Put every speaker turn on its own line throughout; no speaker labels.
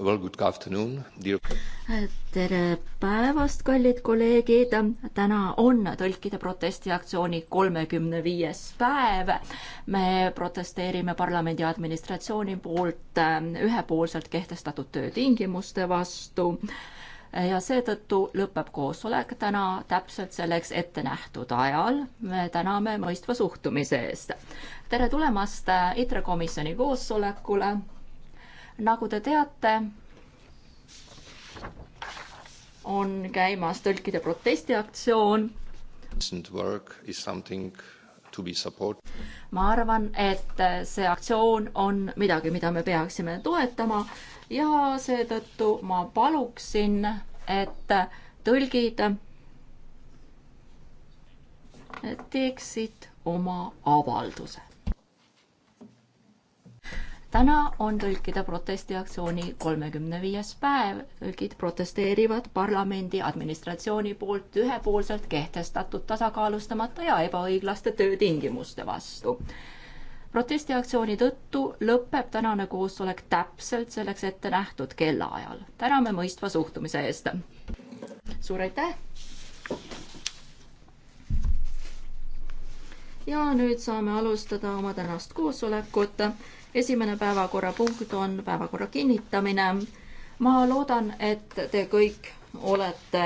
Well, good afternoon, dear. tere päevast, kallid kolleegid. täna on tõlkide protestiaktsiooni kolmekümne viies päev. me protesteerime parlamendi administratsiooni poolt äh, ühepoolselt kehtestatud töötingimuste vastu ja seetõttu lõpeb koosolek täna täpselt selleks ette nähtud ajal. me täname mõistva suhtumise eest. tere tulemast äh, ITRE komisjoni koosolekule nagu te teate, on käimas tõlkide protestiaktsioon. ma arvan, et see aktsioon on midagi, mida me peaksime toetama ja seetõttu ma paluksin, et tõlgid teeksid oma avalduse täna on tõlkide protestiaktsiooni kolmekümne viies päev. tõlgid protesteerivad parlamendi administratsiooni poolt ühepoolselt kehtestatud tasakaalustamata ja ebaõiglaste töötingimuste vastu. protestiaktsiooni tõttu lõpeb tänane koosolek täpselt selleks ette nähtud kellaajal. täname mõistva suhtumise eest. suur aitäh. ja nüüd saame alustada oma tänast koosolekut esimene päevakorrapunkt on päevakorra kinnitamine. ma loodan, et te kõik olete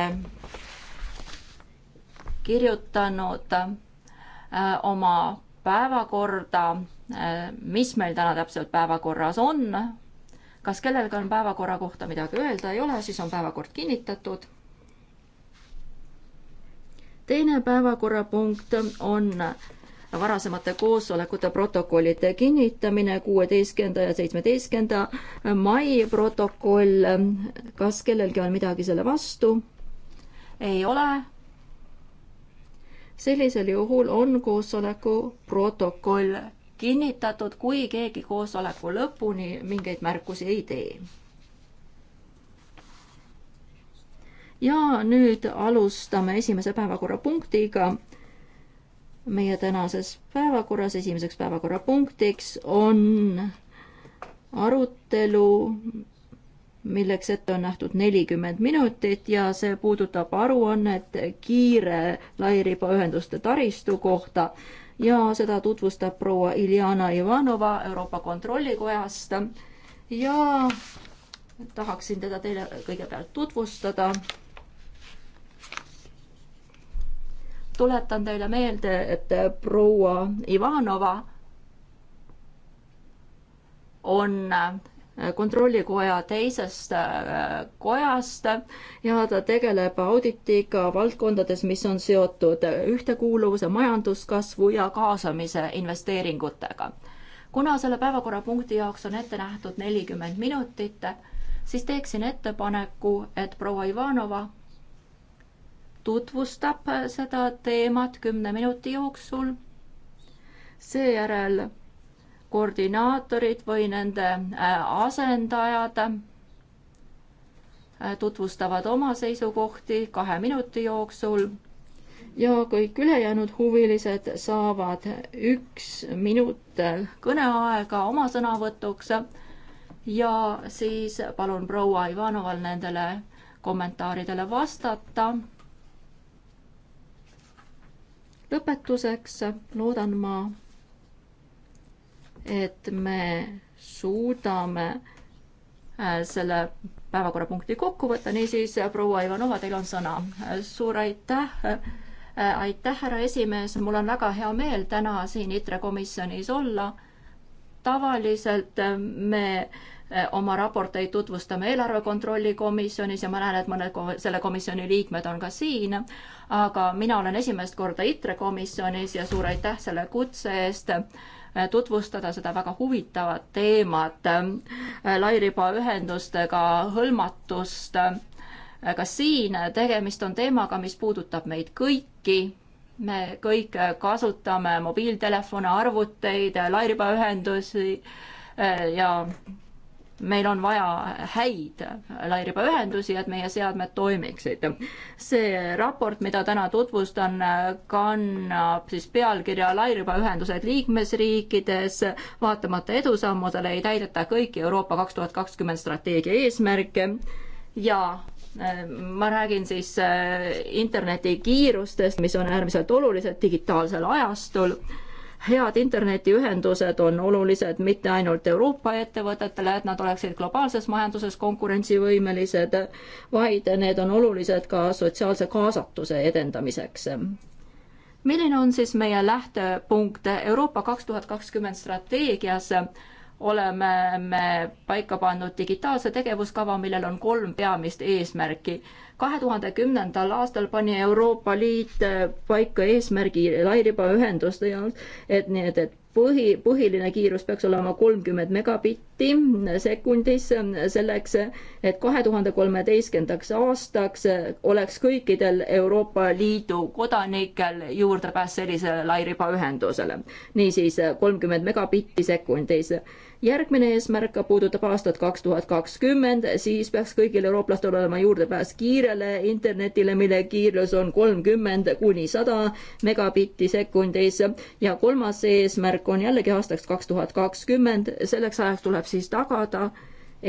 kirjutanud äh, oma päevakorda, äh, mis meil täna täpselt päevakorras on. kas kellelgi on päevakorra kohta midagi öelda, ei ole, siis on päevakord kinnitatud. teine päevakorrapunkt on varasemate koosolekute protokollide kinnitamine, kuueteistkümnenda ja seitsmeteistkümnenda mai protokoll. kas kellelgi on midagi selle vastu? ei ole. sellisel juhul on koosoleku protokoll kinnitatud, kui keegi koosoleku lõpuni mingeid märkusi ei tee. ja nüüd alustame esimese päevakorrapunktiga meie tänases päevakorras esimeseks päevakorrapunktiks on arutelu, milleks ette on nähtud nelikümmend minutit ja see puudutab aruannet kiire lairibaühenduste taristu kohta ja seda tutvustab proua Iljana Ivanova Euroopa Kontrollikojast ja tahaksin teda teile kõigepealt tutvustada tuletan teile meelde, et proua Ivanova on kontrollikoja teisest äh, kojast ja ta tegeleb auditiga valdkondades, mis on seotud ühtekuuluvuse, majanduskasvu ja kaasamise investeeringutega. kuna selle päevakorrapunkti jaoks on ette nähtud nelikümmend minutit, siis teeksin ettepaneku, et proua Ivanova tutvustab äh, seda teemat kümne minuti jooksul. seejärel koordinaatorid või nende äh, asendajad äh, tutvustavad oma seisukohti kahe minuti jooksul ja kõik ülejäänud huvilised saavad üks minut kõneaega oma sõnavõtuks ja siis palun proua Ivanoval nendele kommentaaridele vastata lõpetuseks loodan ma, et me suudame äh, selle päevakorrapunkti kokku võtta, niisiis proua Ivanova, teil on sõna. suur aitäh, äh, aitäh, härra esimees, mul on väga hea meel täna siin ITRE komisjonis olla. tavaliselt me Eh, oma raporteid tutvustame eelarve kontrolli komisjonis ja ma näen, et mõned selle komisjoni liikmed on ka siin. aga mina olen esimest korda ITRE komisjonis ja suur aitäh selle kutse eest eh, tutvustada seda väga huvitavat teemat, eh, lairibaühendustega hõlmatust. ka siin tegemist on teemaga, mis puudutab meid kõiki me kõik kasutame mobiiltelefone, arvuteid, lairibaühendusi ja meil on vaja häid lairibaühendusi, et meie seadmed toimiksid. see raport, mida täna tutvustan, kannab siis pealkirja lairibaühendused liikmesriikides, vaatamata edusammudele ei täideta kõiki Euroopa kaks tuhat kakskümmend strateegia eesmärke ja äh, ma räägin siis äh, interneti kiirustest, mis on äärmiselt olulised digitaalsel ajastul head internetiühendused on olulised mitte ainult Euroopa ettevõtetele, et nad oleksid globaalses majanduses konkurentsivõimelised, vaid need on olulised ka sotsiaalse kaasatuse edendamiseks. milline on siis meie lähtepunkt Euroopa kaks tuhat kakskümmend strateegias? oleme me paika pannud digitaalse tegevuskava, millel on kolm peamist eesmärki. kahe tuhande kümnendal aastal pani Euroopa Liit äh, paika eesmärgi lairibaühenduste jaoks, et nii, et, et põhi, põhiline kiirus peaks olema kolmkümmend megabitti sekundis äh, selleks, et kahe tuhande kolmeteistkümnendaks aastaks äh, oleks kõikidel Euroopa Liidu kodanikel juurdepääs sellisele lairibaühendusele. niisiis kolmkümmend megabitti sekundis järgmine eesmärk puudutab aastat kaks tuhat kakskümmend, siis peaks kõigil eurooplastel olema juurdepääs kiirele internetile, mille kiirus on kolmkümmend kuni sada megabitti sekundis ja kolmas eesmärk on jällegi aastaks kaks tuhat kakskümmend, selleks ajaks tuleb siis tagada,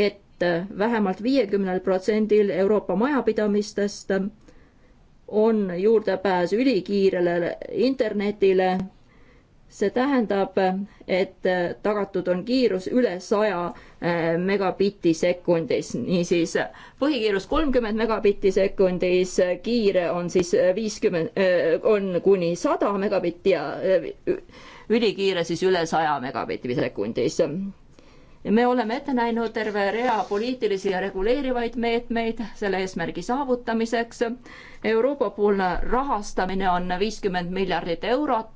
et vähemalt viiekümnel protsendil Euroopa majapidamistest on juurdepääs ülikiirele internetile see tähendab, et äh, tagatud on kiirus üle saja äh, megabitti sekundis, niisiis põhikiirus kolmkümmend megabitti sekundis, kiire on siis äh, viiskümmend, on kuni sada megabitti ja ülikiire siis üle saja megabitti sekundis me oleme ette näinud terve rea poliitilisi ja reguleerivaid meetmeid selle eesmärgi saavutamiseks. Euroopa poolne rahastamine on viiskümmend miljardit eurot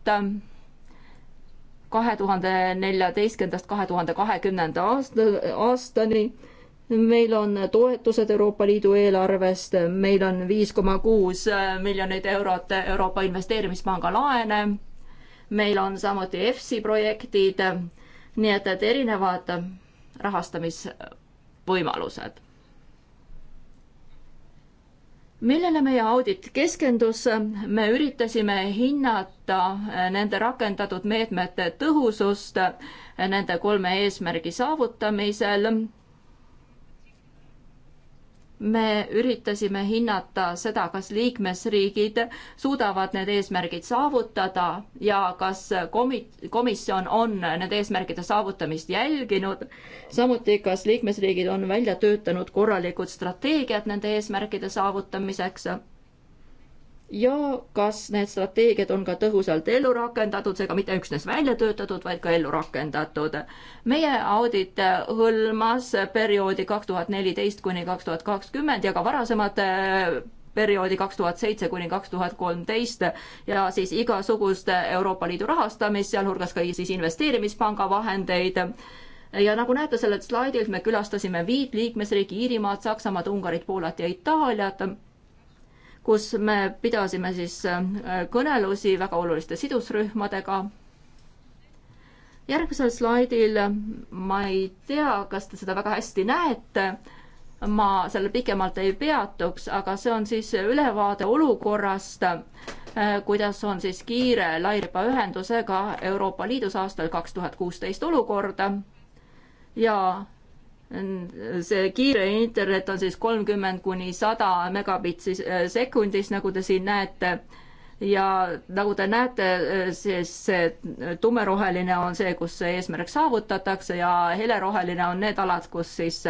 kahe tuhande neljateistkümnendast kahe tuhande kahekümnenda aasta, aastani. meil on toetused Euroopa Liidu eelarvest, meil on viis koma kuus miljonit eurot Euroopa Investeerimispanga laene, meil on samuti EFSI projektid, nii et, et erinevad rahastamisvõimalused millele meie audit keskendus, me üritasime hinnata eh, nende rakendatud meetmete tõhusust eh, nende kolme eesmärgi saavutamisel me üritasime hinnata seda, kas liikmesriigid suudavad need eesmärgid saavutada ja kas komi-, komisjon on nende eesmärkide saavutamist jälginud. samuti, kas liikmesriigid on välja töötanud korralikud strateegiad nende eesmärkide saavutamiseks ja kas need strateegiad on ka tõhusalt ellu rakendatud, seega mitte üksnes välja töötatud, vaid ka ellu rakendatud. meie audit hõlmas perioodi kaks tuhat neliteist kuni kaks tuhat kakskümmend ja ka varasemate äh, perioodi kaks tuhat seitse kuni kaks tuhat kolmteist ja siis igasugust Euroopa Liidu rahastamist, sealhulgas ka siis investeerimispanga vahendeid. ja nagu näete sellelt slaidilt, me külastasime viit liikmesriiki, Iirimaad, Saksamaad, Ungarit, Poolat ja Itaaliat kus me pidasime siis äh, kõnelusi väga oluliste sidusrühmadega. järgmisel slaidil, ma ei tea, kas te seda väga hästi näete, ma sellel pikemalt ei peatuks, aga see on siis ülevaade olukorrast, äh, kuidas on siis kiire lairibaühendusega Euroopa Liidus aastal kaks tuhat kuusteist olukorda ja see kiire internet on siis kolmkümmend kuni sada megabitsi äh, sekundis, nagu te siin näete. ja nagu te näete, äh, siis see tumeroheline on see, kus see eesmärk saavutatakse ja heleroheline on need alad, kus siis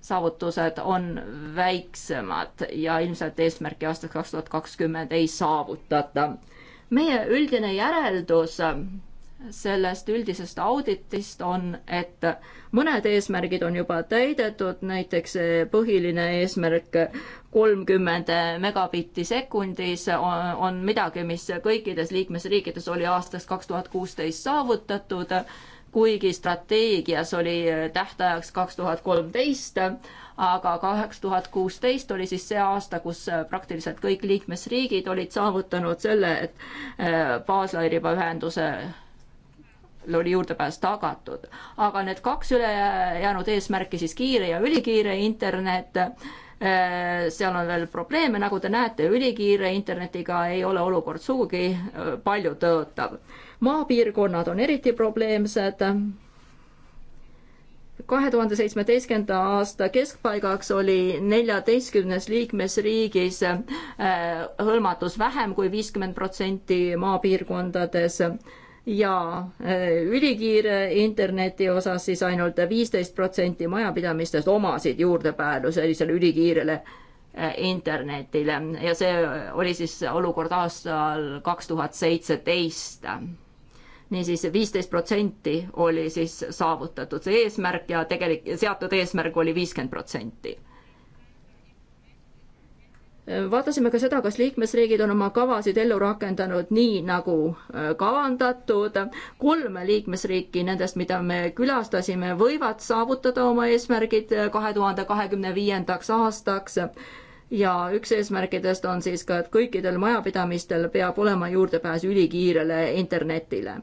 saavutused on väiksemad ja ilmselt eesmärki aastaks kaks tuhat kakskümmend ei saavutata. meie üldine järeldus sellest üldisest auditist on, et mõned eesmärgid on juba täidetud, näiteks põhiline eesmärk kolmkümmend megabitti sekundis on, on midagi, mis kõikides liikmesriikides oli aastast kaks tuhat kuusteist saavutatud, kuigi strateegias oli tähtajaks kaks tuhat kolmteist, aga kaks tuhat kuusteist oli siis see aasta, kus praktiliselt kõik liikmesriigid olid saavutanud selle, et eh, baaslairibaühenduse oli juurdepääs tagatud. aga need kaks ülejäänud eesmärki, siis kiire ja ülikiire internet, eh, seal on veel probleeme, nagu te näete, ülikiire internetiga ei ole olukord sugugi eh, palju tõotav. maapiirkonnad on eriti probleemsed. kahe tuhande seitsmeteistkümnenda aasta keskpaigaks oli neljateistkümnes liikmesriigis eh, hõlmatus vähem kui viiskümmend protsenti maapiirkondades ja äh, ülikiire interneti osas siis ainult viisteist protsenti majapidamistest omasid juurdepääsu sellisele ülikiirele äh, internetile ja see oli siis olukord aastal kaks tuhat seitseteist. niisiis viisteist protsenti oli siis saavutatud see eesmärk ja tegelik, seatud eesmärk oli viiskümmend protsenti vaatasime ka seda, kas liikmesriigid on oma kavasid ellu rakendanud nii, nagu äh, kavandatud. kolm liikmesriiki nendest, mida me külastasime, võivad saavutada oma eesmärgid äh, kahe tuhande kahekümne viiendaks aastaks ja üks eesmärkidest on siis ka, et kõikidel majapidamistel peab olema juurdepääs ülikiirele internetile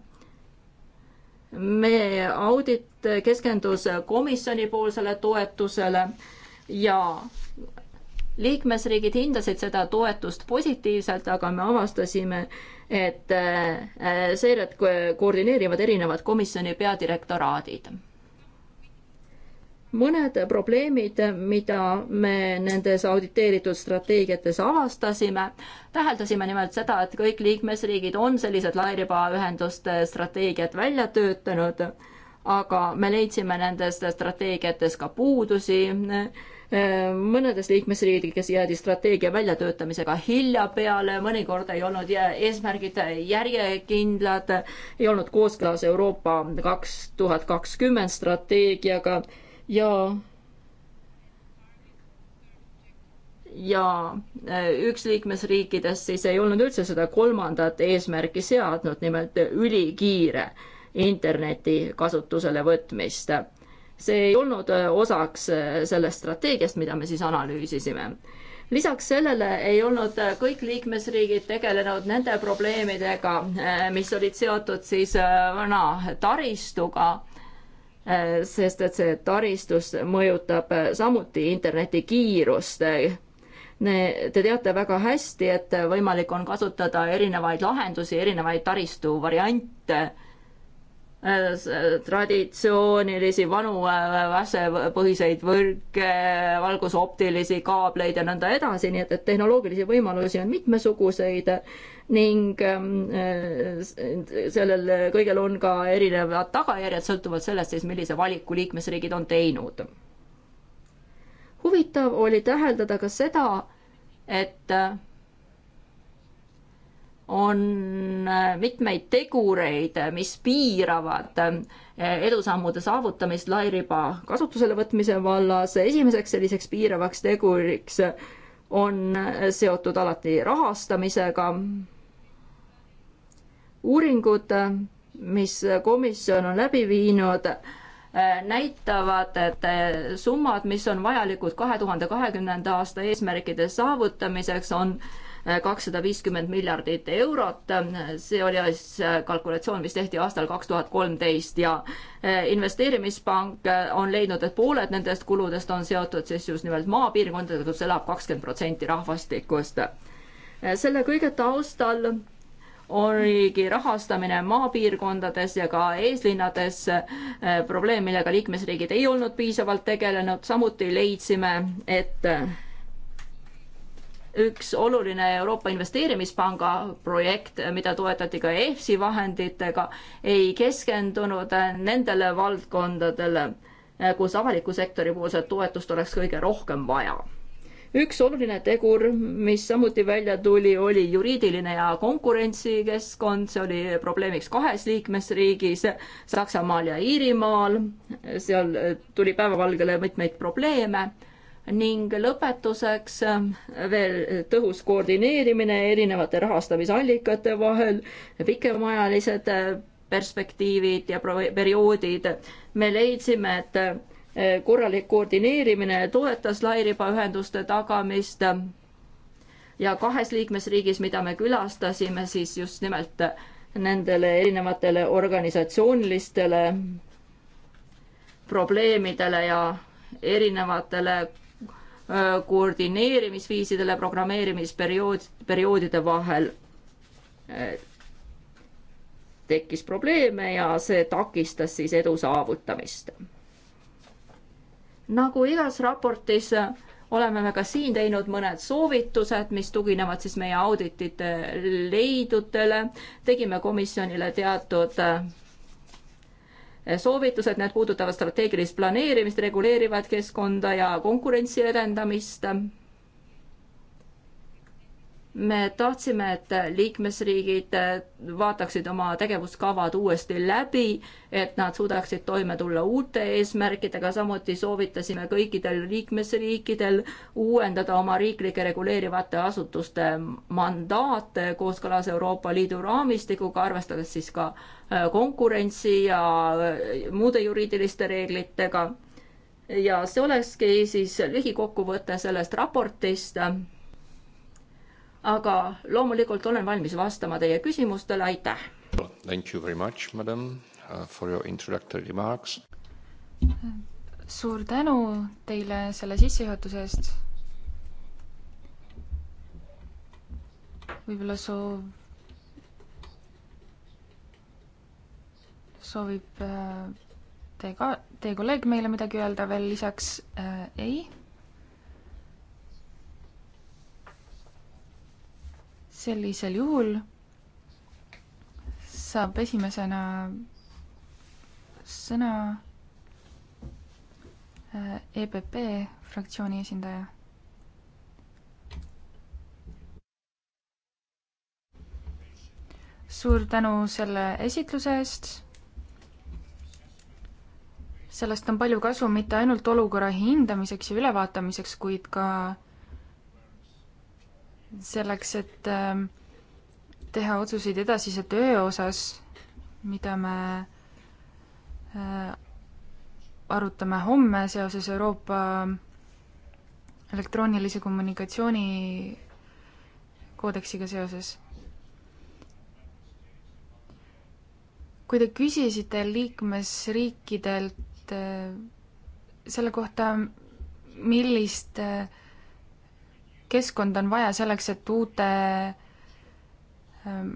meie audit keskendus komisjonipoolsele toetusele ja liikmesriigid hindasid seda toetust positiivselt, aga me avastasime, et äh, seiret koordineerivad erinevad komisjoni peadirektoraadid. mõned probleemid, mida me nendes auditeeritud strateegiates avastasime, täheldasime nimelt seda, et kõik liikmesriigid on sellised lairibaühenduste strateegiad välja töötanud, aga me leidsime nendes strateegiates ka puudusi mõnedes liikmesriigides jäädi strateegia väljatöötamisega hilja peale, mõnikord ei olnud eesmärgid järjekindlad, ei olnud kooskõlas Euroopa kaks tuhat kakskümmend strateegiaga ja ja äh, üks liikmesriikidest siis ei olnud üldse seda kolmandat eesmärki seadnud, nimelt ülikiire interneti kasutusele võtmist see ei olnud äh, osaks äh, sellest strateegiast, mida me siis analüüsisime. lisaks sellele ei olnud äh, kõik liikmesriigid tegelenud nende probleemidega, mis olid seotud siis vana taristuga, sest et see taristus mõjutab samuti interneti kiirust Ne, te teate väga hästi, et võimalik on kasutada erinevaid lahendusi, erinevaid taristu variante Äh, äh, traditsioonilisi vanu äh, väsepõhiseid võrke, valgusoptilisi kaableid ja nõnda edasi, nii et, et tehnoloogilisi võimalusi on mitmesuguseid ning ähm, sellel kõigel on ka erinevad tagajärjed, sõltuvalt sellest siis, millise valiku liikmesriigid on teinud. huvitav oli täheldada ka seda, et on äh, mitmeid tegureid, äh, mis piiravad äh, edusammude saavutamist lairiba kasutusele võtmise vallas. esimeseks selliseks piiravaks teguriks on seotud alati rahastamisega. uuringud, mis komisjon on läbi viinud, näitavad, et summad, mis on vajalikud kahe tuhande kahekümnenda aasta eesmärkide saavutamiseks, on kakssada viiskümmend miljardit eurot. see oli siis kalkulatsioon, mis tehti aastal kaks tuhat kolmteist ja eh, investeerimispank eh, on leidnud, et pooled nendest kuludest on seotud siis just nimelt maapiirkondadega, kus elab kakskümmend protsenti rahvastikust. Eh, selle kõige taustal oligi rahastamine maapiirkondades ja ka eeslinnades probleem, millega liikmesriigid ei olnud piisavalt tegelenud, samuti leidsime, et üks oluline Euroopa Investeerimispanga projekt, mida toetati ka EFSI vahenditega, ei keskendunud nendele valdkondadele, kus avaliku sektori poolset toetust oleks kõige rohkem vaja. üks oluline tegur, mis samuti välja tuli, oli juriidiline ja konkurentsikeskkond, see oli probleemiks kahes liikmesriigis, Saksamaal ja Iirimaal, seal tuli päevavalgele mitmeid probleeme ning lõpetuseks ähm, veel tõhus koordineerimine erinevate rahastamisallikate vahel, pikemaajalised äh, perspektiivid ja perioodid. me leidsime, et äh, korralik koordineerimine toetas lairibaühenduste tagamist ähm, ja kahes liikmesriigis, mida me külastasime, siis just nimelt äh, nendele erinevatele organisatsioonilistele probleemidele ja erinevatele Äh, koordineerimisviisidele programmeerimisperiood, perioodide vahel äh, tekkis probleeme ja see takistas siis edu saavutamist. nagu igas raportis, äh, oleme me ka siin teinud mõned soovitused, mis tuginevad siis meie auditite leidudele, tegime komisjonile teatud soovitused, need puudutavad strateegilist planeerimist, reguleerivat keskkonda ja konkurentsi edendamist me tahtsime, et liikmesriigid äh, vaataksid oma tegevuskavad uuesti läbi, et nad suudaksid toime tulla uute eesmärkidega, samuti soovitasime kõikidel liikmesriikidel uuendada oma riiklike reguleerivate asutuste mandaate kooskõlas Euroopa Liidu raamistikuga, arvestades siis ka äh, konkurentsi ja äh, muude juriidiliste reeglitega. ja see olekski siis lühikokkuvõte sellest raportist aga loomulikult olen valmis vastama teie küsimustele, aitäh!
Thank you very much, madam, uh, for your introductory remarks.
suur tänu teile selle sissejuhatuse eest. võib-olla soov, soovib uh, teie ka, teie kolleeg meile midagi öelda veel lisaks äh,? ei sellisel juhul saab esimesena sõna äh, EPP fraktsiooni esindaja. suur tänu selle esitluse eest. sellest on palju kasu mitte ainult olukorra hindamiseks ja ülevaatamiseks, kuid ka selleks, et ähm, teha otsuseid edasise töö osas, mida me äh, arutame homme seoses Euroopa elektroonilise kommunikatsiooni koodeksiga seoses. kui te küsisite liikmesriikidelt äh, selle kohta, millist äh, keskkonda on vaja selleks, et uute ähm,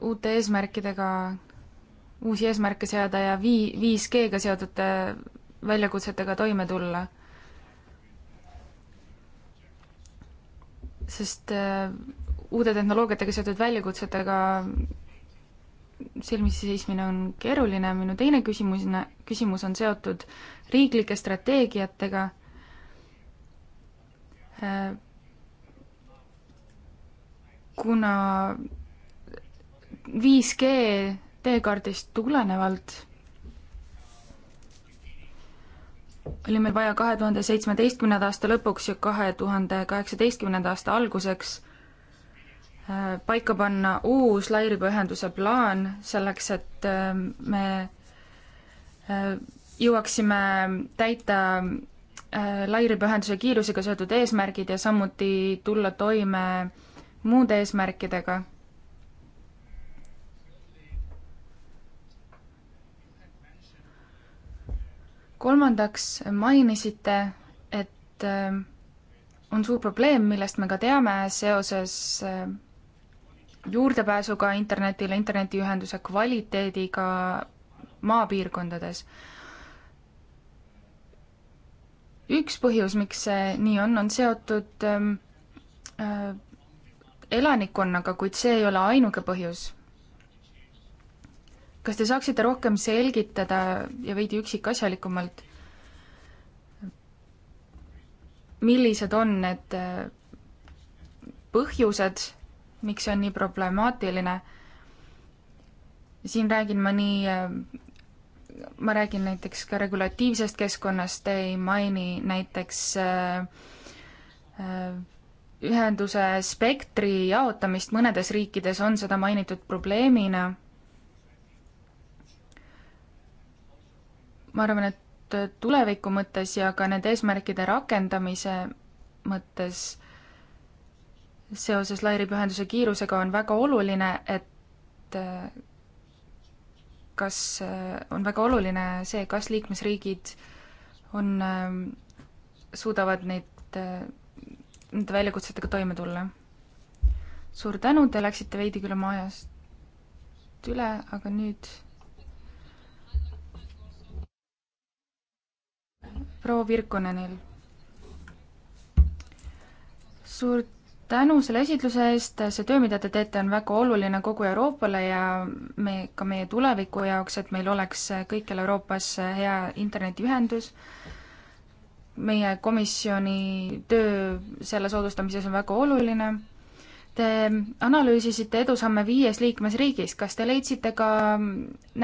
uute eesmärkidega, uusi eesmärke seada ja vii-, 5G-ga seotud äh, väljakutsetega toime tulla. sest äh, uude tehnoloogiatega seotud väljakutsetega silmitsi seismine on keeruline, minu teine küsimus, küsimus on seotud riiklike strateegiatega. Äh, kuna 5G teekaardist tulenevalt oli meil vaja kahe tuhande seitsmeteistkümnenda aasta lõpuks ja kahe tuhande kaheksateistkümnenda aasta alguseks Äh, paika panna uus lairibaühenduse plaan selleks, et äh, me äh, jõuaksime täita lairibaühenduse kiirusega seotud eesmärgid ja samuti tulla toime muude eesmärkidega. kolmandaks mainisite, et on suur probleem, millest me ka teame seoses juurdepääsuga internetile, internetiühenduse kvaliteediga maapiirkondades. üks põhjus, miks see nii on, on seotud ähm, äh, elanikkonnaga, kuid see ei ole ainuke põhjus. kas te saaksite rohkem selgitada ja veidi üksikasjalikumalt, millised on need äh, põhjused, miks see on nii problemaatiline. siin räägin ma nii, ma räägin näiteks ka regulatiivsest keskkonnast, ei maini näiteks äh, äh, ühenduse spektri jaotamist, mõnedes riikides on seda mainitud probleemina. ma arvan, et tuleviku mõttes ja ka nende eesmärkide rakendamise mõttes seoses lairibeühenduse kiirusega on väga oluline, et kas, on väga oluline see, kas liikmesriigid on, suudavad neid, nende väljakutsetega toime tulla. suur tänu, te läksite veidi küll oma ajast üle, aga nüüd proua Virkonenil. suur tänu selle esitluse eest, see töö, mida te teete, on väga oluline kogu Euroopale ja me, ka meie tuleviku jaoks, et meil oleks kõikjal Euroopas hea internetiühendus. meie komisjoni töö selle soodustamises on väga oluline Te analüüsisite edusamme viies liikmesriigis, kas te leidsite ka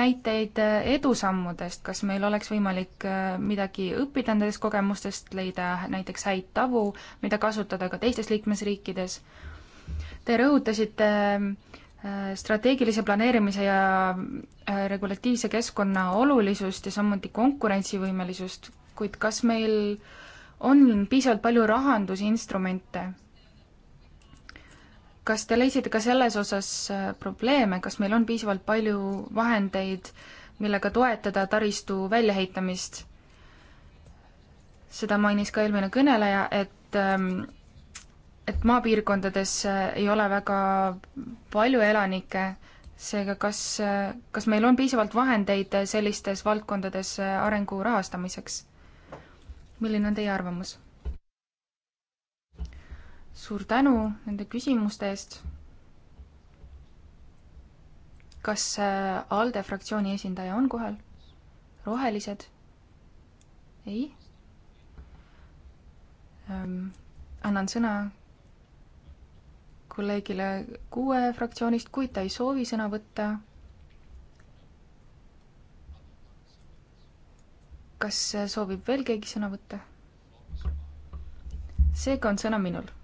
näiteid edusammudest, kas meil oleks võimalik äh, midagi õppida nendest kogemustest, leida näiteks häid tavu, mida kasutada ka teistes liikmesriikides? Te rõhutasite äh, strateegilise planeerimise ja äh, regulatiivse keskkonna olulisust ja samuti konkurentsivõimelisust, kuid kas meil on piisavalt palju rahandusinstrumente kas te leidsite ka selles osas äh, probleeme, kas meil on piisavalt palju vahendeid, millega toetada taristu väljaehitamist? seda mainis ka eelmine kõneleja, et ähm, et maapiirkondades äh, ei ole väga palju elanikke, seega kas, äh, kas meil on piisavalt vahendeid sellistes valdkondades arengu rahastamiseks? milline on teie arvamus? suur tänu nende küsimuste eest. kas äh, ALDE fraktsiooni esindaja on kohal? rohelised? ei? Ähm, annan sõna kolleegile kuue fraktsioonist, kuid ta ei soovi sõna võtta. kas äh, soovib veel keegi sõna võtta? seega on sõna minul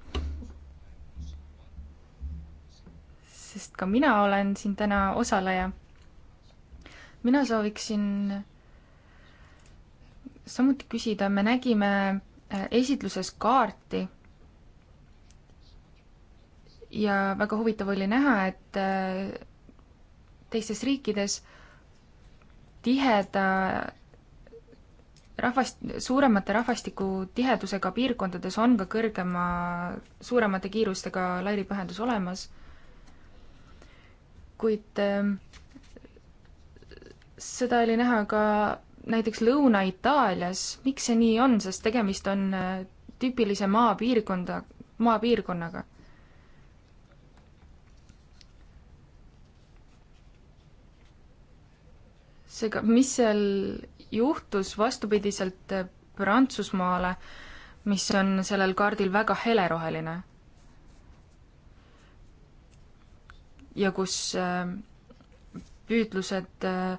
sest ka mina olen siin täna osaleja. mina sooviksin samuti küsida, me nägime äh, esitluses kaarti ja väga huvitav oli näha, et äh, teistes riikides tiheda rahvast, suuremate rahvastikutihedusega piirkondades on ka kõrgema, suuremate kiirustega lairipühendus olemas kuid ähm, seda oli näha ka näiteks Lõuna-Itaalias, miks see nii on, sest tegemist on äh, tüüpilise maapiirkonda, maapiirkonnaga. seega, mis seal juhtus vastupidiselt äh, Prantsusmaale, mis on sellel kaardil väga heleroheline ja kus äh, püüdlused äh,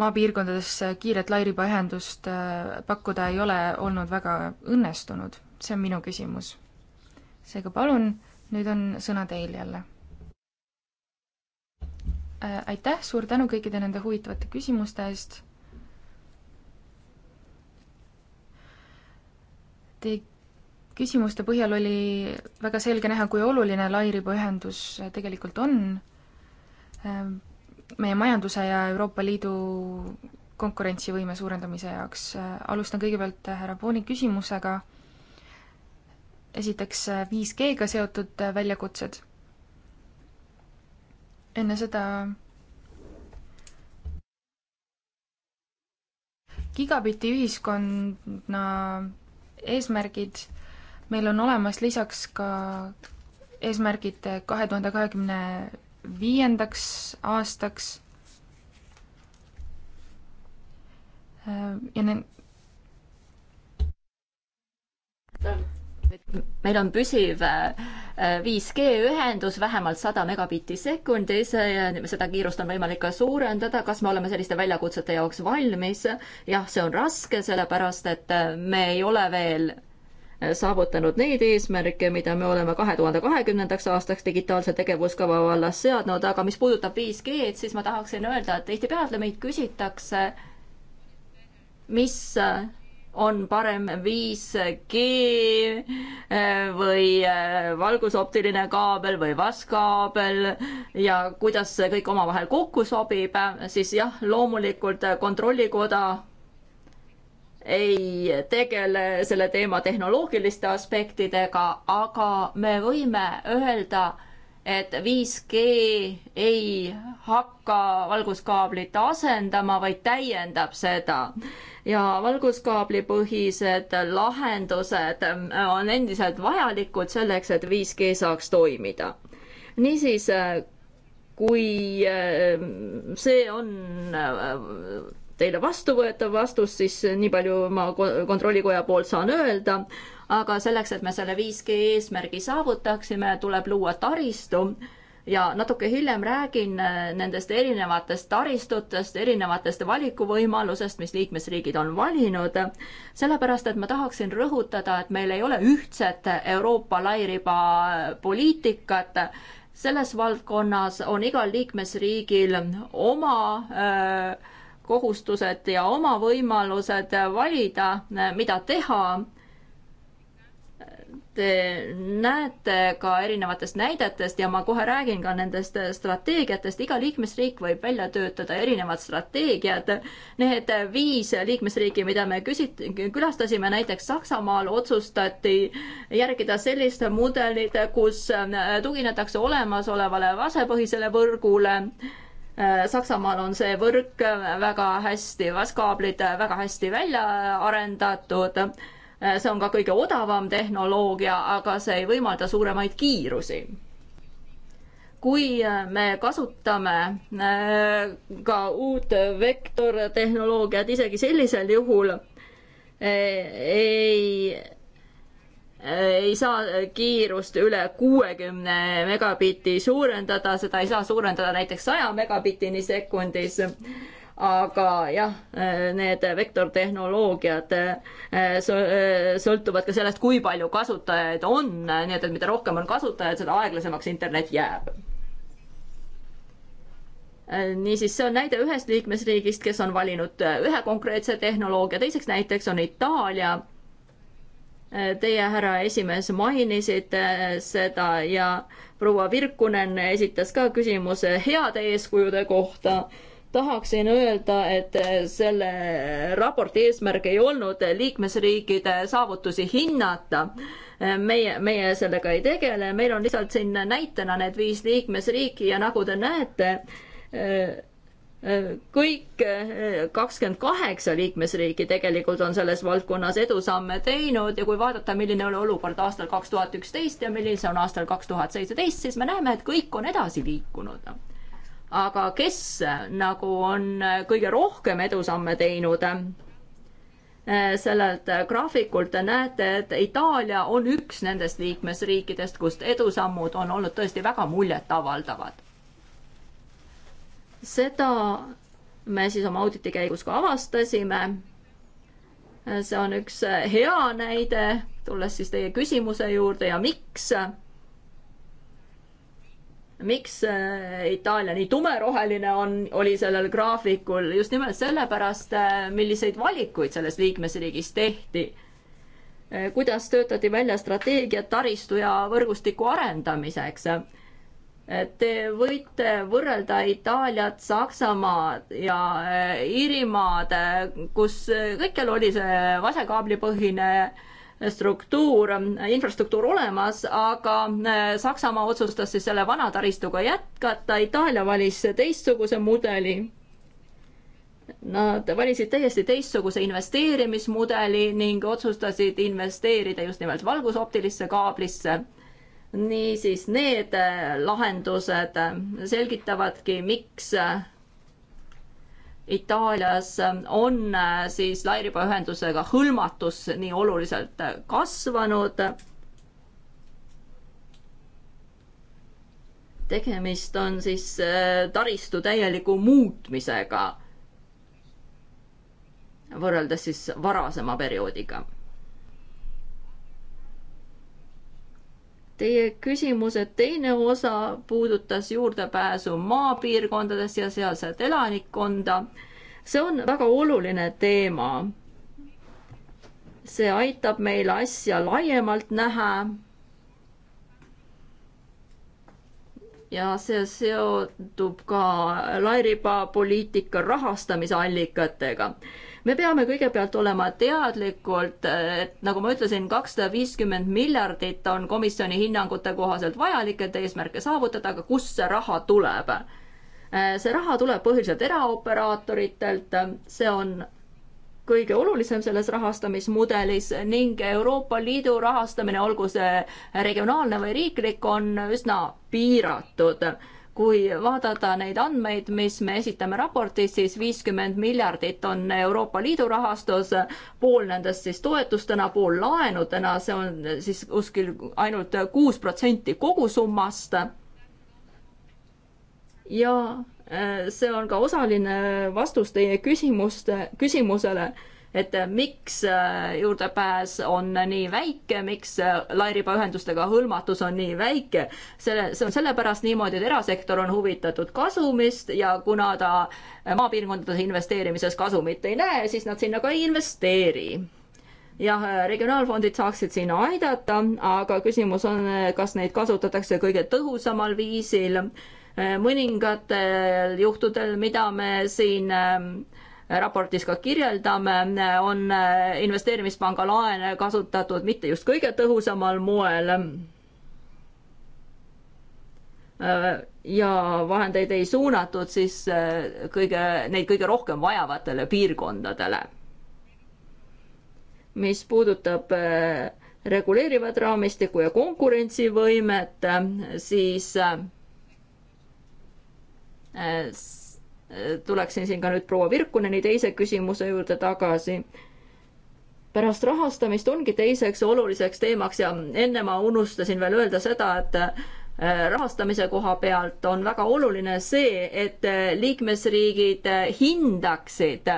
maapiirkondades kiiret lairibaühendust äh, pakkuda ei ole olnud väga õnnestunud. see on minu küsimus. seega palun, nüüd on sõna teil jälle. aitäh, suur tänu kõikide nende huvitavate küsimuste eest. Te küsimuste põhjal oli väga selge näha, kui oluline lairibaühendus tegelikult on meie majanduse ja Euroopa Liidu konkurentsivõime suurendamise jaoks. alustan kõigepealt härra Pooni küsimusega. esiteks 5G-ga seotud väljakutsed. enne seda gigabitti ühiskonna eesmärgid meil on olemas lisaks ka eesmärgid kahe tuhande kahekümne viiendaks aastaks ja ne-.
meil on püsiv 5G äh, ühendus vähemalt sada megabitti sekundis, seda kiirust on võimalik ka suurendada, kas me oleme selliste väljakutsete jaoks valmis? jah, see on raske, sellepärast et äh, me ei ole veel saavutanud neid eesmärke, mida me oleme kahe tuhande kahekümnendaks aastaks digitaalse tegevuskava vallas seadnud, aga mis puudutab 5G-d, siis ma tahaksin öelda, et tihtipeale meid küsitakse, mis on parem 5G äh, või äh, valgusoptiline kaabel või vaskkaabel ja kuidas see kõik omavahel kokku sobib, siis jah, loomulikult Kontrollikoda ei tegele selle teema tehnoloogiliste aspektidega, aga me võime öelda, et 5G ei hakka valguskaablit asendama, vaid täiendab seda. ja valguskaablipõhised lahendused on endiselt vajalikud selleks, et 5G saaks toimida. niisiis, kui eh, see on teile vastuvõetav vastus, siis nii palju ma kontrollikoja poolt saan öelda, aga selleks, et me selle 5G eesmärgi saavutaksime, tuleb luua taristu ja natuke hiljem räägin äh, nendest erinevatest taristutest, erinevatest valikuvõimalusest, mis liikmesriigid on valinud, sellepärast et ma tahaksin rõhutada, et meil ei ole ühtset Euroopa lairiba äh, poliitikat, selles valdkonnas on igal liikmesriigil oma öö, äh, kohustused ja oma võimalused valida, mida teha. Te näete ka erinevatest näidetest ja ma kohe räägin ka nendest strateegiatest, iga liikmesriik võib välja töötada erinevad strateegiad. Need viis liikmesriiki, mida me küsit-, külastasime, näiteks Saksamaal otsustati järgida sellist mudelit, kus tuginetakse olemasolevale vasepõhisele võrgule Äh, Saksamaal on see võrk äh, väga hästi, kaablid äh, väga hästi välja arendatud. see on ka kõige odavam tehnoloogia, aga see ei võimalda suuremaid kiirusi. kui me kasutame ka uut vektortehnoloogiat isegi sellisel juhul ei Äh, ei saa kiirust üle kuuekümne megabitti suurendada, seda ei saa suurendada näiteks saja megabittini sekundis. aga jah, äh, need vektortehnoloogiad äh, sõltuvad ka sellest, kui palju kasutajaid on, nii et, et mida rohkem on kasutajaid, seda aeglasemaks internet jääb niisiis, see on näide ühest liikmesriigist, kes on valinud ühe konkreetse tehnoloogia, teiseks näiteks on Itaalia Teie, härra esimees, mainisite seda ja proua Virkunen esitas ka küsimuse heade eeskujude kohta. tahaksin öelda, et selle raporti eesmärk ei olnud liikmesriikide saavutusi hinnata. meie, meie sellega ei tegele, meil on lihtsalt siin näitena need viis liikmesriiki ja nagu te näete, kõik eh, kakskümmend kaheksa liikmesriiki tegelikult on selles valdkonnas edusamme teinud ja kui vaadata, milline oli olukord aastal kaks tuhat üksteist ja milline see on aastal kaks tuhat seitseteist, siis me näeme, et kõik on edasi liikunud. aga kes nagu on eh, kõige rohkem edusamme teinud, eh, sellelt graafikult te näete, et Itaalia on üks nendest liikmesriikidest, kust edusammud on olnud tõesti väga muljetavaldavad seda me siis oma auditi käigus ka avastasime. see on üks äh, hea näide, tulles siis teie küsimuse juurde ja miks? miks äh, Itaalia nii tumeroheline on, oli sellel graafikul just nimelt sellepärast, äh, milliseid valikuid selles liikmesriigis tehti. kuidas töötati välja strateegiad taristu ja võrgustiku arendamiseks Te võite võrrelda Itaaliat, Saksamaad ja äh, Iirimaad, äh, kus äh, kõikjal oli see vasakaablipõhine struktuur, infrastruktuur olemas, aga Saksamaa otsustas siis selle vana taristuga jätkata, Itaalia valis teistsuguse mudeli. Nad valisid täiesti teistsuguse investeerimismudeli ning otsustasid investeerida just nimelt valgusoptilisse kaablisse niisiis need äh, lahendused äh, selgitavadki, miks äh, Itaalias on siis lairibaühendusega hõlmatus nii oluliselt kasvanud. tegemist on siis taristu täieliku muutmisega võrreldes siis varasema perioodiga Teie küsimuse teine osa puudutas juurdepääsu maapiirkondades ja sealset elanikkonda. see on väga oluline teema. see aitab meil asja laiemalt näha. ja see seondub ka lairiba poliitika rahastamisallikatega me peame kõigepealt olema teadlikult, et nagu ma ütlesin, kakssada viiskümmend miljardit on komisjoni hinnangute kohaselt vajalik, et eesmärke saavutada, aga kust see raha tuleb? see raha tuleb põhiliselt eraoperaatoritelt, see on kõige olulisem selles rahastamismudelis ning Euroopa Liidu rahastamine, olgu see regionaalne või riiklik, on üsna piiratud kui vaadata neid andmeid, mis me esitame raportis, siis viiskümmend miljardit on Euroopa Liidu rahastus, pool nendest siis toetustena, pool laenudena, see on siis kuskil ainult kuus protsenti kogusummast. ja äh, see on ka osaline vastus teie küsimuste, küsimusele et äh, miks äh, juurdepääs on nii väike, miks äh, lairibaühendustega hõlmatus on nii väike. selle, see on sellepärast niimoodi, et erasektor on huvitatud kasumist ja kuna ta maapiirkondades investeerimises kasumit ei näe, siis nad sinna ka ei investeeri jah, regionaalfondid saaksid siin aidata, aga küsimus on, kas neid kasutatakse kõige tõhusamal viisil. mõningatel juhtudel, mida me siin äh, raportis ka kirjeldame, on investeerimispanga laene kasutatud mitte just kõige tõhusamal moel. ja vahendeid ei suunatud siis äh, kõige, neid kõige rohkem vajavatele piirkondadele. mis puudutab äh, reguleerivat raamistikku ja konkurentsivõimet, äh, siis tuleksin siin ka nüüd proua Virkuneni teise küsimuse juurde tagasi. pärast rahastamist ongi teiseks oluliseks teemaks ja enne ma unustasin veel öelda seda, et äh, rahastamise koha pealt on väga oluline see, et äh, liikmesriigid äh, hindaksid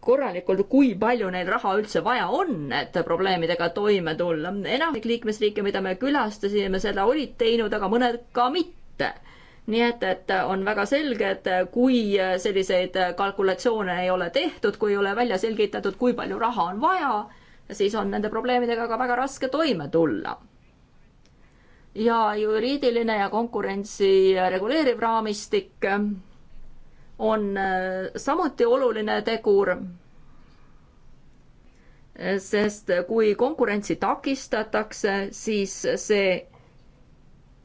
korralikult, kui palju neil raha üldse vaja on, et probleemidega toime tulla. enamik liikmesriike, mida me külastasime, seda olid teinud, aga mõned ka mitte nii et, et on väga selge, et kui selliseid kalkulatsioone ei ole tehtud, kui ei ole välja selgitatud, kui palju raha on vaja, siis on nende probleemidega ka väga raske toime tulla. ja juriidiline ja konkurentsi reguleeriv raamistik on samuti oluline tegur, sest kui konkurentsi takistatakse, siis see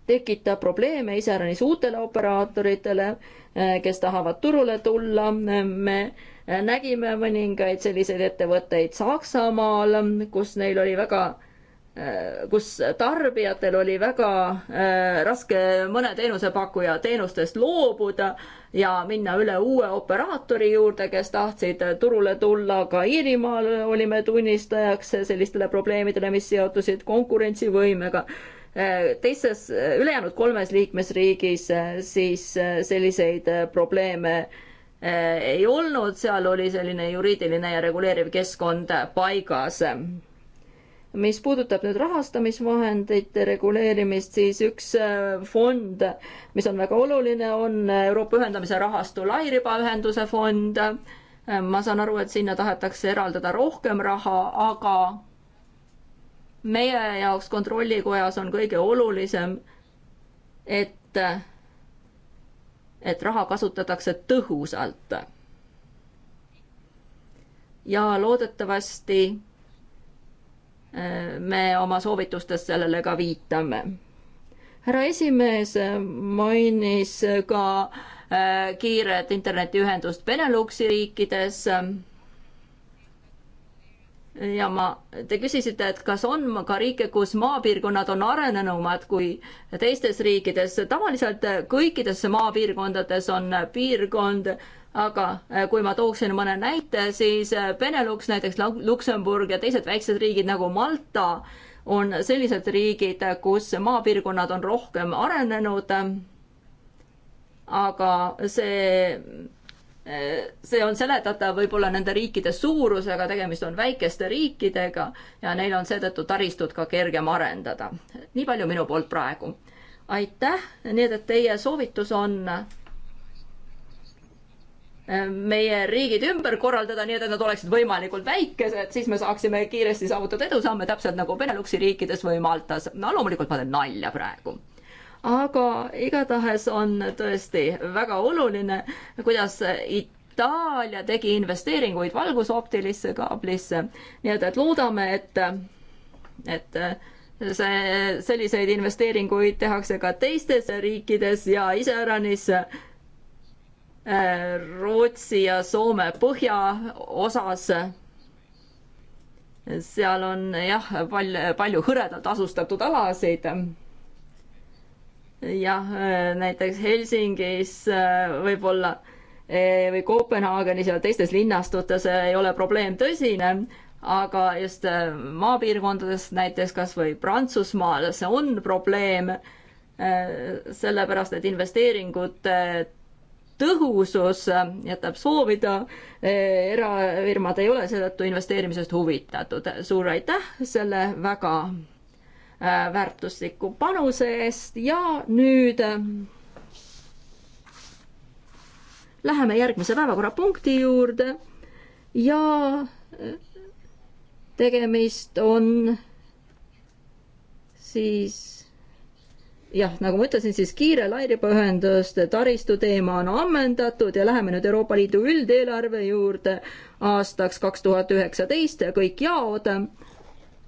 tekitab probleeme iseäranis uutele operaatoritele, eh, kes tahavad turule tulla. me eh, nägime mõningaid selliseid ettevõtteid Saksamaal, kus neil oli väga eh, kus tarbijatel oli väga raske mõne teenusepakkuja teenustest loobuda ja minna üle uue operaatori juurde, kes tahtsid turule tulla. ka Iirimaal olime tunnistajaks sellistele probleemidele, mis seotusid konkurentsivõimega teises, ülejäänud kolmes liikmesriigis eh, siis eh, selliseid eh, probleeme ei olnud, seal oli selline juriidiline ja reguleeriv keskkond paigas. mis puudutab nüüd rahastamisvahendite reguleerimist, siis üks fond, mis on väga oluline, on Euroopa ühendamise rahastu lairibaühenduse fond. ma saan aru, et sinna tahetakse eraldada rohkem raha, aga meie jaoks Kontrollikojas on kõige olulisem, et, et raha kasutatakse tõhusalt. ja loodetavasti äh, me oma soovitustes sellele ka viitame. härra esimees mainis ka äh, kiiret internetiühendust Beneluxi riikides ja ma, te küsisite, et kas on ka riike, kus maapiirkonnad on arenenumad kui teistes riikides. tavaliselt kõikides maapiirkondades on piirkond, aga eh, kui ma tooksin mõne näite, siis eh, Benelux näiteks, Luksemburg ja teised väiksed riigid nagu Malta on sellised riigid, kus maapiirkonnad on rohkem arenenud. aga see see on seletatav võib-olla nende riikide suurusega, tegemist on väikeste riikidega ja neil on seetõttu taristut ka kergem arendada. nii palju minu poolt praegu. aitäh, nii et teie soovitus on eh, meie riigid ümber korraldada, nii et nad oleksid võimalikult väikesed, siis me saaksime kiiresti saavutada edusamme, täpselt nagu Beneluxi riikides või Maltas. no loomulikult ma teen nalja praegu aga igatahes on tõesti väga oluline, kuidas Itaalia tegi investeeringuid valgusoptilisse kaablisse, nii et, et loodame, et, et see, selliseid investeeringuid tehakse ka teistes riikides ja iseäranis äh, Rootsi ja Soome põhjaosas. seal on jah, palju, palju hõredalt asustatud alasid jah, äh, näiteks Helsingis äh, võib-olla äh, või Kopenhaagenis ja teistes linnastutes ei ole probleem tõsine, aga just maapiirkondades, näiteks kas või Prantsusmaal, see on probleem, sellepärast et investeeringute tõhusus jätab soovida, erafirmad ei ole seetõttu investeerimisest huvitatud. suur aitäh selle väga Äh, väärtusliku panuse eest ja nüüd äh, läheme järgmise päevakorrapunkti juurde ja äh, tegemist on siis jah, nagu ma ütlesin, siis kiire lairibaühenduste taristu teema on ammendatud ja läheme nüüd Euroopa Liidu üldeelarve juurde aastaks kaks tuhat üheksateist ja kõik jaod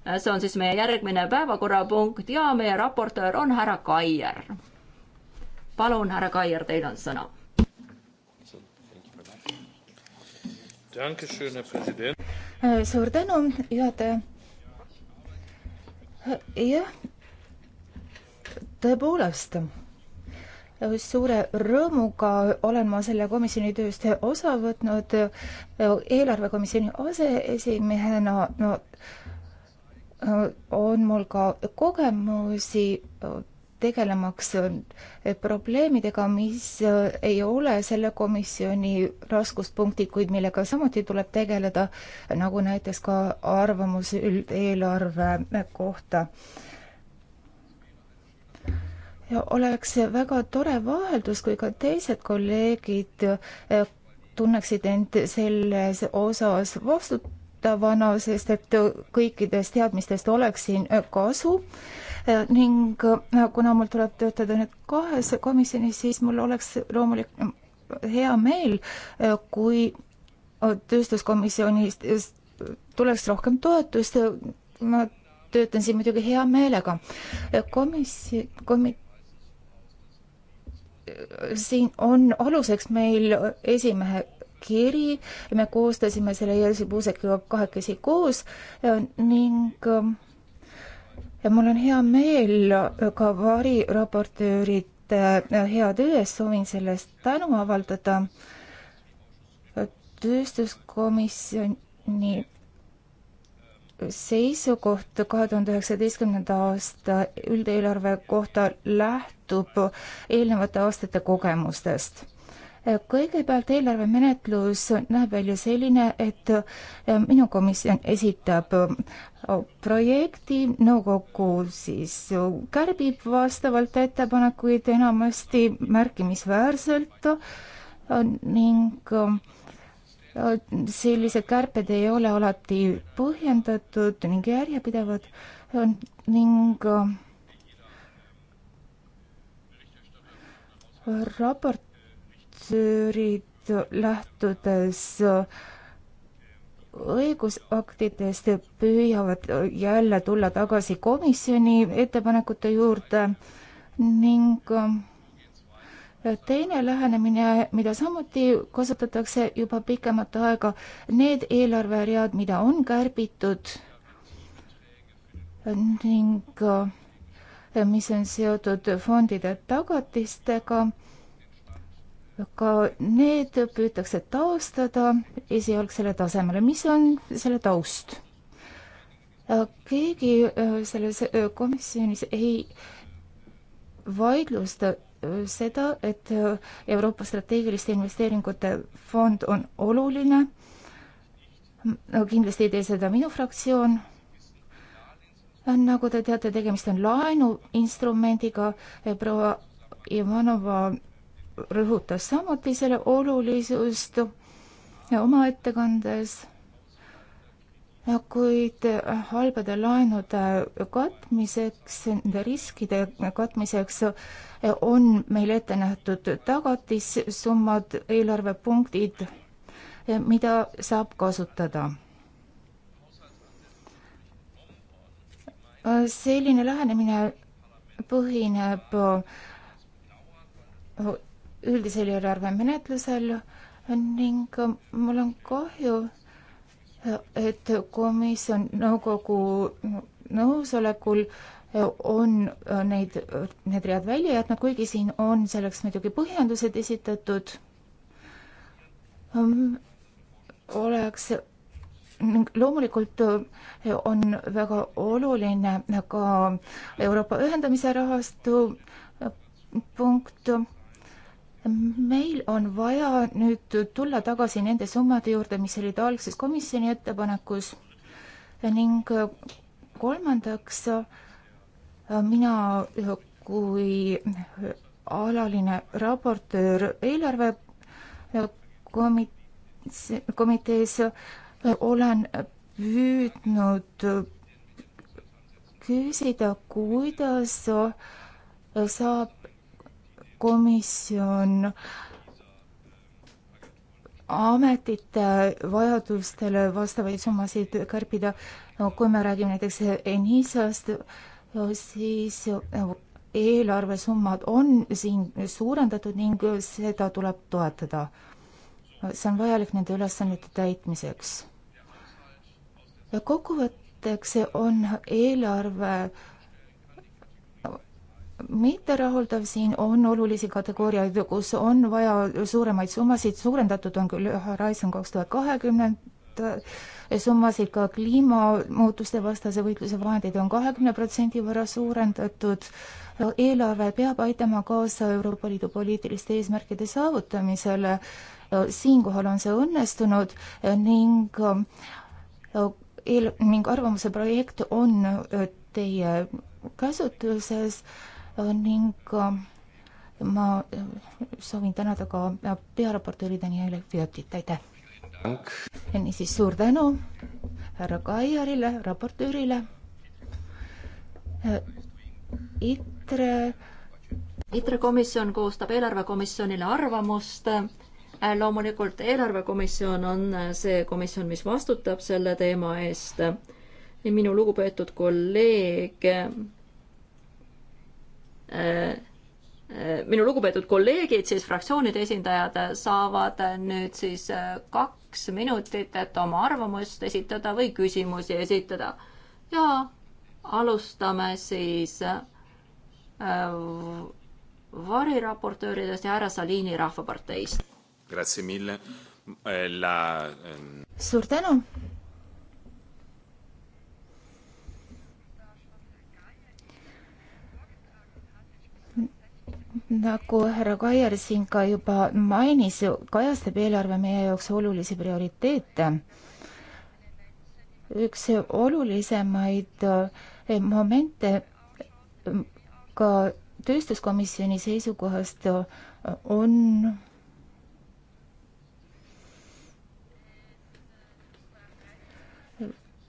see on siis meie järgmine päevakorrapunkt ja meie raportöör on härra Kaier. palun, härra Kaier, teil on sõna.
suur tänu, juhataja. jah, tõepoolest suure rõõmuga olen ma selle komisjoni tööst osa võtnud eelarvekomisjoni aseesimehena no, no on mul ka kogemusi äh, tegelemaks äh, probleemidega, mis äh, ei ole selle komisjoni raskuspunktid, kuid millega samuti tuleb tegeleda, nagu näiteks ka arvamus üldeelarve kohta. ja oleks väga tore vaheldus, kui ka teised kolleegid tunneksid end selles osas vastut-, üllatavatena, sest et kõikidest teadmistest oleks siin äh, kasu äh, ning äh, kuna mul tuleb töötada nüüd kahes komisjonis, siis mul oleks loomulik hea meel, kui tööstuskomisjonist tuleks rohkem toetust, ma töötan siin muidugi hea meelega. komisjon, komi-, siin on aluseks meil esimehe kiri, me koostasime selle Jelsi Puusekiga kahekesi koos ning ja mul on hea meel ka variraportöörite hea töö eest, soovin selle eest tänu avaldada. tööstuskomisjoni seisukoht kahe tuhande üheksateistkümnenda aasta üldeelarve kohta lähtub eelnevate aastate kogemustest kõigepealt eelarvemenetlus näeb välja selline, et eh, minu komisjon esitab eh, projekti, nõukogu siis kärbib vastavalt ettepanekuid enamasti märkimisväärselt eh, ning sellised kärped ei ole alati põhjendatud ning järjepidevad ning raporti raportöörid lähtudes õigusaktidest püüavad jälle tulla tagasi komisjoni ettepanekute juurde ning äh, teine lähenemine, mida samuti kasutatakse juba pikemat aega, need eelarveread, mida on kärbitud ning äh, mis on seotud fondide tagatistega ka need püütakse taastada esialgsele tasemele. mis on selle taust? Äh, keegi äh, selles äh, komisjonis ei vaidlusta seda, et Euroopa strateegiliste investeeringute fond on oluline. no kindlasti ei tee seda minu fraktsioon nagu te teate, tegemist on laenuinstrumendiga, proua Ivanova rõhutas samuti selle olulisust oma ettekandes, kuid halbade laenude katmiseks, nende riskide katmiseks on meil ette nähtud tagatissummad, eelarvepunktid, mida saab kasutada selline lähenemine põhineb üldisel järelevalvemenetlusel ning mul on kahju, et komisjon nõukogu nõusolekul on neid, need read välja jätnud, kuigi siin on selleks muidugi põhjendused esitatud. oleks, loomulikult on väga oluline ka Euroopa ühendamise rahastu punkt meil on vaja nüüd tulla tagasi nende summade juurde, mis olid algses komisjoni ettepanekus ning äh, kolmandaks äh, mina kui äh, alaline raportöör eelarve komitees, komitees olen püüdnud küsida, kuidas saab komisjon ametite vajadustele vastavaid summasid kärpida. no kui me räägime näiteks ENISA-st, siis eelarvesummad on siin suurendatud ning seda tuleb toetada. see on vajalik nende ülesannete täitmiseks. ja kokkuvõtteks on eelarve mitterahuldav, siin on olulisi kategooriaid, kus on vaja suuremaid summasid, suurendatud on küll Horizon kaks tuhat kahekümnend eh, summasid, ka kliimamuutuste vastase võitluse vahendeid on kahekümne protsendi võrra suurendatud, eelarve peab aitama kaasa Euroopa Liidu poliitiliste eesmärkide saavutamisele, siinkohal on see õnnestunud ning eh, eel- ning arvamuse projekt on eh, teie käsutuses Äh, ning äh, ma äh, soovin tänada ka pearaportööri Daniel Fiotit, aitäh! niisiis, suur tänu härra Kaiarile, raportöörile. ITRE. ITRE
komisjon koostab eelarvekomisjonile arvamust. loomulikult eelarvekomisjon on see komisjon, mis vastutab selle teema eest. minu lugupeetud kolleeg minu lugupeetud kolleegid, siis fraktsioonide esindajad saavad nüüd siis äh, kaks minutit, et oma arvamust esitada või küsimusi esitada. ja alustame siis äh, variraportööridest ja härra Salini Rahvaparteist. Äh,
la... Ähm, suur tänu nagu härra Kaier siin ka juba mainis, kajastab eelarve meie jaoks olulisi prioriteete. üks olulisemaid eh, momente eh, ka tööstuskomisjoni seisukohast eh, on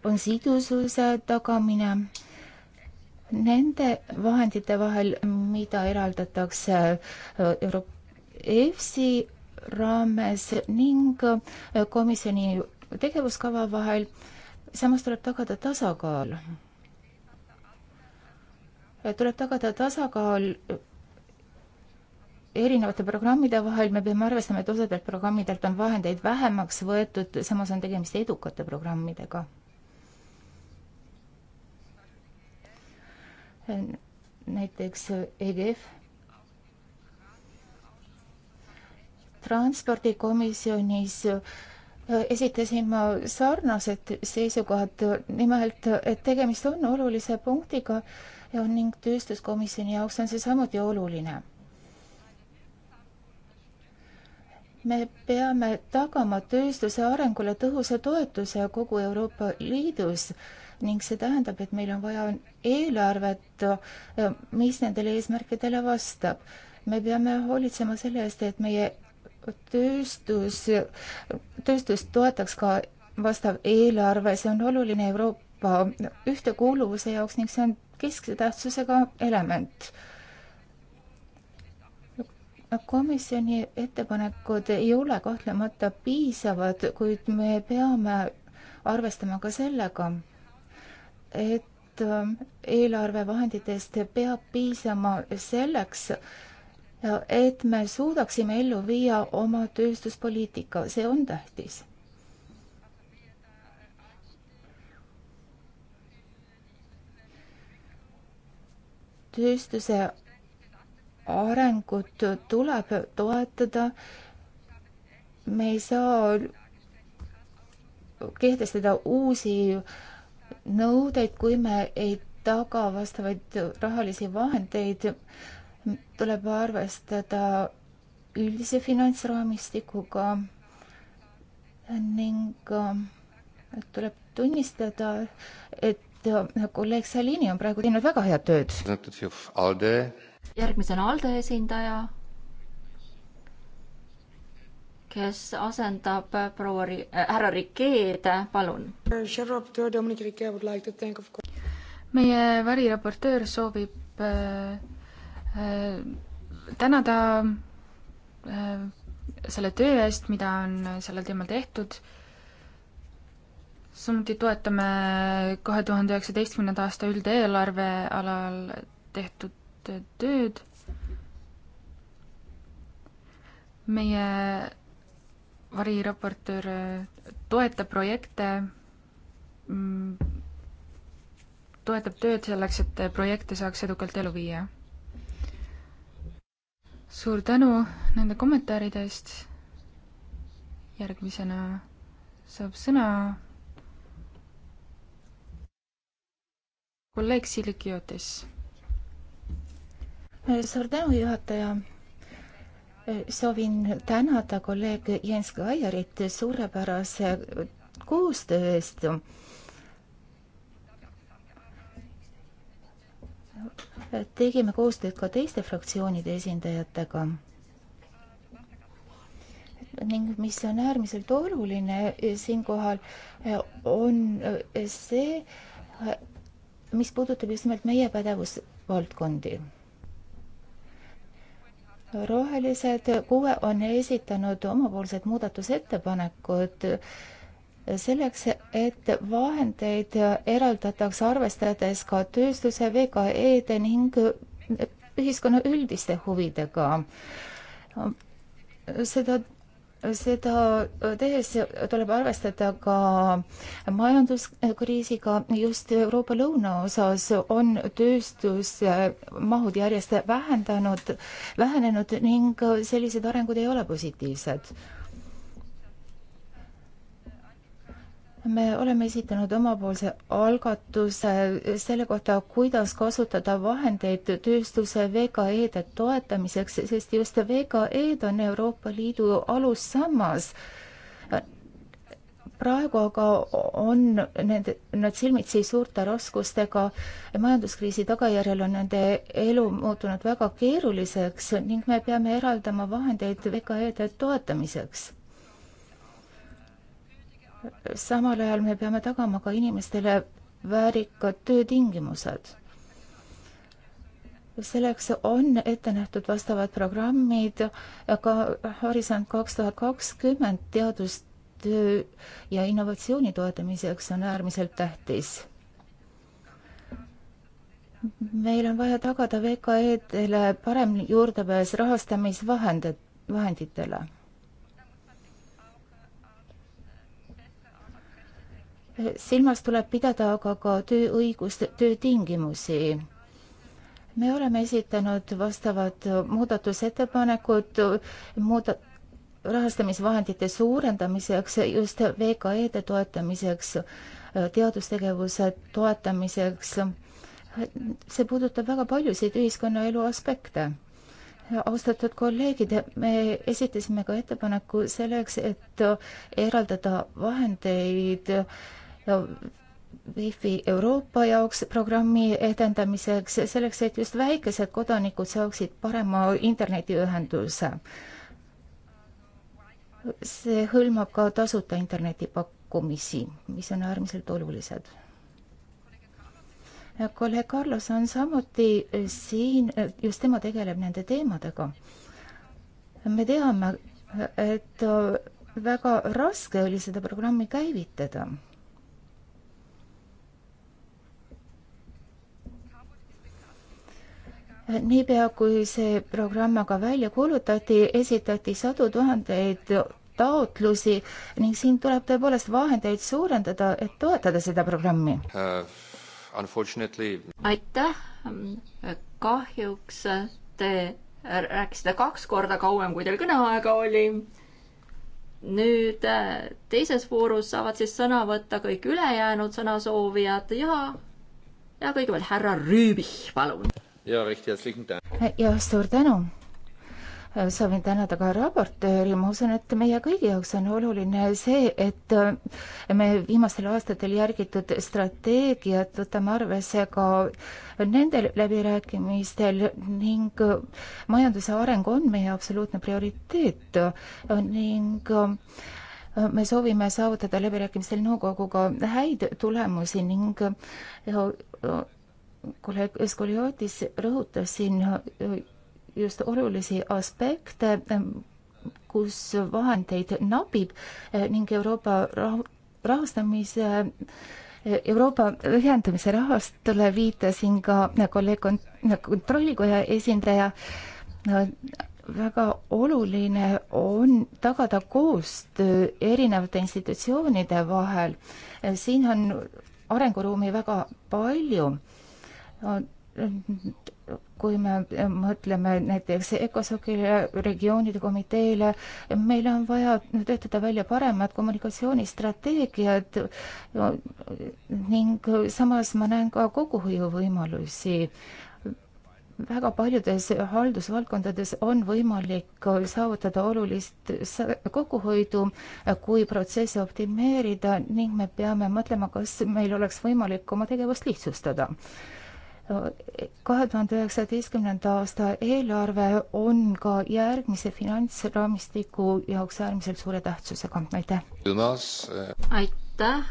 on sidususe tagamine nende vahendite vahel, mida eraldatakse äh, Euro-, EFSI raames ning äh, komisjoni tegevuskava vahel, samas tuleb tagada tasakaal. Äh, tuleb tagada tasakaal erinevate programmide vahel, me peame arvestama, et osadelt programmidelt on vahendeid vähemaks võetud, samas on tegemist edukate programmidega näiteks EGF. transpordikomisjonis äh, esitasin ma sarnased seisukohad, nimelt, et tegemist on olulise punktiga ja ning tööstuskomisjoni jaoks on see samuti oluline. me peame tagama tööstuse arengule tõhusa toetuse kogu Euroopa Liidus ning see tähendab, et meil on vaja eelarvet, äh, mis nendele eesmärkidele vastab. me peame hoolitsema selle eest, et meie tööstus, tööstust toetaks ka vastav eelarve, see on oluline Euroopa ühtekuuluvuse jaoks ning see on keskse tähtsusega element komisjoni ettepanekud ei ole kahtlemata piisavad, kuid me peame arvestama ka sellega, et ähm, eelarvevahenditest peab piisama selleks, äh, et me suudaksime ellu viia oma tööstuspoliitika, see on tähtis. tööstuse arengut tuleb toetada. me ei saa kehtestada uusi äh, nõudeid, kui me ei taga vastavaid rahalisi vahendeid, tuleb arvestada üldise finantsraamistikuga ning äh, tuleb tunnistada, et äh, kolleeg Salini on praegu teinud väga head tööd. järgmisena ALDE esindaja
kes asendab proua Ri-, äh, härra Rikeed, palun.
meie variraportöör soovib äh, äh, tänada äh, selle töö eest, mida on sellel teemal tehtud, samuti toetame kahe tuhande üheksateistkümnenda aasta üldeelarve alal tehtud tööd, meie variraportöör äh, toetab projekte, mm, toetab tööd selleks, et projekte saaks edukalt elu viia. suur tänu nende kommentaaride eest. järgmisena saab sõna kolleeg Silikiotis.
suur tänu, juhataja soovin tänada kolleeg Jens Kaierit suurepärase koostöö eest. tegime koostööd ka teiste fraktsioonide esindajatega. ning mis on äärmiselt oluline siinkohal, on see, mis puudutab just nimelt meie pädevusvaldkondi rohelised kuue on esitanud omapoolsed muudatusettepanekud selleks, et vahendeid eraldatakse arvestades ka tööstuse, VKE-de ning ühiskonna üldiste huvidega. seda seda äh, tehes äh, tuleb arvestada ka majanduskriisiga, just Euroopa lõunaosas on tööstusmahud äh, järjest vähendanud, vähenenud ning sellised arengud ei ole positiivsed me oleme esitanud omapoolse algatuse selle kohta, kuidas kasutada vahendeid tööstuse VKE-de toetamiseks, sest just VKE-d on Euroopa Liidu alussammas. praegu aga on need, nad silmitsi suurte raskustega. majanduskriisi tagajärjel on nende elu muutunud väga keeruliseks ning me peame eraldama vahendeid VKE-de toetamiseks samal ajal me peame tagama ka inimestele väärikad töötingimused. selleks on ette nähtud vastavad programmid, ka Horisont kaks tuhat kakskümmend teadustöö ja innovatsiooni toetamiseks on äärmiselt tähtis. meil on vaja tagada VKE-dele parem juurdepääs rahastamisvahendid, vahenditele silmas tuleb pidada aga ka tööõigust, töötingimusi. me oleme esitanud vastavad muudatusettepanekud muuda-, rahastamisvahendite suurendamiseks, just VKE-de toetamiseks, teadustegevuse toetamiseks. see puudutab väga paljusid ühiskonnaelu aspekte. austatud kolleegid, me esitasime ka ettepaneku selleks, et eraldada vahendeid äh, Wi-Fi Euroopa jaoks programmi edendamiseks, selleks et just väikesed kodanikud saaksid parema internetiühenduse. see hõlmab ka tasuta internetipakkumisi, mis on äärmiselt olulised. kolleeg Carlos on samuti siin, just tema tegeleb nende teemadega. me teame, et väga raske oli seda programmi käivitada niipea, kui see programm aga välja kuulutati, esitati sadu tuhandeid taotlusi ning siin tuleb tõepoolest vahendeid suurendada, et toetada seda programmi uh,. aitäh, kahjuks te rääkisite
kaks korda kauem, kui teil kõneaega oli. nüüd eh, teises voorus saavad siis sõna võtta kõik ülejäänud sõnasoovijad ja,
ja kõigepealt härra Rüübich, palun ja suur tänu soovin tänada ka raportööri, ma usun, et meie kõigi jaoks on oluline see, et me viimastel aastatel järgitud strateegiat võtame arvesse ka nendel läbirääkimistel ning majanduse areng on meie absoluutne prioriteet ning me soovime saavutada läbirääkimistel nõukoguga häid tulemusi ning kolleeg Skoliotis rõhutas siin äh, just olulisi aspekte, äh, kus vahendeid napib äh, ning Euroopa rahastamise Euroopa ühendamise rahastule viitasin ka kolleeg kontrollikoja esindaja. väga oluline on tagada koostöö erinevate institutsioonide vahel. siin on arenguruumi väga palju kui me mõtleme näiteks Ecosocile, regioonide komiteele, meil on vaja töötada välja paremad kommunikatsioonistrateegiad ning samas ma näen ka kokkuhoiuvõimalusi. väga paljudes haldusvaldkondades on võimalik saavutada olulist kokkuhoidu, kui protsesse optimeerida ning me peame mõtlema, kas meil oleks võimalik oma tegevust lihtsustada kahe tuhande üheksateistkümnenda aasta eelarve on ka järgmise finantsraamistiku jaoks äärmiselt suure tähtsusega, aitäh!
Äh,
aitäh,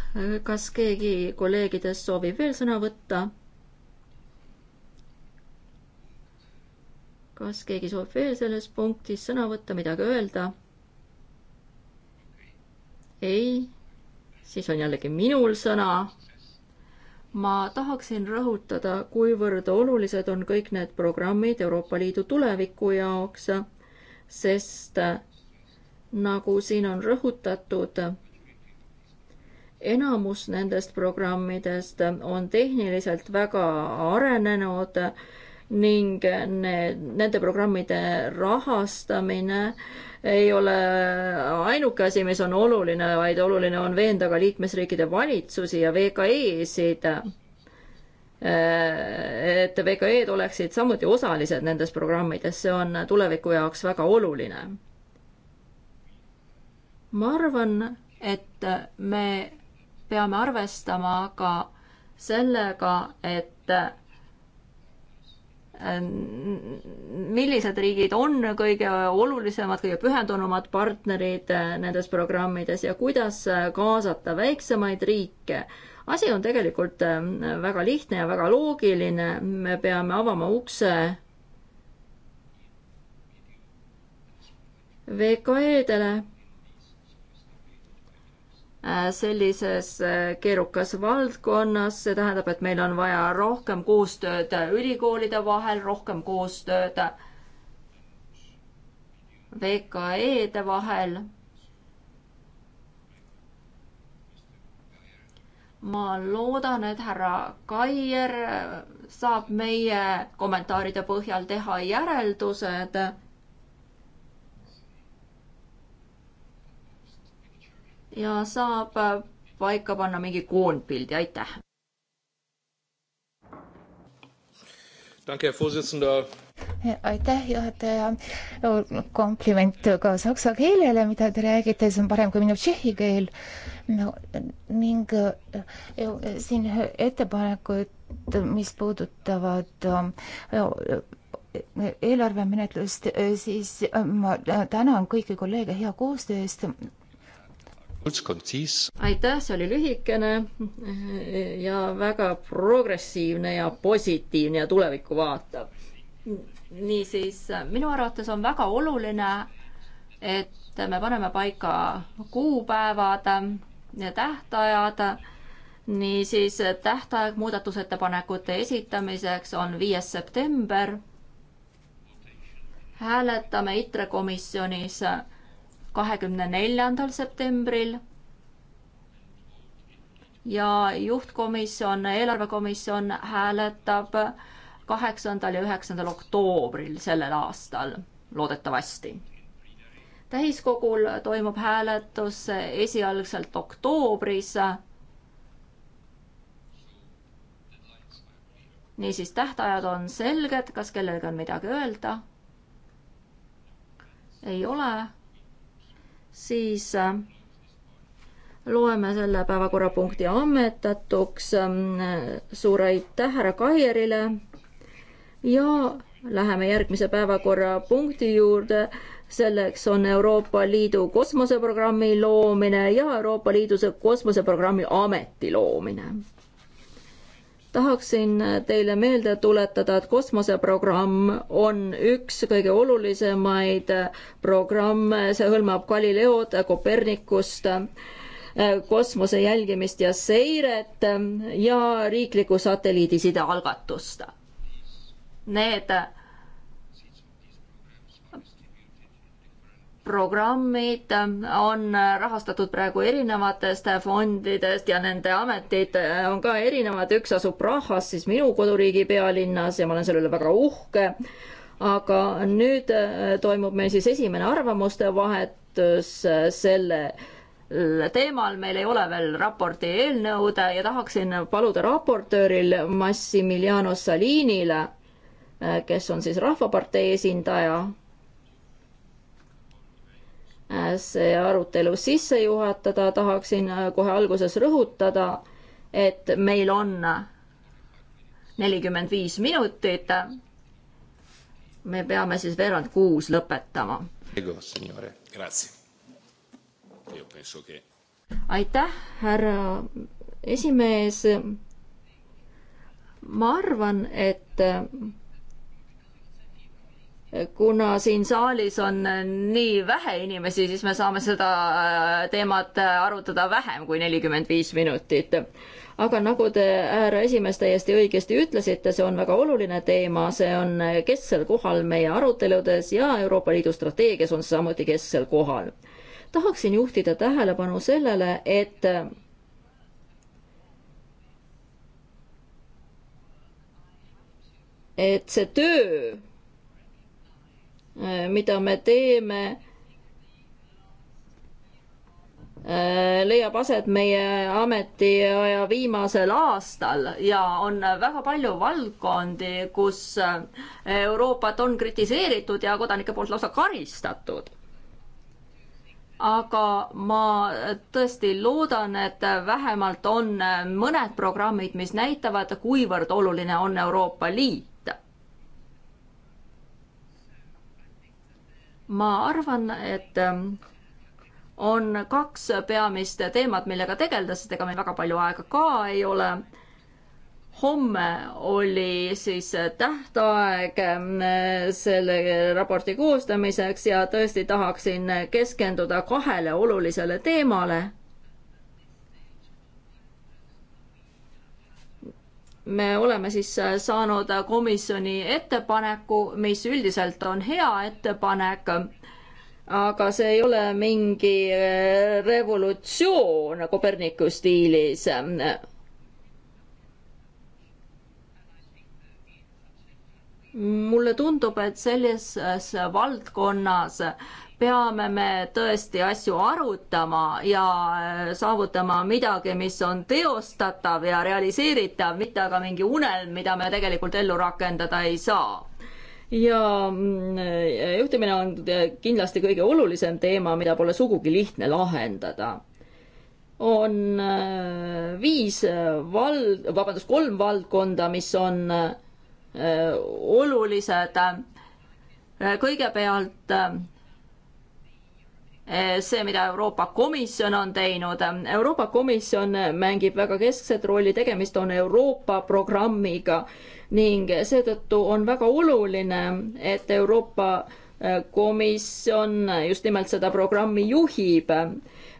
kas keegi kolleegidest soovib veel sõna võtta?
kas keegi soovib veel selles punktis sõna võtta, midagi öelda? ei, siis on jällegi minul sõna ma tahaksin rõhutada, kuivõrd olulised on kõik need programmid Euroopa Liidu tuleviku jaoks, sest nagu siin on rõhutatud, enamus nendest programmidest on tehniliselt väga arenenud ning need, nende programmide rahastamine ei ole ainuke asi, mis on oluline, vaid oluline on veenda ka liikmesriikide valitsusi ja VKE-sid, äh, et VKE-d oleksid samuti osalised nendes programmides, see on tuleviku jaoks väga oluline. ma arvan, et me peame arvestama ka sellega, et millised riigid on kõige olulisemad, kõige pühendunumad partnerid äh, nendes programmides ja kuidas äh, kaasata väiksemaid riike. asi on tegelikult ähm, väga lihtne ja väga loogiline, me peame avama ukse VKE-dele Äh, sellises äh, keerukas valdkonnas, see tähendab, et meil on vaja rohkem koostööd äh, ülikoolide vahel, rohkem koostööd VKE-de vahel. ma loodan, et härra Kaier saab meie kommentaaride põhjal teha järeldused ja saab äh, paika panna mingi koondpildi, aitäh.
aitäh, juhataja. kompliment ka saksa keelele, mida te räägite, see on parem kui minu tšehhi keel. no ning äh, äh, siin ettepanekud, mis puudutavad eelarvemenetlust, siis ma tänan kõiki kolleege hea koostöö eest aitäh, see oli
lühikene ja väga progressiivne ja positiivne ja tulevikku vaatav. niisiis, minu arvates on väga oluline, et me paneme paika kuupäevad ja tähtajad. niisiis, tähtaeg muudatusettepanekute esitamiseks on viies september. hääletame ITRE komisjonis kahekümne neljandal septembril ja juhtkomisjon, eelarvekomisjon hääletab kaheksandal ja üheksandal oktoobril sellel aastal, loodetavasti. täiskogul toimub hääletus esialgselt oktoobris. niisiis, tähtajad on selged, kas kellelgi on midagi öelda? ei ole siis äh, loeme selle päevakorrapunkti ammetatuks. Ähm, äh, suur aitäh härra Kaierile ja läheme järgmise päevakorrapunkti juurde. selleks on Euroopa Liidu kosmoseprogrammi loomine ja Euroopa Liidu kosmoseprogrammi ameti loomine tahaksin teile meelde tuletada, et kosmoseprogramm on üks kõige olulisemaid programme, see hõlmab Galileod, Kopernikust, kosmose jälgimist ja seiret ja riikliku satelliidiside algatust. Need programmid on rahastatud praegu erinevatest fondidest ja nende ametid on ka erinevad, üks asub Prahas, siis minu koduriigi pealinnas ja ma olen selle üle väga uhke. aga nüüd äh, toimub meil siis esimene arvamuste vahetus äh, selle äh, teemal, meil ei ole veel raporti eelnõud ja tahaksin paluda raportööril Massimiliano Salinile, kes on siis Rahvapartei esindaja Äh, see arutelu sisse juhatada, tahaksin äh, kohe alguses rõhutada, et meil on nelikümmend viis minutit. me peame siis veerand kuus lõpetama. aitäh, härra esimees. ma arvan, et kuna siin saalis on nii vähe inimesi, siis me saame seda äh, teemat äh, arutada vähem kui nelikümmend viis minutit. aga nagu te, härra esimees, täiesti õigesti ütlesite, see on väga oluline teema, see on kesksel kohal meie aruteludes ja Euroopa Liidu strateegias on samuti kesksel kohal. tahaksin juhtida tähelepanu sellele, et et see töö Äh, mida me teeme, äh, leiab aset meie ametiaja viimasel aastal ja on väga palju valdkondi, kus äh, Euroopat on kritiseeritud ja kodanike poolt lausa karistatud aga ma tõesti loodan, et vähemalt on mõned programmid, mis näitavad, kuivõrd oluline on Euroopa Liit. ma arvan, et ähm, on kaks peamist teemat, millega tegeleda, sest ega meil väga palju aega ka ei ole. homme oli siis tähtaeg ähm, selle raporti koostamiseks ja tõesti tahaksin keskenduda kahele olulisele teemale me oleme siis äh, saanud äh, komisjoni ettepaneku, mis üldiselt on hea ettepanek, aga see ei ole mingi äh, revolutsioon Koperniku stiilis. mulle tundub, et selles valdkonnas äh, peame me tõesti asju arutama ja äh, saavutama midagi, mis on teostatav ja realiseeritav, mitte aga mingi unelm, mida me tegelikult ellu rakendada ei saa ja mm, äh, juhtimine on kindlasti kõige olulisem teema, mida pole sugugi lihtne lahendada. on äh, viis vald, vabandust, kolm valdkonda, mis on olulised. kõigepealt Eh, see, mida Euroopa Komisjon on teinud. Euroopa Komisjon mängib väga keskset rolli, tegemist on Euroopa programmiga ning seetõttu on väga oluline, et Euroopa eh, Komisjon just nimelt seda programmi juhib.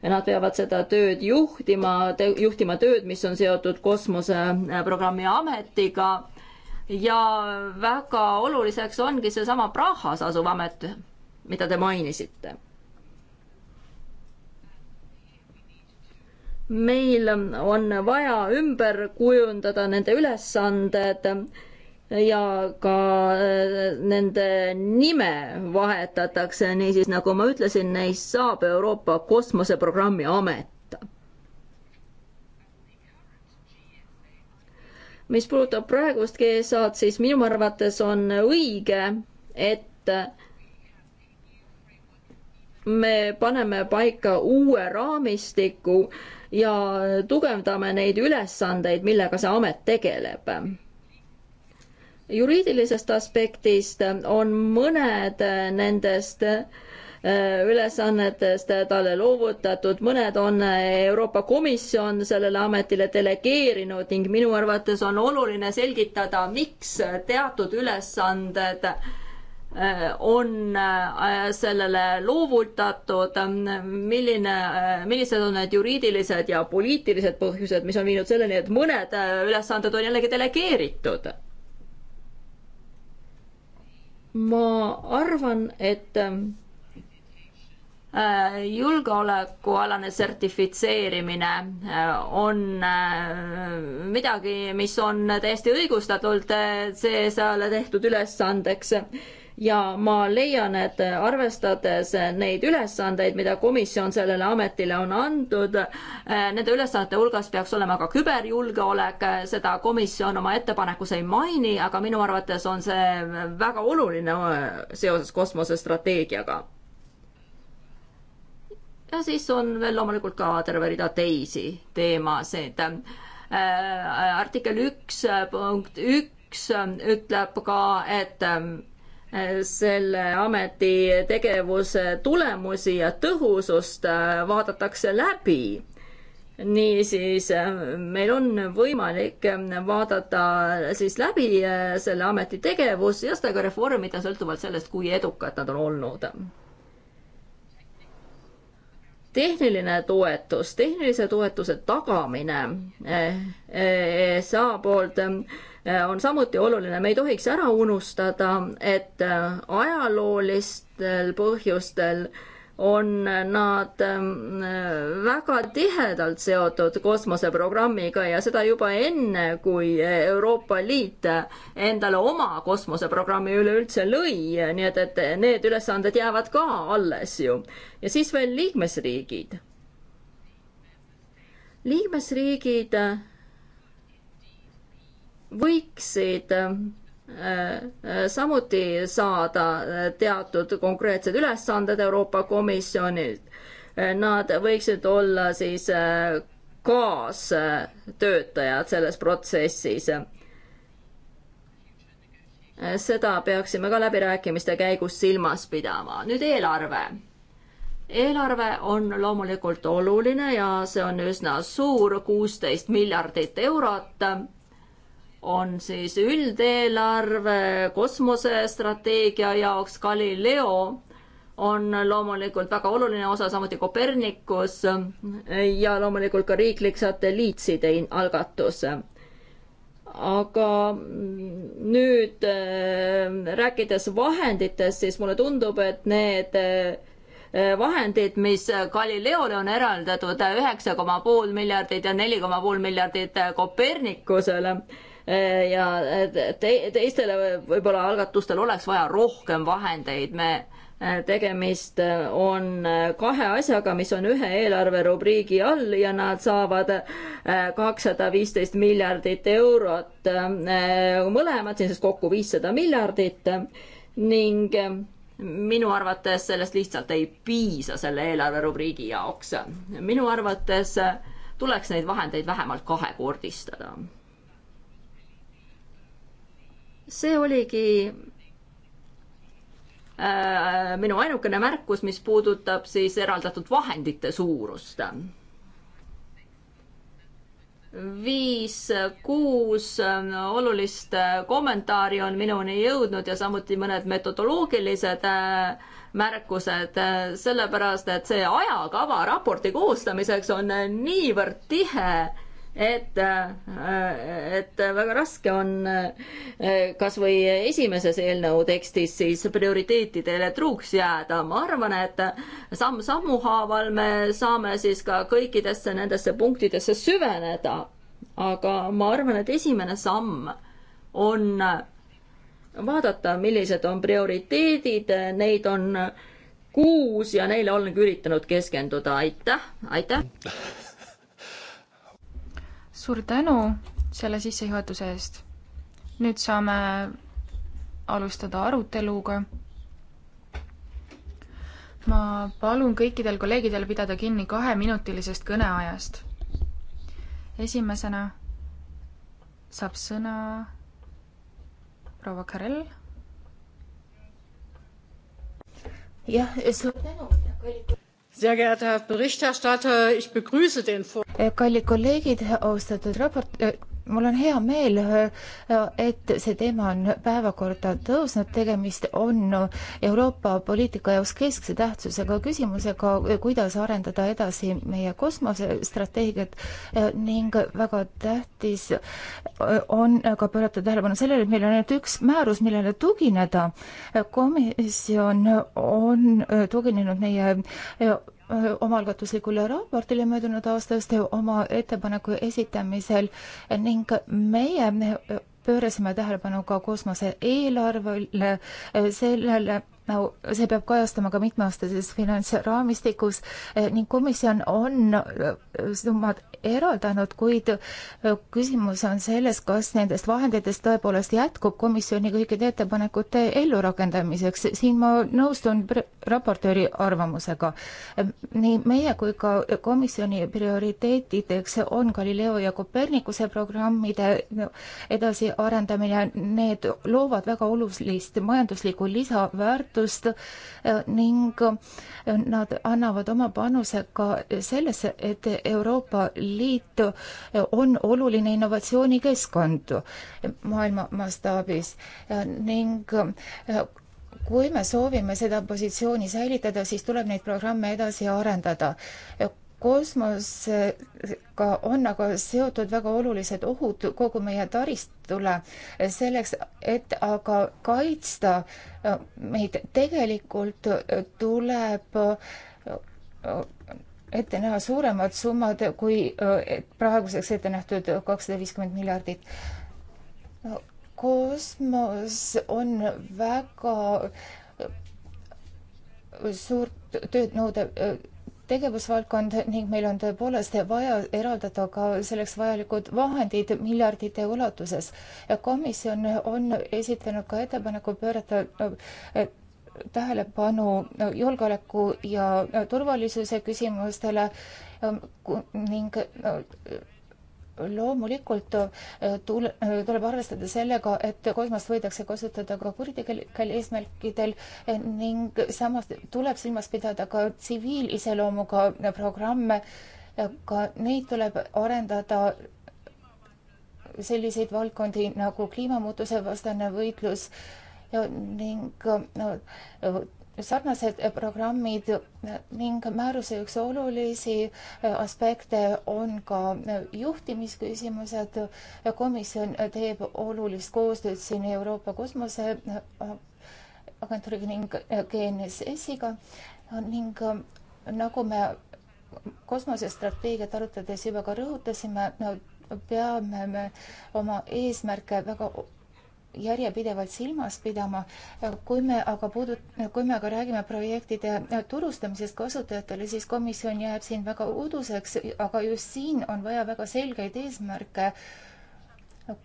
Nad peavad seda tööd juhtima, juhtima tööd, mis on seotud kosmoseprogrammi eh, ametiga ja väga oluliseks ongi seesama Prahas asuv amet, mida te mainisite meil on vaja ümber kujundada nende ülesanded ja ka äh, nende nime vahetatakse, niisiis nagu ma ütlesin, neist saab Euroopa Kosmoseprogrammi Amet. mis puudutab praegust GSA-d, siis minu arvates on õige, et me paneme paika uue raamistiku ja tugevdame neid ülesandeid, millega see amet tegeleb juriidilisest aspektist on mõned nendest äh, ülesannetest talle loovutatud, mõned on Euroopa Komisjon sellele ametile delegeerinud ning minu arvates on oluline selgitada, miks teatud ülesanded äh, Äh, on äh, sellele loovutatud, milline, äh, millised on need juriidilised ja poliitilised põhjused, mis on viinud selleni, et mõned ülesanded on jällegi delegeeritud? ma arvan, et julgeolekualane sertifitseerimine on midagi, mis on täiesti õigustatult CSA-le tehtud ülesandeks ja ma leian, et arvestades neid ülesandeid, mida komisjon sellele ametile on andnud, eh, nende ülesannete hulgas peaks olema ka küberjulgeolek, seda komisjon oma ettepanekus ei maini, aga minu arvates on see väga oluline eh, seoses kosmosestrateegiaga. ja siis on veel loomulikult ka terve rida teisi teemasid. Eh, artikkel üks punkt üks ütleb ka, et selle ameti tegevuse tulemusi ja tõhusust äh, vaadatakse läbi. niisiis äh, meil on võimalik äh, vaadata siis läbi selle ameti tegevus ja seda ka reformida sõltuvalt sellest, kui edukad nad on olnud tehniline toetus, tehnilise toetuse tagamine ESA poolt Äh, on samuti oluline, me ei tohiks ära unustada, et äh, ajaloolistel põhjustel on nad ähm, äh, väga tihedalt seotud kosmoseprogrammiga ja seda juba enne, kui Euroopa Liit endale oma kosmoseprogrammi üleüldse lõi, nii et, et need ülesanded jäävad ka alles ju. ja siis veel liikmesriigid. liikmesriigid võiksid äh, äh, samuti saada äh, teatud konkreetsed ülesanded Euroopa Komisjonilt. Nad võiksid olla siis kaastöötajad selles protsessis. seda peaksime ka läbirääkimiste käigus silmas pidama. nüüd eelarve eelarve on loomulikult oluline ja see on üsna suur, kuusteist miljardit eurot on siis üldeelarve kosmosestrateegia jaoks, Galileo on loomulikult väga oluline osa, samuti Copernicus ja loomulikult ka riiklik satelliitside algatus. aga nüüd äh, rääkides vahenditest, siis mulle tundub, et need äh, vahendid, mis Galileole on eraldatud üheksa koma pool miljardit ja neli koma pool miljardit Kopernikusele Äh, ja äh, te-, teistele äh, võib-olla algatustel oleks vaja rohkem vahendeid, me tegemist on kahe asjaga, mis on ühe eelarverubriigi all ja nad saavad kakssada viisteist miljardit eurot mõlemad, siis kokku viissada miljardit ning minu arvates sellest lihtsalt ei piisa selle eelarverubriigi jaoks. minu arvates tuleks neid vahendeid vähemalt kahekordistada see oligi äh, minu ainukene märkus, mis puudutab siis eraldatud vahendite suurust. viis, kuus äh, olulist äh, kommentaari on minuni jõudnud ja samuti mõned metodoloogilised märkused, sellepärast et see ajakava raporti koostamiseks on niivõrd tihe et, äh, et väga raske on äh, kas või esimeses eelnõu tekstis siis prioriteetidele truuks jääda. ma arvan, et samm-sammu haaval me saame siis ka kõikidesse nendesse punktidesse süveneda. aga ma arvan, et esimene samm on vaadata, millised on prioriteedid, neid on kuus ja neile olengi üritanud keskenduda. aitäh, aitäh!
suur tänu selle sissejuhatuse eest. nüüd saame alustada aruteluga. ma palun kõikidel kolleegidel pidada kinni kaheminutilisest kõneajast. esimesena saab sõna proua Karel.
jah, suur tänu,
kallid. Sehr geehrter Herr Berichterstatter, ich begrüße den Vor-
Eh, kallid kolleegid, eh, austatud raport, eh, mul on hea meel, et see teema on päevakorda tõusnud, tegemist on Euroopa poliitika jaoks keskse tähtsusega küsimusega, kuidas arendada edasi meie kosmosestrateegiat ning väga tähtis on ka pöörata tähelepanu sellele, et meil on ainult üks määrus, millele tugineda. komisjon on tuginenud meie Äh, omaalgatuslikule raportile möödunud aastast oma ettepaneku esitamisel ning meie pöörasime tähelepanu ka kosmose eelarvele, äh, sellele, see peab kajastama ka mitmeaastases finantsraamistikus eh, ning komisjon on eh, summad eraldanud, kuid eh, küsimus on selles, kas nendest vahenditest tõepoolest jätkub komisjoni kõikide ettepanekute ellurakendamiseks. siin ma nõustun raportööri arvamusega. nii meie kui ka komisjoni prioriteetideks on Galileo ja Copernicuse programmide edasiarendamine, need loovad väga olulist majanduslikku lisaväärtust, väärtust äh, ning äh, nad annavad oma panuse ka sellesse, et Euroopa Liit äh, on oluline innovatsioonikeskkond maailma mastaabis ning kui me soovime seda positsiooni säilitada, siis tuleb neid programme edasi arendada kosmosega on aga seotud väga olulised ohud kogu meie taristule. selleks, et aga kaitsta meid tegelikult, tuleb ette näha suuremad summad kui praeguseks ette nähtud kakssada viiskümmend miljardit. kosmos on väga suurt tööd nõudev tegevusvaldkond ning meil on tõepoolest vaja eraldada ka selleks vajalikud vahendid miljardite ulatuses. komisjon on esitanud ka ettepaneku pöörata äh, tähelepanu äh, julgeoleku ja äh, turvalisuse küsimustele ähm, ning loomulikult äh, tule, äh, tuleb arvestada sellega, et koimast võidakse kasutada ka kuritegelikel eesmärkidel äh, ning samas tuleb silmas pidada ka tsiviiliseloomuga programme. ka neid tuleb arendada selliseid valdkondi nagu kliimamuutuse vastane võitlus ja ning no, sarnased äh, programmid äh, ning määruse üks olulisi äh, aspekte on ka juhtimisküsimused. komisjon teeb olulist koostööd siin Euroopa Kosmoseagentuuriga ning GNSS-iga ning nagu me kosmosestrateegiat arutades juba ka rõhutasime, peame me oma eesmärke väga järjepidevalt silmas pidama. kui me aga puudut-, kui me aga räägime projektide turustamisest kasutajatele, siis komisjon jääb siin väga uduseks, aga just siin on vaja väga selgeid eesmärke.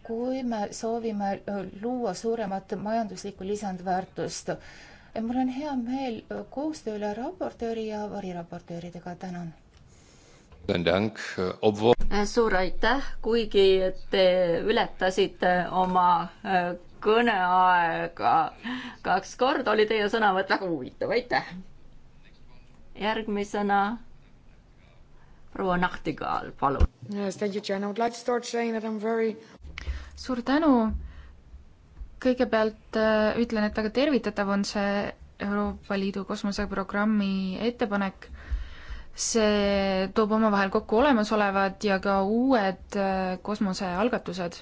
kui me soovime luua suuremat majanduslikku lisandväärtust. mul on hea meel koostööle raportööri ja variraportööridega, tänan Äh,
äh, suur aitäh, kuigi te ületasite oma äh, kõneaega kaks korda, oli teie sõnavõtt väga huvitav, aitäh. järgmisena proua Nahtigaal,
palun yes,. Like suur tänu. kõigepealt ütlen, et väga tervitatav on see Euroopa Liidu kosmoseprogrammi ettepanek see toob omavahel kokku olemasolevad ja ka uued äh, kosmosealgatused.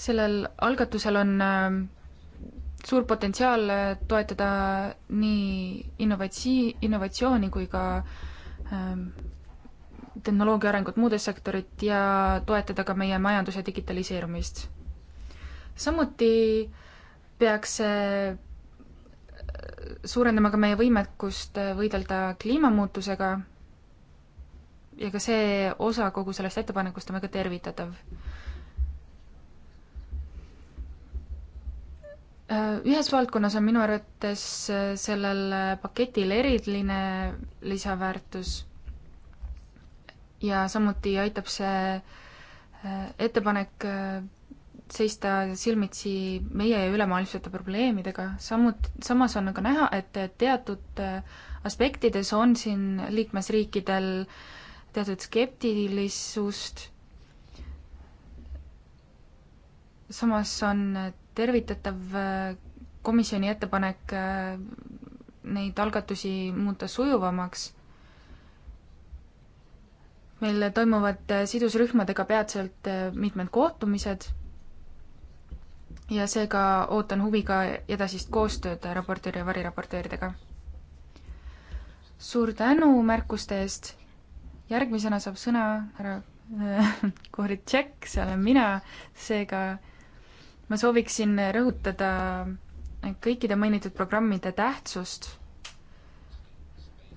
sellel algatusel on äh, suur potentsiaal äh, toetada nii innovatsi-, innovatsiooni kui ka tehnoloogia arengut muudes sektorit ja toetada ka meie majanduse digitaliseerumist. samuti peaks see suurendama ka meie võimekust võidelda kliimamuutusega ja ka see osa kogu sellest ettepanekust on väga tervitatav. ühes valdkonnas on minu arvates sellel paketil eriline lisaväärtus ja samuti aitab see äh, ettepanek äh, seista silmitsi meie ja ülemaailmsete probleemidega, samuti, samas on aga näha, et teatud äh, aspektides on siin liikmesriikidel teatud skeptilisust, samas on tervitatav äh, komisjoni ettepanek äh, neid algatusi muuta sujuvamaks meil toimuvad sidusrühmadega peatselt mitmed kohtumised ja seega ootan huviga edasist koostööd raportööri ja variraportööridega. suur tänu märkuste eest. järgmisena saab sõna härra äh, Koritšek, see olen mina, seega ma sooviksin rõhutada kõikide mainitud programmide tähtsust,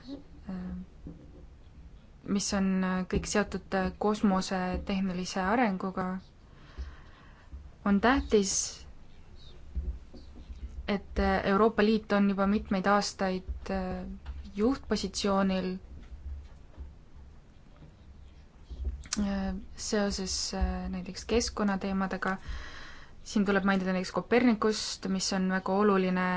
äh, mis on kõik seotud kosmose tehnilise arenguga, on tähtis et äh, Euroopa Liit on juba mitmeid aastaid äh, juhtpositsioonil äh, seoses näiteks keskkonnateemadega, siin tuleb mainida näiteks Kopernikust, mis on väga oluline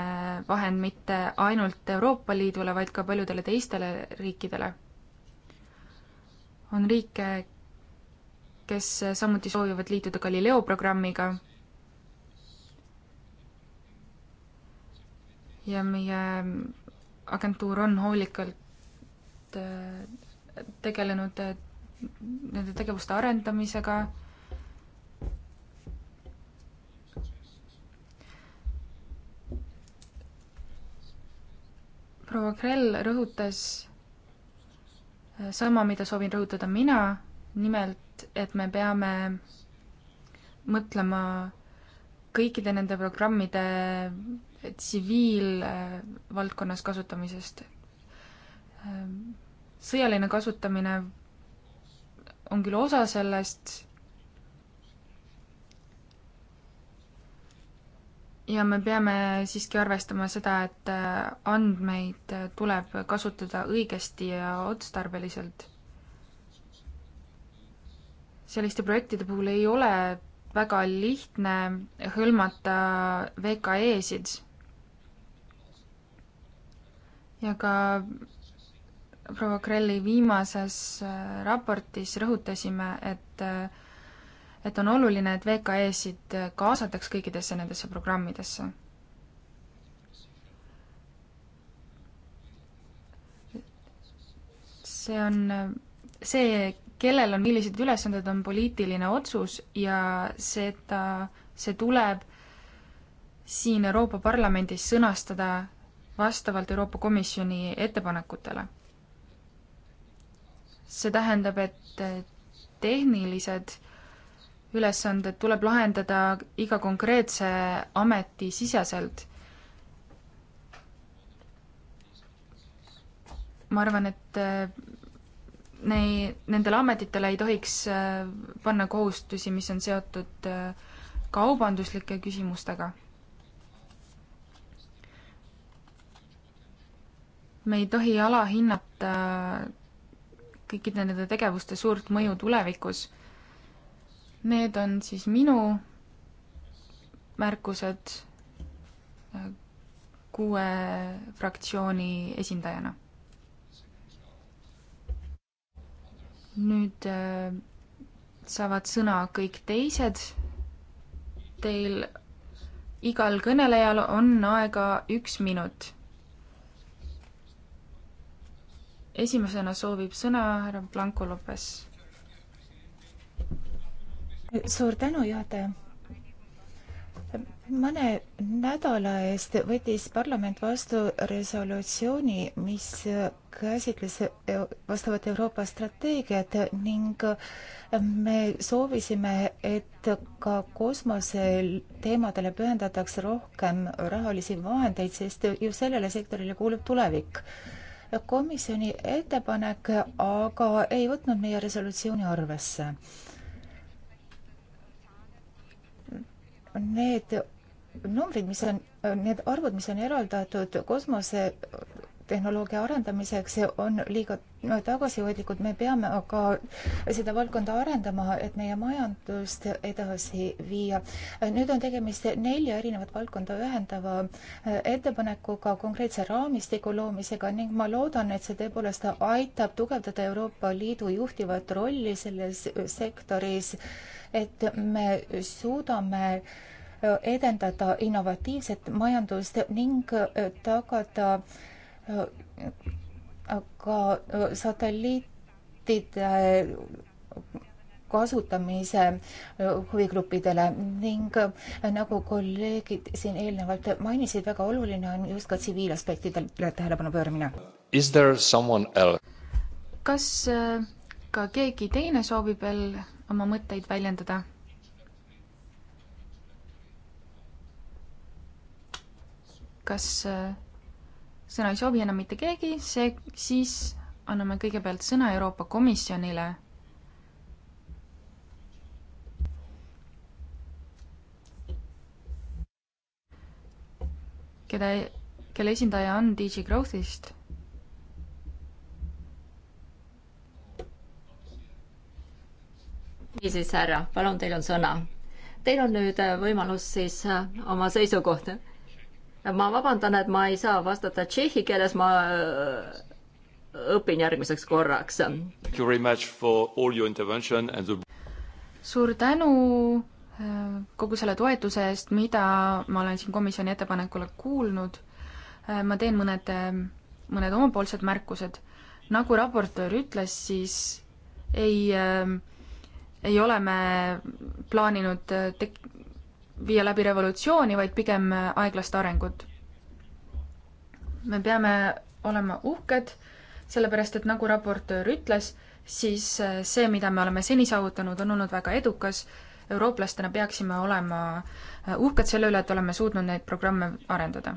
vahend mitte ainult Euroopa Liidule, vaid ka paljudele teistele riikidele. on riike, kes samuti soovivad liituda Galileo programmiga ja meie agentuur on hoolikalt äh, tegelenud äh, nende tegevuste arendamisega. proua Krell rõhutas äh, sama, mida soovin rõhutada mina, nimelt, et me peame mõtlema kõikide nende programmide tsiviilvaldkonnas kasutamisest. sõjaline kasutamine on küll osa sellest ja me peame siiski arvestama seda, et andmeid tuleb kasutada õigesti ja otstarbeliselt. selliste projektide puhul ei ole väga lihtne hõlmata VKE-sid ja ka proua Krelli viimases äh, raportis rõhutasime, et äh, et on oluline, et VKE-sid äh, kaasataks kõikidesse nendesse programmidesse. see on see, kellel on millised ülesanded, on poliitiline otsus ja seda, see tuleb siin Euroopa Parlamendis sõnastada vastavalt Euroopa Komisjoni ettepanekutele. see tähendab, et tehnilised ülesanded tuleb lahendada iga konkreetse ameti siseselt. ma arvan, et äh, nei-, nendele ametitele ei tohiks äh, panna kohustusi, mis on seotud äh, kaubanduslike küsimustega me ei tohi alahinnata äh, kõikide nende tegevuste suurt mõju tulevikus. Need on siis minu märkused äh, kuue fraktsiooni esindajana. nüüd äh, saavad sõna kõik teised. Teil igal kõnelejal on aega üks minut esimesena soovib sõna härra
Blanco Lopes. suur tänu, juhataja. mõne nädala eest võttis parlament vastu resolutsiooni, mis käsitles e-, vastavat Euroopa strateegiat ning me soovisime, et ka kosmoseteemadele pühendataks rohkem rahalisi vahendeid, sest ju sellele sektorile kuulub tulevik komisjoni ettepanek aga ei võtnud meie resolutsiooni arvesse. Need numbrid, mis on, need arvud, mis on eraldatud kosmose tehnoloogia arendamiseks on liiga no, tagasihoidlikud, me peame aga seda valdkonda arendama, et meie majandust edasi viia. nüüd on tegemist nelja erinevat valdkonda ühendava ettepanekuga, konkreetse raamistiku loomisega ning ma loodan, et see tõepoolest aitab tugevdada Euroopa Liidu juhtivat rolli selles sektoris, et me suudame edendada innovatiivset majandust ning tagada äh, aga satelliitide kasutamise huvigruppidele ning nagu kolleegid siin eelnevalt mainisid, väga oluline on just ka tsiviilaspektidele tähelepanu pööramine. kas
ka keegi teine soovib veel oma mõtteid väljendada? kas sõna ei soovi enam mitte keegi, see, siis anname kõigepealt sõna Euroopa Komisjonile. keda, kelle esindaja on DG Growthist.
niisiis, härra, palun, teil on sõna. Teil on nüüd võimalus siis äh, oma seisukohta ma vabandan, et ma ei saa vastata tšehhi keeles, ma äh, õpin järgmiseks korraks. The...
suur tänu äh, kogu selle toetuse eest, mida ma olen siin komisjoni ettepanekule kuulnud. Äh, ma teen mõned, mõned omapoolsed märkused. nagu raportöör ütles, siis ei, ei ole me plaaninud tek-, viia läbi revolutsiooni, vaid pigem aeglast arengut. me peame olema uhked, sellepärast et nagu raportöör ütles, siis see, mida me oleme seni saavutanud, on olnud väga edukas. eurooplastena peaksime olema uhked selle üle, et oleme suutnud neid programme arendada.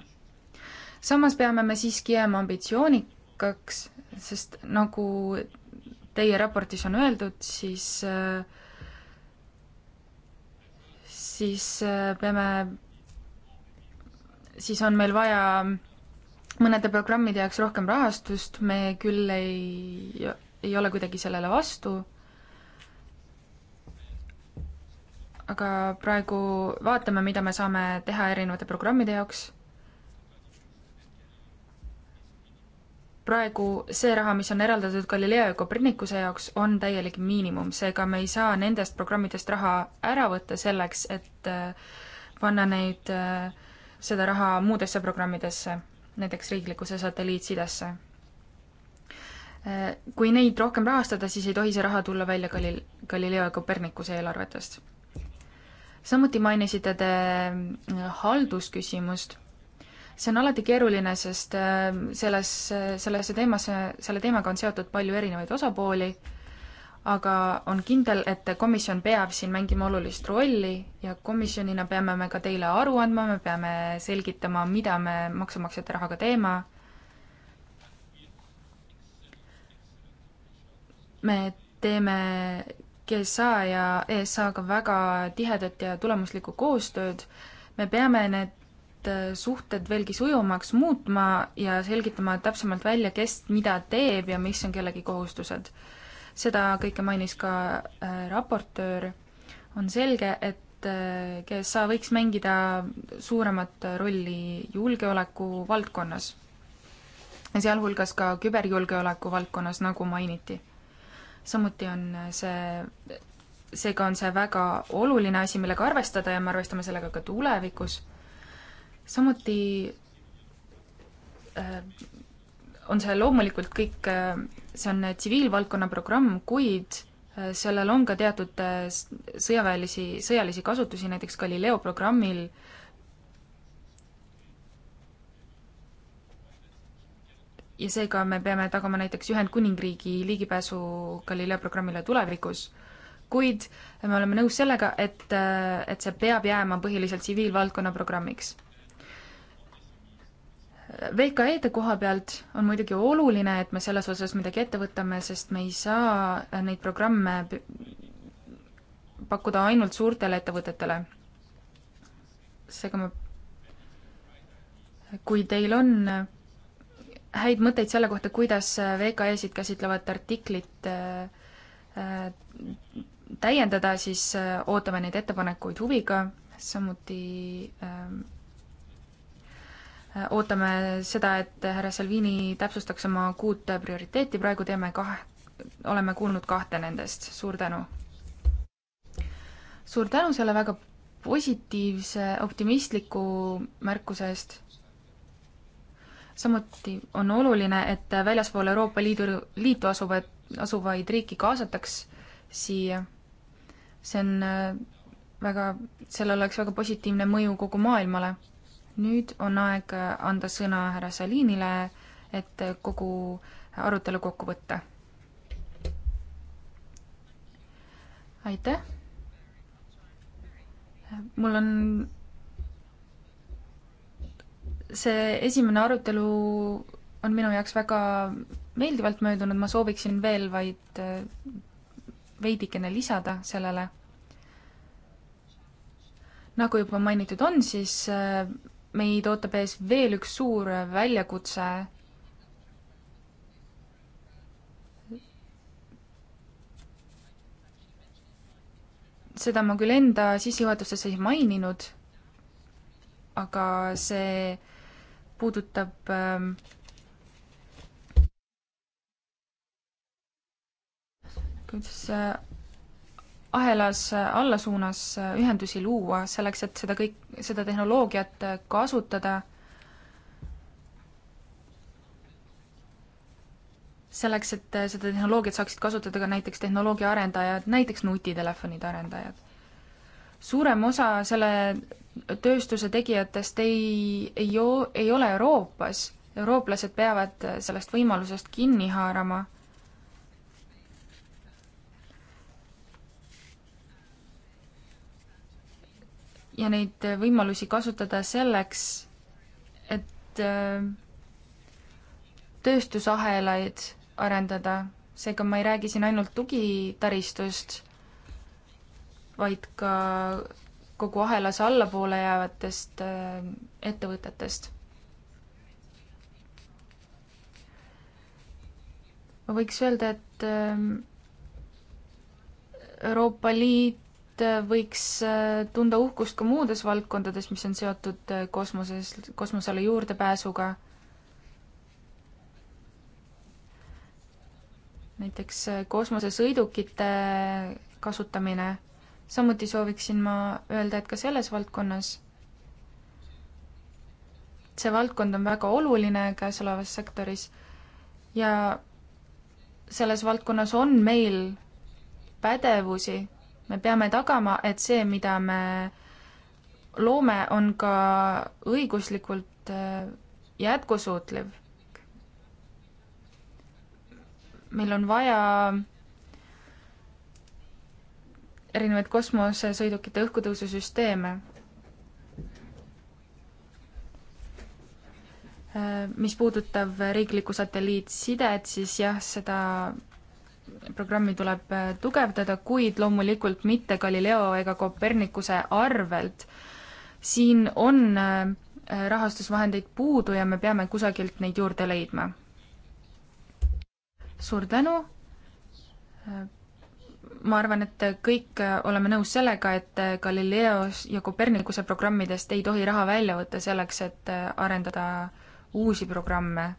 samas peame me siiski jääma ambitsioonikaks, sest nagu teie raportis on öeldud, siis äh, siis äh, peame, siis on meil vaja mõnede programmide jaoks rohkem rahastust, me küll ei, ei ole kuidagi sellele vastu, aga praegu vaatame, mida me saame teha erinevate programmide jaoks praegu see raha, mis on eraldatud Galileo ja Copernicuse jaoks, on täielik miinimum, seega me ei saa nendest programmidest raha ära võtta selleks, et äh, panna neid, äh, seda raha muudesse programmidesse, näiteks riiklikusse satelliitsidesse. Äh, kui neid rohkem rahastada, siis ei tohi see raha tulla välja Galil-, Galileo ja Copernicuse eelarvetest. samuti mainisite te haldusküsimust see on alati keeruline, sest äh, selles, sellesse teemasse, selle teemaga on seotud palju erinevaid osapooli, aga on kindel, et komisjon peab siin mängima olulist rolli ja komisjonina peame me ka teile aru andma, me peame selgitama, mida me maksumaksjate rahaga teeme me teeme GSA ja ESA-ga väga tihedat ja tulemuslikku koostööd. me peame need Äh, suhted veelgi sujuvamaks muutma ja selgitama täpsemalt välja, kes mida teeb ja mis on kellegi kohustused. seda kõike mainis ka äh, raportöör. on selge, et GSA äh, võiks mängida suuremat rolli julgeoleku valdkonnas, sealhulgas ka küberjulgeoleku valdkonnas, nagu mainiti. samuti on see, seega on see väga oluline asi, millega arvestada ja me arvestame sellega ka tulevikus samuti äh, on see loomulikult kõik, äh, see on tsiviilvaldkonna programm, kuid äh, sellel on ka teatud sõjaväelisi, sõjalisi kasutusi, näiteks Galileo programmil ja seega me peame tagama näiteks Ühendkuningriigi ligipääsu Galileo programmile tulevikus, kuid me oleme nõus sellega, et, et see peab jääma põhiliselt tsiviilvaldkonna programmiks VKE-de koha pealt on muidugi oluline, et me selles osas midagi ette võtame, sest me ei saa neid programme pakkuda ainult suurtele ettevõtetele. seega ma, kui teil on häid mõtteid selle kohta, kuidas VKE-sid käsitlevat artiklit äh, täiendada, siis äh, ootame neid ettepanekuid huviga, samuti ähm, Äh, ootame seda, et härra Salvini täpsustaks oma kuut prioriteeti, praegu teeme kahe, oleme kuulnud kahte nendest, suur tänu! suur tänu selle väga positiivse, optimistliku märkuse eest. samuti on oluline, et väljaspool Euroopa Liidu, liitu asuvad, asuvaid riiki kaasataks siia. see on äh, väga, sellel oleks väga positiivne mõju kogu maailmale nüüd on aeg anda sõna härra Salinile, et kogu arutelu kokku võtta. aitäh. mul on see esimene arutelu on minu jaoks väga meeldivalt möödunud, ma sooviksin veel vaid äh, veidikene lisada sellele. nagu juba mainitud on, siis äh, meid ootab ees veel üks suur väljakutse. seda ma küll enda sissejuhatuses ei maininud, aga see puudutab ähm, kuidas äh, ahelas allasuunas äh, ühendusi luua, selleks et seda kõik, seda tehnoloogiat äh, kasutada, selleks, et äh, seda tehnoloogiat saaksid kasutada ka näiteks tehnoloogia arendajad, näiteks nutitelefonide arendajad. suurem osa selle tööstuse tegijatest ei, ei, ei ole Euroopas, eurooplased peavad sellest võimalusest kinni haarama ja neid võimalusi kasutada selleks, et äh, tööstusahelaid arendada. seega ma ei räägi siin ainult tugitaristust, vaid ka kogu ahelas allapoole jäävatest äh, ettevõtetest. ma võiks öelda, et äh, Euroopa Liit Äh, võiks äh, tunda uhkust ka muudes valdkondades, mis on seotud äh, kosmoses, kosmosele juurdepääsuga. näiteks kosmosesõidukite kasutamine. samuti sooviksin ma öelda, et ka selles valdkonnas see valdkond on väga oluline käesolevas sektoris ja selles valdkonnas on meil pädevusi me peame tagama, et see, mida me loome, on ka õiguslikult äh, jätkusuutliv. meil on vaja erinevaid kosmosesõidukite õhkutõususüsteeme äh, mis puudutab riiklikku satelliitsidet, siis jah, seda programmi tuleb äh, tugevdada, kuid loomulikult mitte Galileo ega Kopernikuse arvelt. siin on äh, rahastusvahendeid puudu ja me peame kusagilt neid juurde leidma. suur tänu. Äh, ma arvan, et kõik oleme nõus sellega, et Galileos ja Kopernikuse programmidest ei tohi raha välja võtta selleks, et arendada uusi programme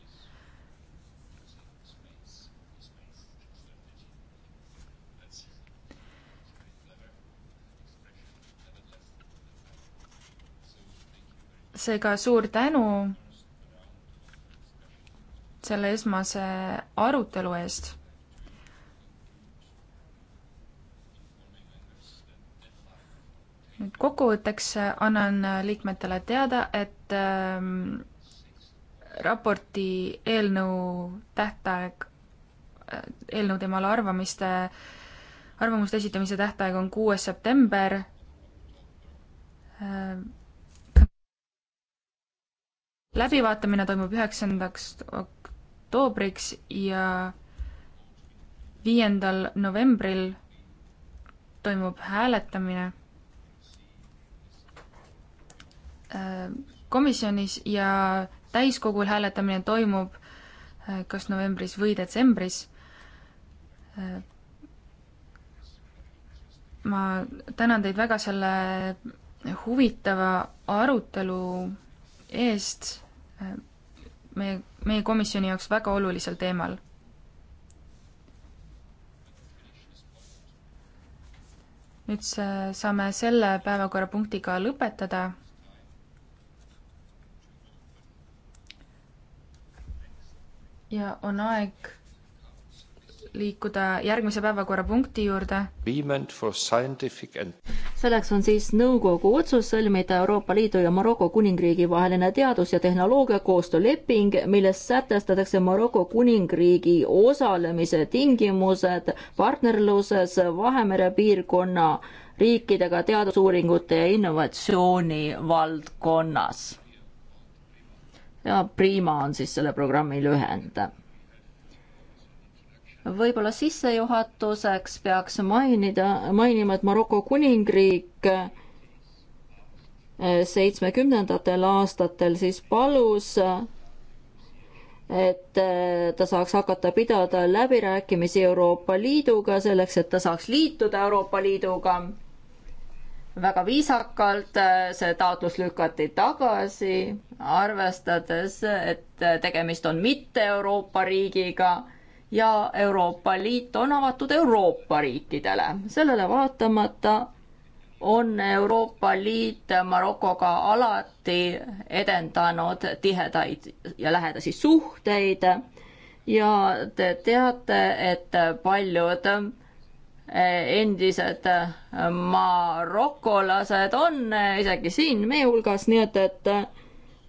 seega suur tänu selle esmase arutelu eest. nüüd kokkuvõtteks annan liikmetele teada, et ähm, raporti eelnõu tähtaeg, äh, eelnõu temale arvamiste, arvamuste esitamise tähtaeg on kuues september ähm, läbivaatamine toimub üheksandaks oktoobriks ja viiendal novembril toimub hääletamine äh, komisjonis ja täiskogul hääletamine toimub äh, kas novembris või detsembris. Äh, ma tänan teid väga selle huvitava arutelu eest äh, meie, meie komisjoni jaoks väga olulisel teemal. nüüd saame selle päevakorrapunktiga lõpetada. ja on aeg liikuda järgmise päevakorrapunkti juurde. selleks on siis nõukogu otsus
sõlmida Euroopa Liidu ja Maroko Kuningriigi vaheline teadus- ja tehnoloogiakoostööleping, milles sätestatakse Maroko Kuningriigi osalemise tingimused partnerluses Vahemere piirkonna riikidega teadusuuringute ja innovatsiooni valdkonnas. ja Prima on siis selle programmi lühend võib-olla sissejuhatuseks peaks mainida, mainima, et Maroko kuningriik eh, seitsmekümnendatel aastatel siis palus, et eh, ta saaks hakata pidada läbirääkimisi Euroopa Liiduga selleks, et ta saaks liituda Euroopa Liiduga. väga viisakalt eh, see taotlus lükati tagasi, arvestades, et tegemist on mitte Euroopa riigiga ja Euroopa Liit on avatud Euroopa riikidele. sellele vaatamata on Euroopa Liit Marokoga alati edendanud tihedaid ja lähedasi suhteid ja te teate, et paljud eh, endised marokolased on eh, isegi siin meie hulgas, nii et, et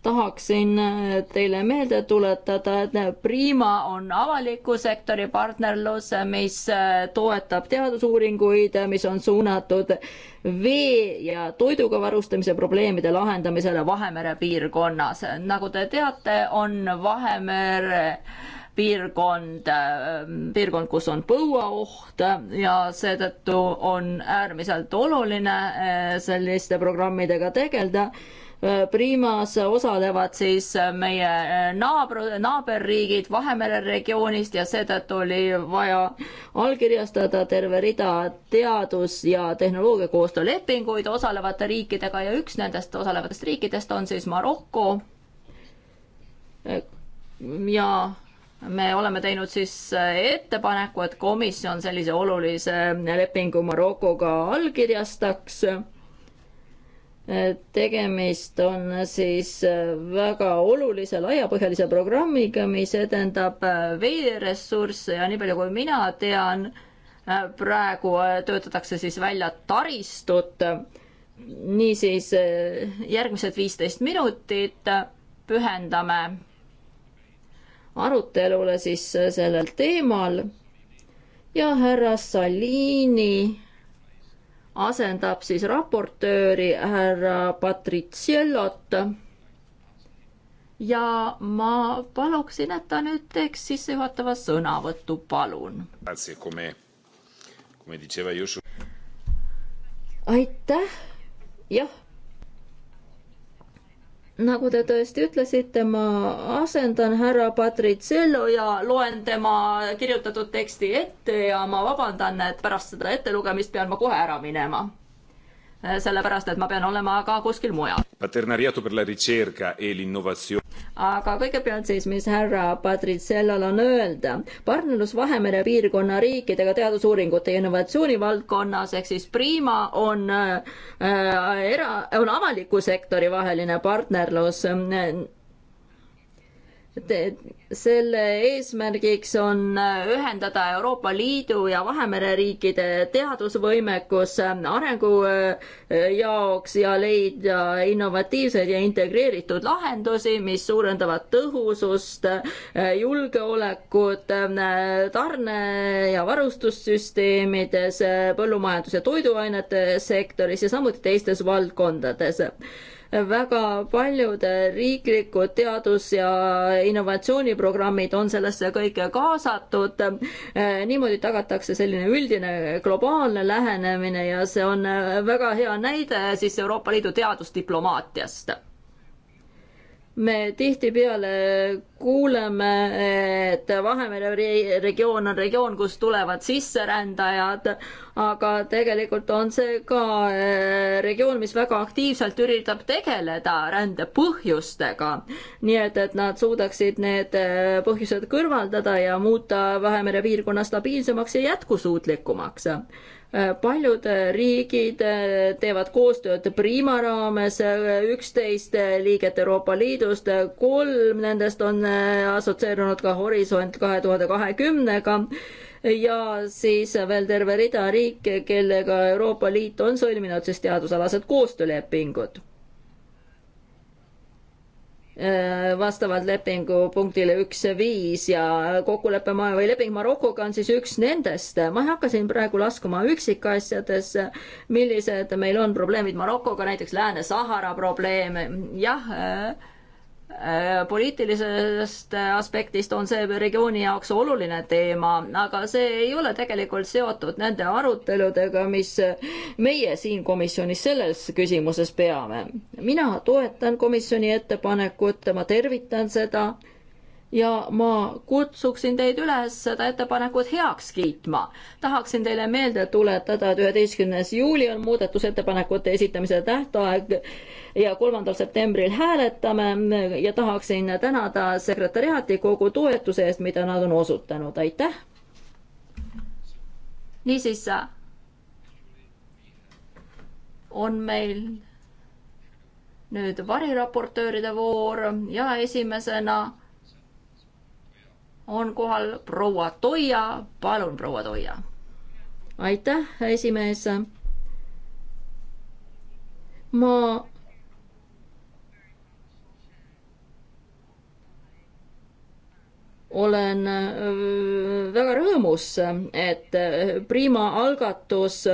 tahaksin äh, teile meelde tuletada, et äh, Prima on avaliku sektori partnerlus, äh, mis toetab teadusuuringuid, mis on suunatud vee ja toiduga varustamise probleemide lahendamisele Vahemere piirkonnas. nagu te teate, on Vahemere piirkond, piirkond, kus on põuaoht ja seetõttu on äärmiselt oluline selliste programmidega tegeleda Primas osalevad siis meie naabr, naaberriigid Vahemere regioonist ja seetõttu oli vaja allkirjastada terve rida teadus- ja tehnoloogiakoostöö lepinguid osalevate riikidega ja üks nendest osalevatest riikidest on siis Maroko. ja me oleme teinud siis ettepaneku, et komisjon sellise olulise lepingu Marokoga allkirjastaks tegemist on siis äh, väga olulise laiapõhjalise programmiga, mis edendab äh, veeressursse ja nii palju, kui mina tean, äh, praegu töötatakse siis välja taristut. niisiis järgmised viisteist minutit pühendame arutelule siis sellel teemal ja härra Salini asendab siis raportööri härra Patriciellot. ja ma paluksin, et ta nüüd teeks sissejuhatava sõnavõtu, palun. aitäh, jah nagu te tõesti ütlesite, ma asendan härra Patricello ja loen tema kirjutatud teksti ette ja ma vabandan, et pärast seda ettelugemist pean ma kohe ära minema. Eh, sellepärast et ma pean olema ka kuskil mujal. E aga kõigepealt siis, mis härra Patricellal on öelda. partnerlus Vahemere piirkonna riikidega teadusuuringute ja innovatsiooni valdkonnas ehk siis Prima on äh, era, on avaliku sektori vaheline partnerlus selle eesmärgiks on ühendada Euroopa Liidu ja Vahemere riikide teadusvõimekus äh, arengu äh, jaoks ja leida innovatiivseid ja integreeritud lahendusi, mis suurendavad tõhusust, äh, julgeolekut, tarne- ja varustussüsteemides, põllumajandus- ja toiduainete sektoris ja samuti teistes valdkondades väga paljud riiklikud teadus- ja innovatsiooniprogrammid on sellesse kõike kaasatud. niimoodi tagatakse selline üldine globaalne lähenemine ja see on väga hea näide siis Euroopa Liidu teadusdiplomaatiast me tihtipeale kuuleme, et Vahemere regioon on regioon, kust tulevad sisserändajad, aga tegelikult on see ka eh, regioon, mis väga aktiivselt üritab tegeleda rände põhjustega. nii et, et nad suudaksid need eh, põhjused kõrvaldada ja muuta Vahemere piirkonna stabiilsemaks ja jätkusuutlikumaks paljud riigid teevad koostööd Prima raames, üksteist liiget Euroopa Liidust, kolm nendest on assotsieerunud ka Horisont kahe tuhande kahekümnega ja siis veel terve rida riike, kellega Euroopa Liit on sõlminud siis teadusalased koostöölepingud Äh, vastavalt lepingu punktile üks viis ja kokkulepe ma või leping Marokoga on siis üks nendest. ma ei hakka siin praegu laskuma üksikasjadesse, millised meil on probleemid Marokoga, näiteks Lääne-Sahara probleem, jah äh, Äh, poliitilisest aspektist on see regiooni jaoks oluline teema, aga see ei ole tegelikult seotud nende aruteludega, mis meie siin komisjonis selles küsimuses peame. mina toetan komisjoni ettepanekut, ma tervitan seda ja ma kutsuksin teid üles seda ettepanekut heaks kiitma. tahaksin teile meelde tuletada, et üheteistkümnes juuli on muudatusettepanekute esitamise tähtaeg ja kolmandal septembril hääletame ja tahaksin tänada sekretäriaati kogu toetuse eest, mida nad on osutanud, aitäh. niisiis on meil nüüd variraportööride voor ja esimesena on kohal proua Toia, palun, proua Toia. aitäh, esimees. ma olen äh, väga rõõmus, et äh, Prima algatus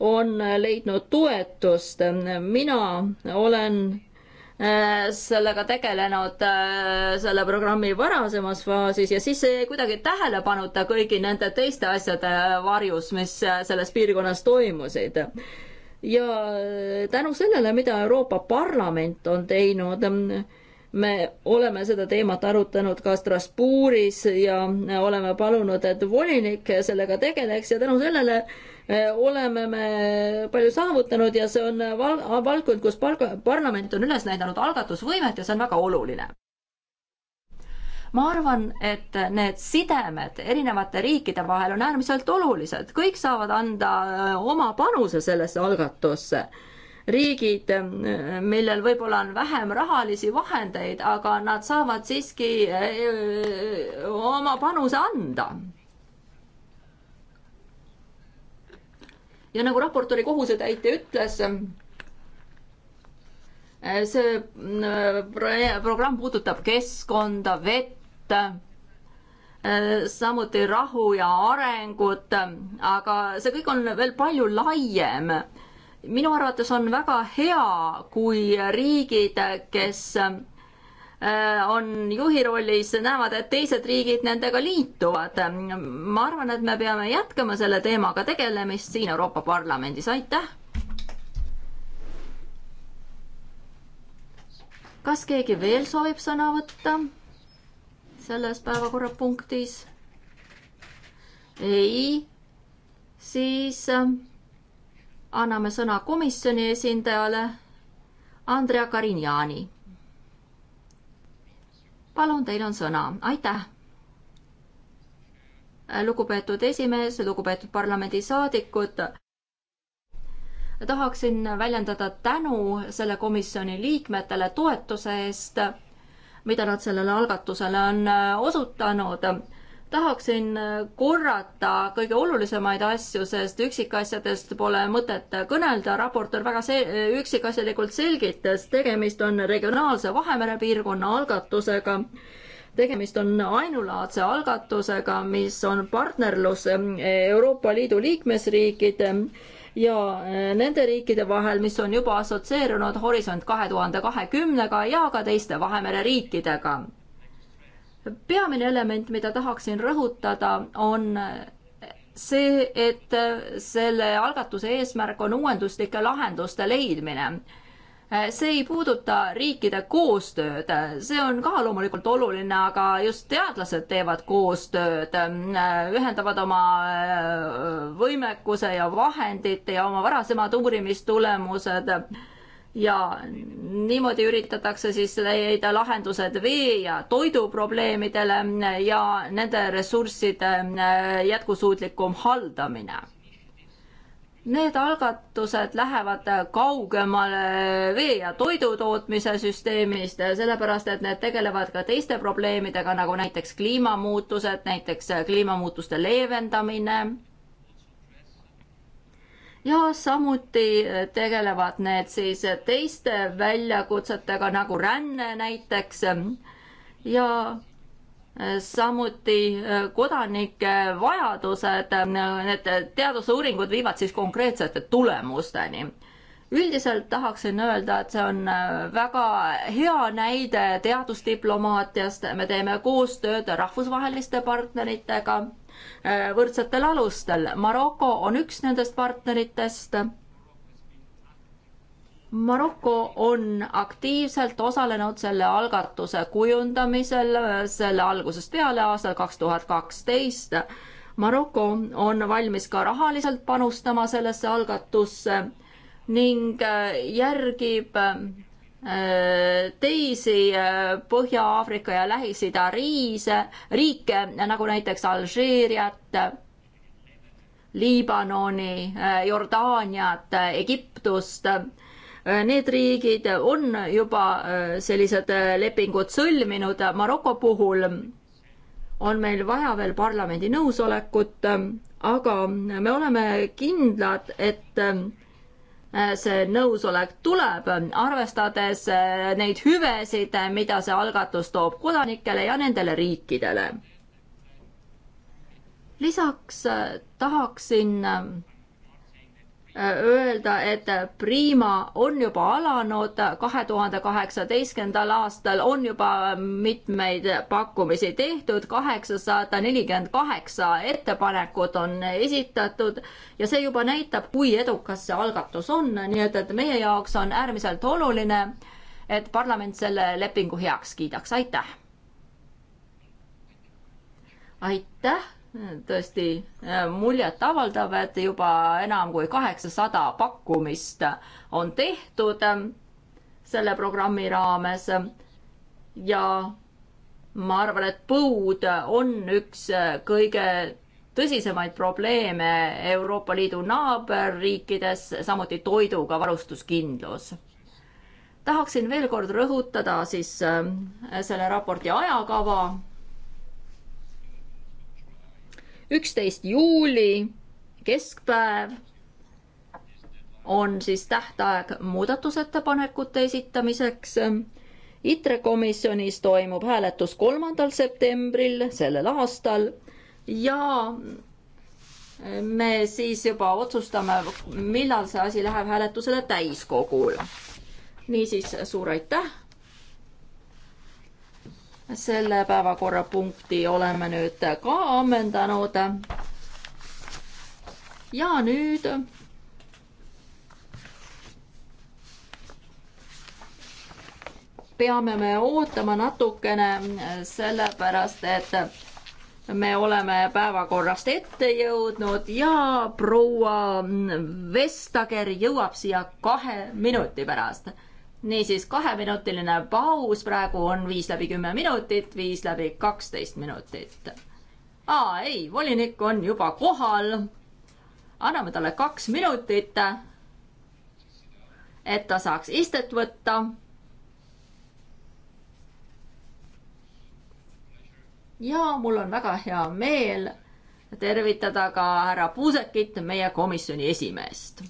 on leidnud toetust. mina olen Äh, sellega tegelenud äh, selle programmi varasemas faasis ja siis kuidagi tähelepanuta kõigi nende teiste asjade varjus, mis äh, selles piirkonnas toimusid. ja tänu sellele, mida Euroopa Parlament on teinud, me oleme seda teemat arutanud ka Strasbourgis ja oleme palunud, et volinik sellega tegeleks ja tänu sellele eh, oleme me palju saavutanud ja see on val valdkond, kus palga, parlament on üles näidanud algatusvõimet ja see on väga oluline. ma arvan, et need sidemed erinevate riikide vahel on äärmiselt olulised, kõik saavad anda eh, oma panuse sellesse algatusse riigid, millel võib-olla on vähem rahalisi vahendeid, aga nad saavad siiski eh, oma panuse anda. ja nagu raportööri kohusetäitja ütles, eh, see eh, programm puudutab keskkonda, vett, samuti rahu ja arengut, aga see kõik on veel palju laiem minu arvates on väga hea, kui riigid, kes äh, on juhi rollis, näevad, et teised riigid nendega liituvad. ma arvan, et me peame jätkama selle teemaga tegelemist siin Euroopa Parlamendis, aitäh. kas keegi veel soovib sõna võtta selles päevakorrapunktis? ei, siis äh, anname sõna komisjoni esindajale Andrea Karinjani. palun, teil on sõna, aitäh. lugupeetud esimees, lugupeetud parlamendisaadikud. tahaksin väljendada tänu selle komisjoni liikmetele toetuse eest, mida nad sellele algatusele on osutanud tahaksin äh, korrata kõige olulisemaid asju, sest üksikasjadest pole mõtet kõnelda, raportöör väga see, äh, üksikasjalikult selgitas, tegemist on regionaalse Vahemere piirkonna algatusega tegemist on ainulaadse algatusega, mis on partnerlus äh, Euroopa Liidu liikmesriikide ja nende riikide vahel, mis on juba assotsieerunud Horisont kahe tuhande kahekümnega ja ka teiste Vahemere riikidega peamine element, mida tahaksin rõhutada, on see, et selle algatuse eesmärk on uuenduslike lahenduste leidmine. see ei puuduta riikide koostööd, see on ka loomulikult oluline, aga just teadlased teevad koostööd, ühendavad oma äh, võimekuse ja vahendid ja oma varasemad uurimistulemused ja niimoodi üritatakse siis leida lahendused vee ja toidu probleemidele ja nende ressursside äh, jätkusuutlikum haldamine. Need algatused lähevad kaugemale vee ja toidu tootmise süsteemist, sellepärast et need tegelevad ka teiste probleemidega, nagu näiteks kliimamuutused, näiteks kliimamuutuste leevendamine ja samuti eh, tegelevad need siis teiste väljakutsetega nagu ränne näiteks ja eh, samuti eh, kodanike vajadused, need teadusuuringud viivad siis konkreetsete tulemusteni. üldiselt tahaksin öelda, et see on väga hea näide teadusdiplomaatiast, me teeme koostööd rahvusvaheliste partneritega Äh, võrdsetel alustel. Maroko on üks nendest partneritest. Maroko on aktiivselt osalenud selle algatuse kujundamisel selle algusest peale aastal kaks tuhat kaksteist. Maroko on valmis ka rahaliselt panustama sellesse algatusse ning äh, järgib Äh, teisi äh, Põhja-Aafrika ja Lähis-Ida riise, riike nagu näiteks Alžeeriat, Liibanoni, äh, Jordaaniat, Egiptust. Need riigid on juba sellised lepingud sõlminud, Maroko puhul on meil vaja veel parlamendi nõusolekut, aga me oleme kindlad, et Äh, see nõusolek tuleb, arvestades äh, neid hüvesid, mida see algatus toob kodanikele ja nendele riikidele. lisaks äh, tahaksin öelda, et Prima on juba alanud, kahe tuhande kaheksateistkümnendal aastal on juba mitmeid pakkumisi tehtud, kaheksasada nelikümmend kaheksa ettepanekut on esitatud ja see juba näitab, kui edukas see algatus on, nii et, et meie jaoks on äärmiselt oluline, et parlament selle lepingu heaks kiidaks, aitäh! aitäh! tõesti äh, muljetavaldav, et juba enam kui kaheksasada pakkumist on tehtud ähm, selle programmi raames. ja ma arvan, et põud on üks äh, kõige tõsisemaid probleeme Euroopa Liidu naaberriikides, samuti toiduga varustuskindlus. tahaksin veel kord rõhutada siis ähm, selle raporti ajakava üksteist juuli, keskpäev, on siis tähtaeg muudatusettepanekute esitamiseks. ITRE komisjonis toimub hääletus kolmandal septembril sellel aastal ja me siis juba otsustame, millal see asi läheb hääletusele täiskogul. niisiis suur aitäh selle päevakorrapunkti oleme nüüd ka ammendanud. ja nüüd peame me ootama natukene, sellepärast et me oleme päevakorrast ette jõudnud ja proua Vestager jõuab siia kahe minuti pärast niisiis kaheminutiline paus, praegu on viis läbi kümme minutit, viis läbi kaksteist minutit. aa, ei, volinik on juba kohal. anname talle kaks minutit, et ta saaks istet võtta. ja mul on väga hea meel tervitada ka härra Puusekit, meie komisjoni esimeest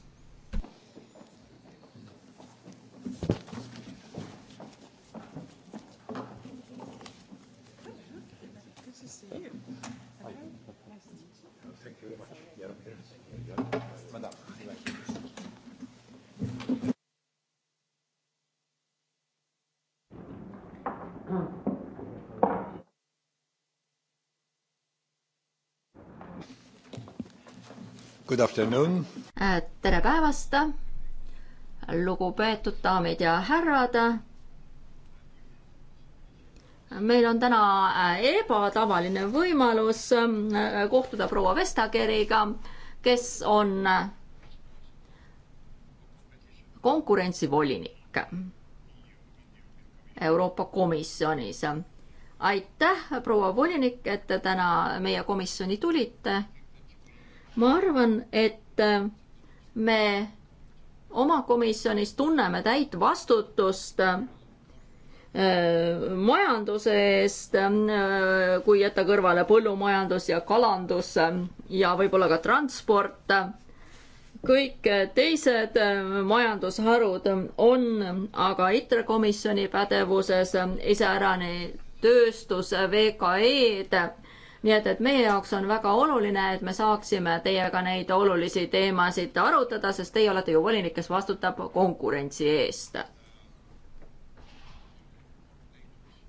Good afternoon. Äh, tere päevast, lugupeetud daamid ja härrad. meil on täna äh, ebatavaline võimalus äh, kohtuda proua Vestageriga, kes on konkurentsivolinik Euroopa Komisjonis. aitäh, proua volinik, et te täna meie komisjoni tulite ma arvan, et äh, me oma komisjonis tunneme täit vastutust äh, majanduse eest, äh, kui jätta kõrvale põllumajandus ja kalandus ja võib-olla ka transport. kõik teised majandusharud on aga ITRE komisjoni pädevuses, iseärani tööstus, VKE-d nii et, et meie jaoks on väga oluline, et me saaksime teiega neid olulisi teemasid arutada, sest teie olete ju volinik, kes vastutab konkurentsi eest.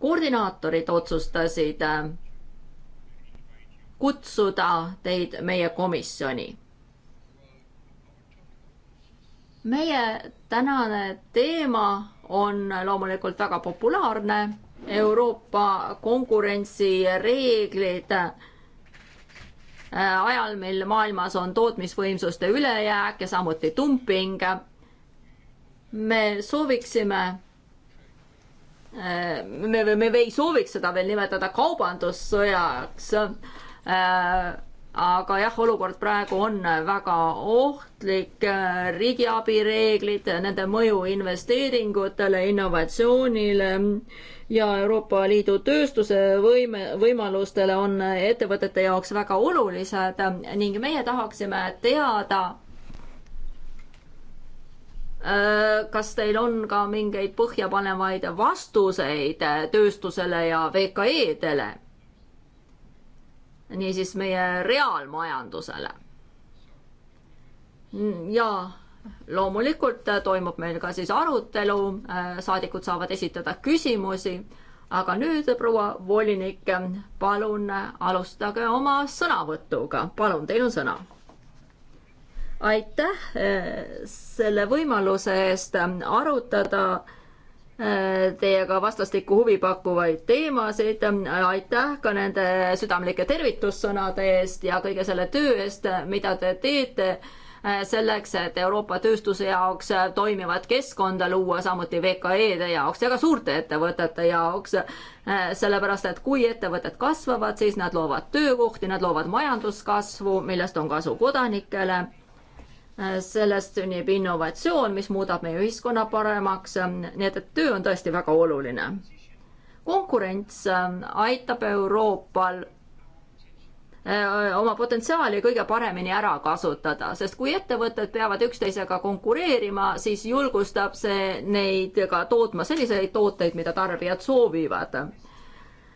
koordinaatorid otsustasid äh, kutsuda teid meie komisjoni meie tänane teema on loomulikult väga populaarne Euroopa konkurentsireeglid äh, ajal, mil maailmas on tootmisvõimsuste ülejääk ja samuti dumping. me sooviksime, äh, me, me, me ei sooviks seda veel nimetada kaubandussõjaks äh, aga jah, olukord praegu on väga ohtlik, riigiabireeglid, nende mõju investeeringutele, innovatsioonile ja Euroopa Liidu tööstuse võime, võimalustele on ettevõtete jaoks väga olulised ning meie tahaksime teada, äh, kas teil on ka mingeid põhjapanevaid vastuseid tööstusele ja VKE-dele niisiis meie reaalmajandusele. ja loomulikult toimub meil ka siis arutelu, saadikud saavad esitada küsimusi, aga nüüd, proua volinik, palun alustage oma sõnavõtuga, palun, teil on sõna aitäh eh, selle võimaluse eest arutada teiega vastastikku huvipakkuvaid teemasid. aitäh ka nende südamlike tervitussõnade eest ja kõige selle töö eest, mida te teete eh, selleks, et Euroopa tööstuse jaoks toimivat keskkonda luua, samuti VKE-de jaoks ja ka suurte ettevõtete jaoks. Eh, sellepärast, et kui ettevõtted kasvavad, siis nad loovad töökohti, nad loovad majanduskasvu, millest on kasu kodanikele Äh, sellest sünnib innovatsioon, mis muudab meie ühiskonna paremaks, ähm, nii et, et töö on tõesti väga oluline. konkurents ähm, aitab Euroopal äh, oma potentsiaali kõige paremini ära kasutada, sest kui ettevõtted peavad üksteisega konkureerima, siis julgustab see neid ka tootma selliseid tooteid, mida tarbijad soovivad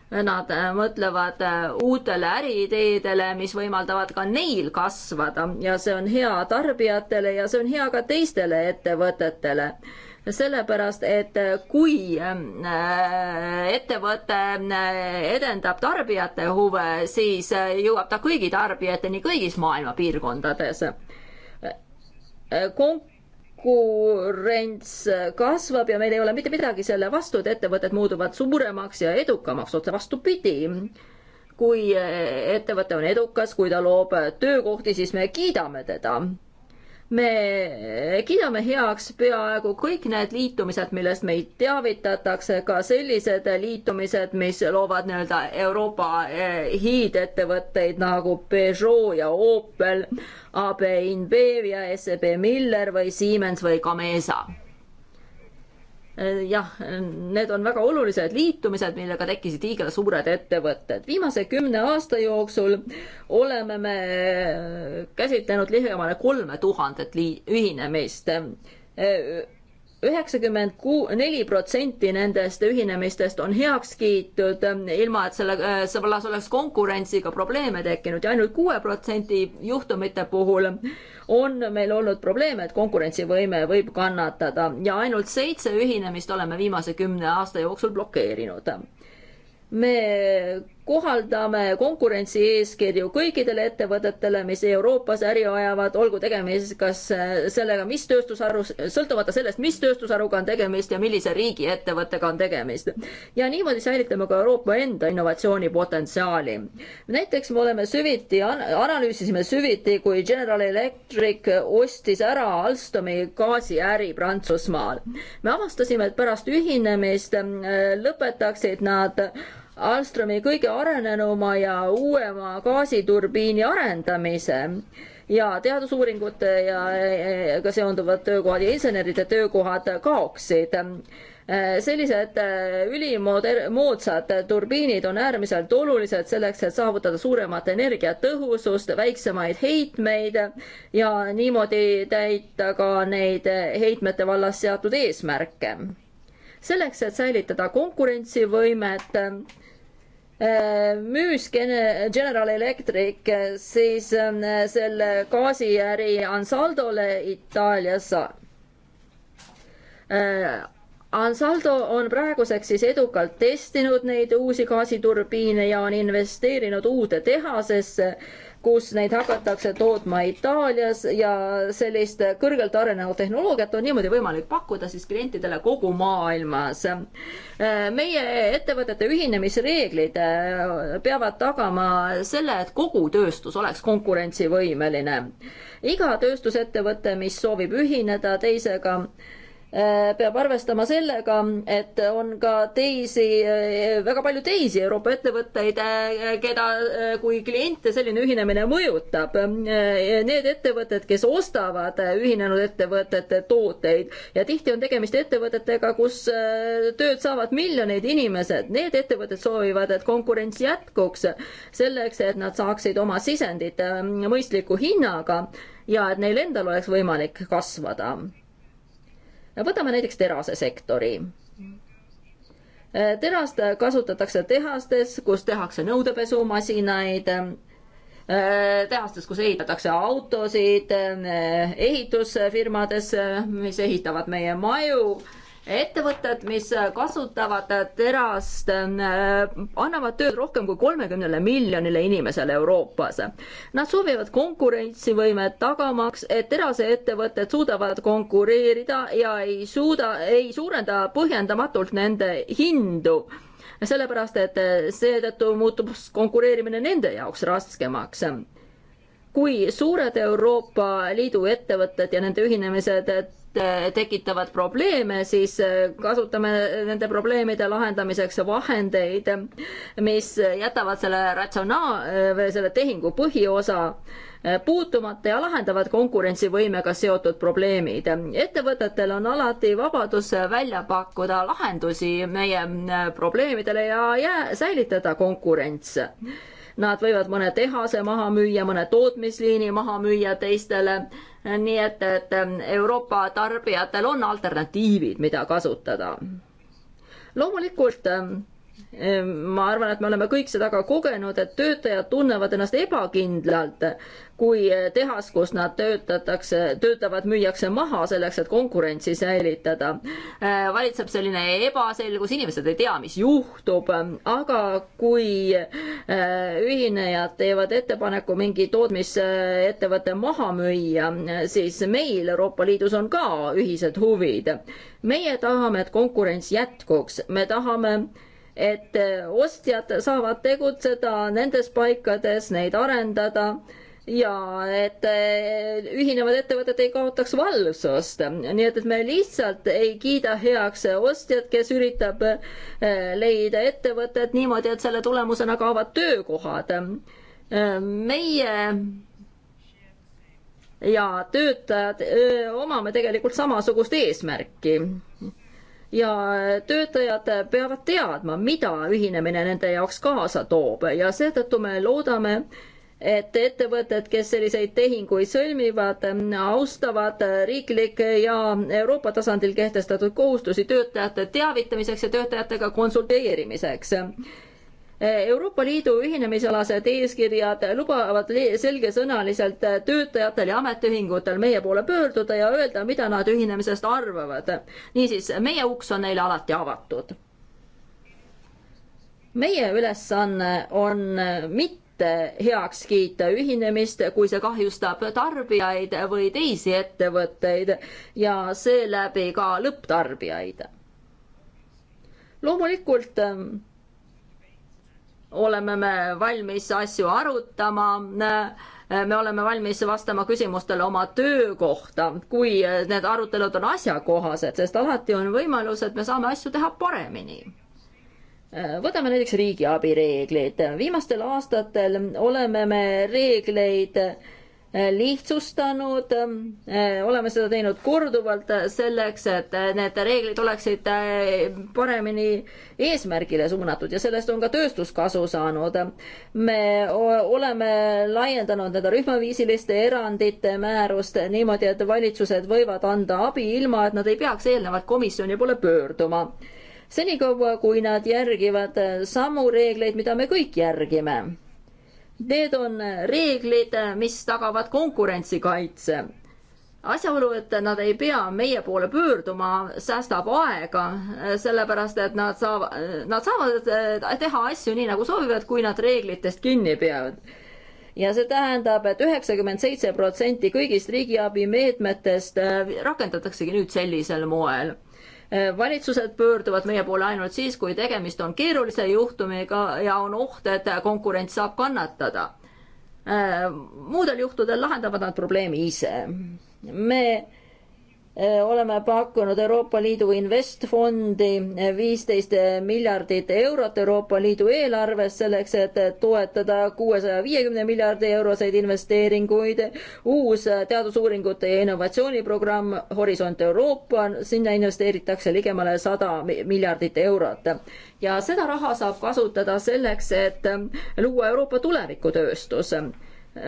Nad äh, mõtlevad äh, uutele äriideedele, mis võimaldavad ka neil kasvada ja see on hea tarbijatele ja see on hea ka teistele ettevõtetele sellepärast, et äh, kui ähm, ettevõte edendab tarbijate huve, siis jõuab ta kõigi tarbijateni kõigis maailma piirkondades. Kon-, konkurents kasvab ja meil ei ole mitte midagi selle vastu, et ettevõtted muutuvad suuremaks ja edukamaks, otse vastupidi. kui ettevõte on edukas, kui ta loob töökohti, siis me kiidame teda me kiidame heaks peaaegu kõik need liitumised, millest meid teavitatakse, ka sellised liitumised, mis loovad nii-öelda Euroopa eh, hiidettevõtteid nagu Peugeot ja Opel, AB InBev ja SEB Miller või Siemens või Gamesa Äh, jah, need on väga olulised liitumised, millega tekkisid hiigelsuured ettevõtted. viimase kümne aasta jooksul oleme me äh, käsitlenud ligemale kolme tuhandet ühinemist äh, üheksakümmend kuu-, neli protsenti nendest ühinemistest on heaks kiitud, ilma et selle, selles oleks konkurentsiga probleeme tekkinud ja ainult kuue protsendi juhtumite puhul on meil olnud probleeme, et konkurentsivõime võib kannatada ja ainult seitse ühinemist oleme viimase kümne aasta jooksul blokeerinud. me kohaldame konkurentsieeskirju kõikidele ettevõtetele, mis Euroopas äri ajavad, olgu tegemist kas äh, sellega, mis tööstusharu, sõltumata sellest, mis tööstusharuga on tegemist ja millise riigi ettevõttega on tegemist. ja niimoodi säilitame ka Euroopa enda innovatsioonipotentsiaali. näiteks me oleme süviti, analüüsisime süviti, kui General Electric ostis ära Alstomi gaasiäri Prantsusmaal. me avastasime, et pärast ühinemist äh, lõpetaksid nad Alstromi kõige arenenuma ja uuema gaasiturbiini arendamise ja teadusuuringute ja eh, ka seonduvad töökohad ja inseneride töökohad kaoksid. Eh, sellised eh, ülimoodsad turbiinid on äärmiselt olulised selleks, et saavutada suuremat energiatõhusust, väiksemaid heitmeid ja niimoodi täita ka neid heitmete vallas seatud eesmärke selleks, et säilitada konkurentsivõimet Äh, müüs General Electric äh, siis ähm, selle gaasiäri Ansaldole Itaalias. Äh, Ansaldo on praeguseks siis edukalt testinud neid uusi gaasiturbiine ja on investeerinud uude tehasesse kus neid hakatakse tootma Itaalias ja sellist kõrgelt arenenud tehnoloogiat on niimoodi võimalik pakkuda siis klientidele kogu maailmas. meie ettevõtete ühinemisreeglid äh, peavad tagama selle, et kogu tööstus oleks konkurentsivõimeline. iga tööstusettevõte, mis soovib ühineda teisega, Äh, peab arvestama sellega, et on ka teisi, äh, väga palju teisi Euroopa ettevõtteid, äh, keda kui kliente selline ühinemine mõjutab. Need ettevõtted, kes ostavad ühinenud ettevõtete tooteid ja tihti on tegemist ettevõtetega, kus tööd saavad miljoneid inimesed, need ettevõtted soovivad, et konkurents jätkuks selleks, et nad saaksid oma sisendit mõistliku hinnaga ja et neil endal oleks võimalik kasvada võtame näiteks terasesektori terast kasutatakse tehastes, kus tehakse nõudepesumasinaid, tehastes, kus ehitatakse autosid, ehitusfirmades, mis ehitavad meie maju ettevõtted, mis kasutavad terast, äh, annavad tööd rohkem kui kolmekümnele miljonile inimesele Euroopas. Nad soovivad konkurentsivõimet tagamaks, et teraseettevõtted suudavad konkureerida ja ei suuda, ei suurenda põhjendamatult nende hindu sellepärast, et seetõttu muutub konkureerimine nende jaoks raskemaks kui suured Euroopa Liidu ettevõtted ja nende ühinemised Äh, tekitavad probleeme, siis äh, kasutame nende probleemide lahendamiseks vahendeid, mis jätavad selle ratsionaal- või äh, selle tehingu põhiosa puutumata ja lahendavad konkurentsivõimega seotud probleemid. ettevõtetel on alati vabadus välja pakkuda lahendusi meie probleemidele ja jää, säilitada konkurents. Nad võivad mõne tehase maha müüa, mõne tootmisliini maha müüa teistele nii et, et ähm, Euroopa tarbijatel on alternatiivid, mida kasutada. loomulikult ähm, ähm, ma arvan, et me oleme kõik seda ka kogenud, et töötajad tunnevad ennast ebakindlalt kui eh, tehas, kus nad töötatakse, töötavad, müüakse maha selleks, et konkurentsi säilitada. Eh, valitseb selline ebaselgus, inimesed ei tea, mis juhtub, aga kui eh, ühinejad teevad ettepaneku mingi tootmisettevõte maha müüa, siis meil Euroopa Liidus on ka ühised huvid. meie tahame, et konkurents jätkuks, me tahame et ostjad saavad tegutseda nendes paikades, neid arendada ja et äh, ühinevad ettevõtted ei kaotaks valvsust, nii et, et me lihtsalt ei kiida heaks ostjat, kes üritab äh, leida ettevõtet niimoodi, et selle tulemusena kaovad töökohad. Äh, meie ja töötajad omame tegelikult samasugust eesmärki ja töötajad peavad teadma, mida ühinemine nende jaoks kaasa toob ja seetõttu me loodame, et ettevõtted, kes selliseid tehinguid sõlmivad, austavad riiklikke ja Euroopa tasandil kehtestatud kohustusi töötajate teavitamiseks ja töötajatega konsulteerimiseks. Euroopa Liidu ühinemisalased eeskirjad lubavad selgesõnaliselt töötajatel ja ametiühingutel meie poole pöörduda ja öelda, mida nad ühinemisest arvavad. niisiis, meie uks on neile alati avatud meie ülesanne on mitte mitte eh, heaks kiita ühinemist, kui see kahjustab tarbijaid või teisi ettevõtteid ja seeläbi ka lõpptarbijaid. loomulikult eh, oleme me valmis asju arutama eh, me oleme valmis vastama küsimustele oma töö kohta, kui need arutelud on asjakohased, sest alati on võimalus, et me saame asju teha paremini. Äh, võtame näiteks riigiabi reegleid. viimastel aastatel oleme me reegleid äh, lihtsustanud, äh, oleme seda teinud korduvalt selleks, et need reeglid oleksid paremini eesmärgile suunatud ja sellest on ka tööstus kasu saanud. me oleme laiendanud nende rühmaviisiliste erandite määrust niimoodi, et valitsused võivad anda abi ilma, et nad ei peaks eelnevalt komisjoni poole pöörduma senikaua, kui nad järgivad äh, samu reegleid, mida me kõik järgime. Need on äh, reeglid, äh, mis tagavad konkurentsikaitse. asjaolu, et nad ei pea meie poole pöörduma, säästab aega, sellepärast et nad saavad, nad saavad teha asju nii, nagu soovivad, kui nad reeglitest kinni peavad ja see tähendab et, et üheksakümmend seitse protsenti kõigist riigiabi meetmetest rakendataksegi nüüd sellisel moel Eh, valitsused pöörduvad meie poole ainult siis, kui tegemist on keerulise juhtumiga ja on oht, et konkurents saab kannatada. Eh, muudel juhtudel lahendavad nad probleemi ise. me Äh, oleme pakkunud Euroopa Liidu investfondi äh, viisteist äh, miljardit eurot Euroopa Liidu eelarves selleks, et toetada kuuesaja viiekümne miljardi euroseid investeeringuid. uus teadusuuringute ja innovatsiooniprogramm Horisont Euroopa, sinna investeeritakse ligemale sada miljardit eurot ja seda raha saab kasutada selleks, et luua Euroopa tulevikutööstus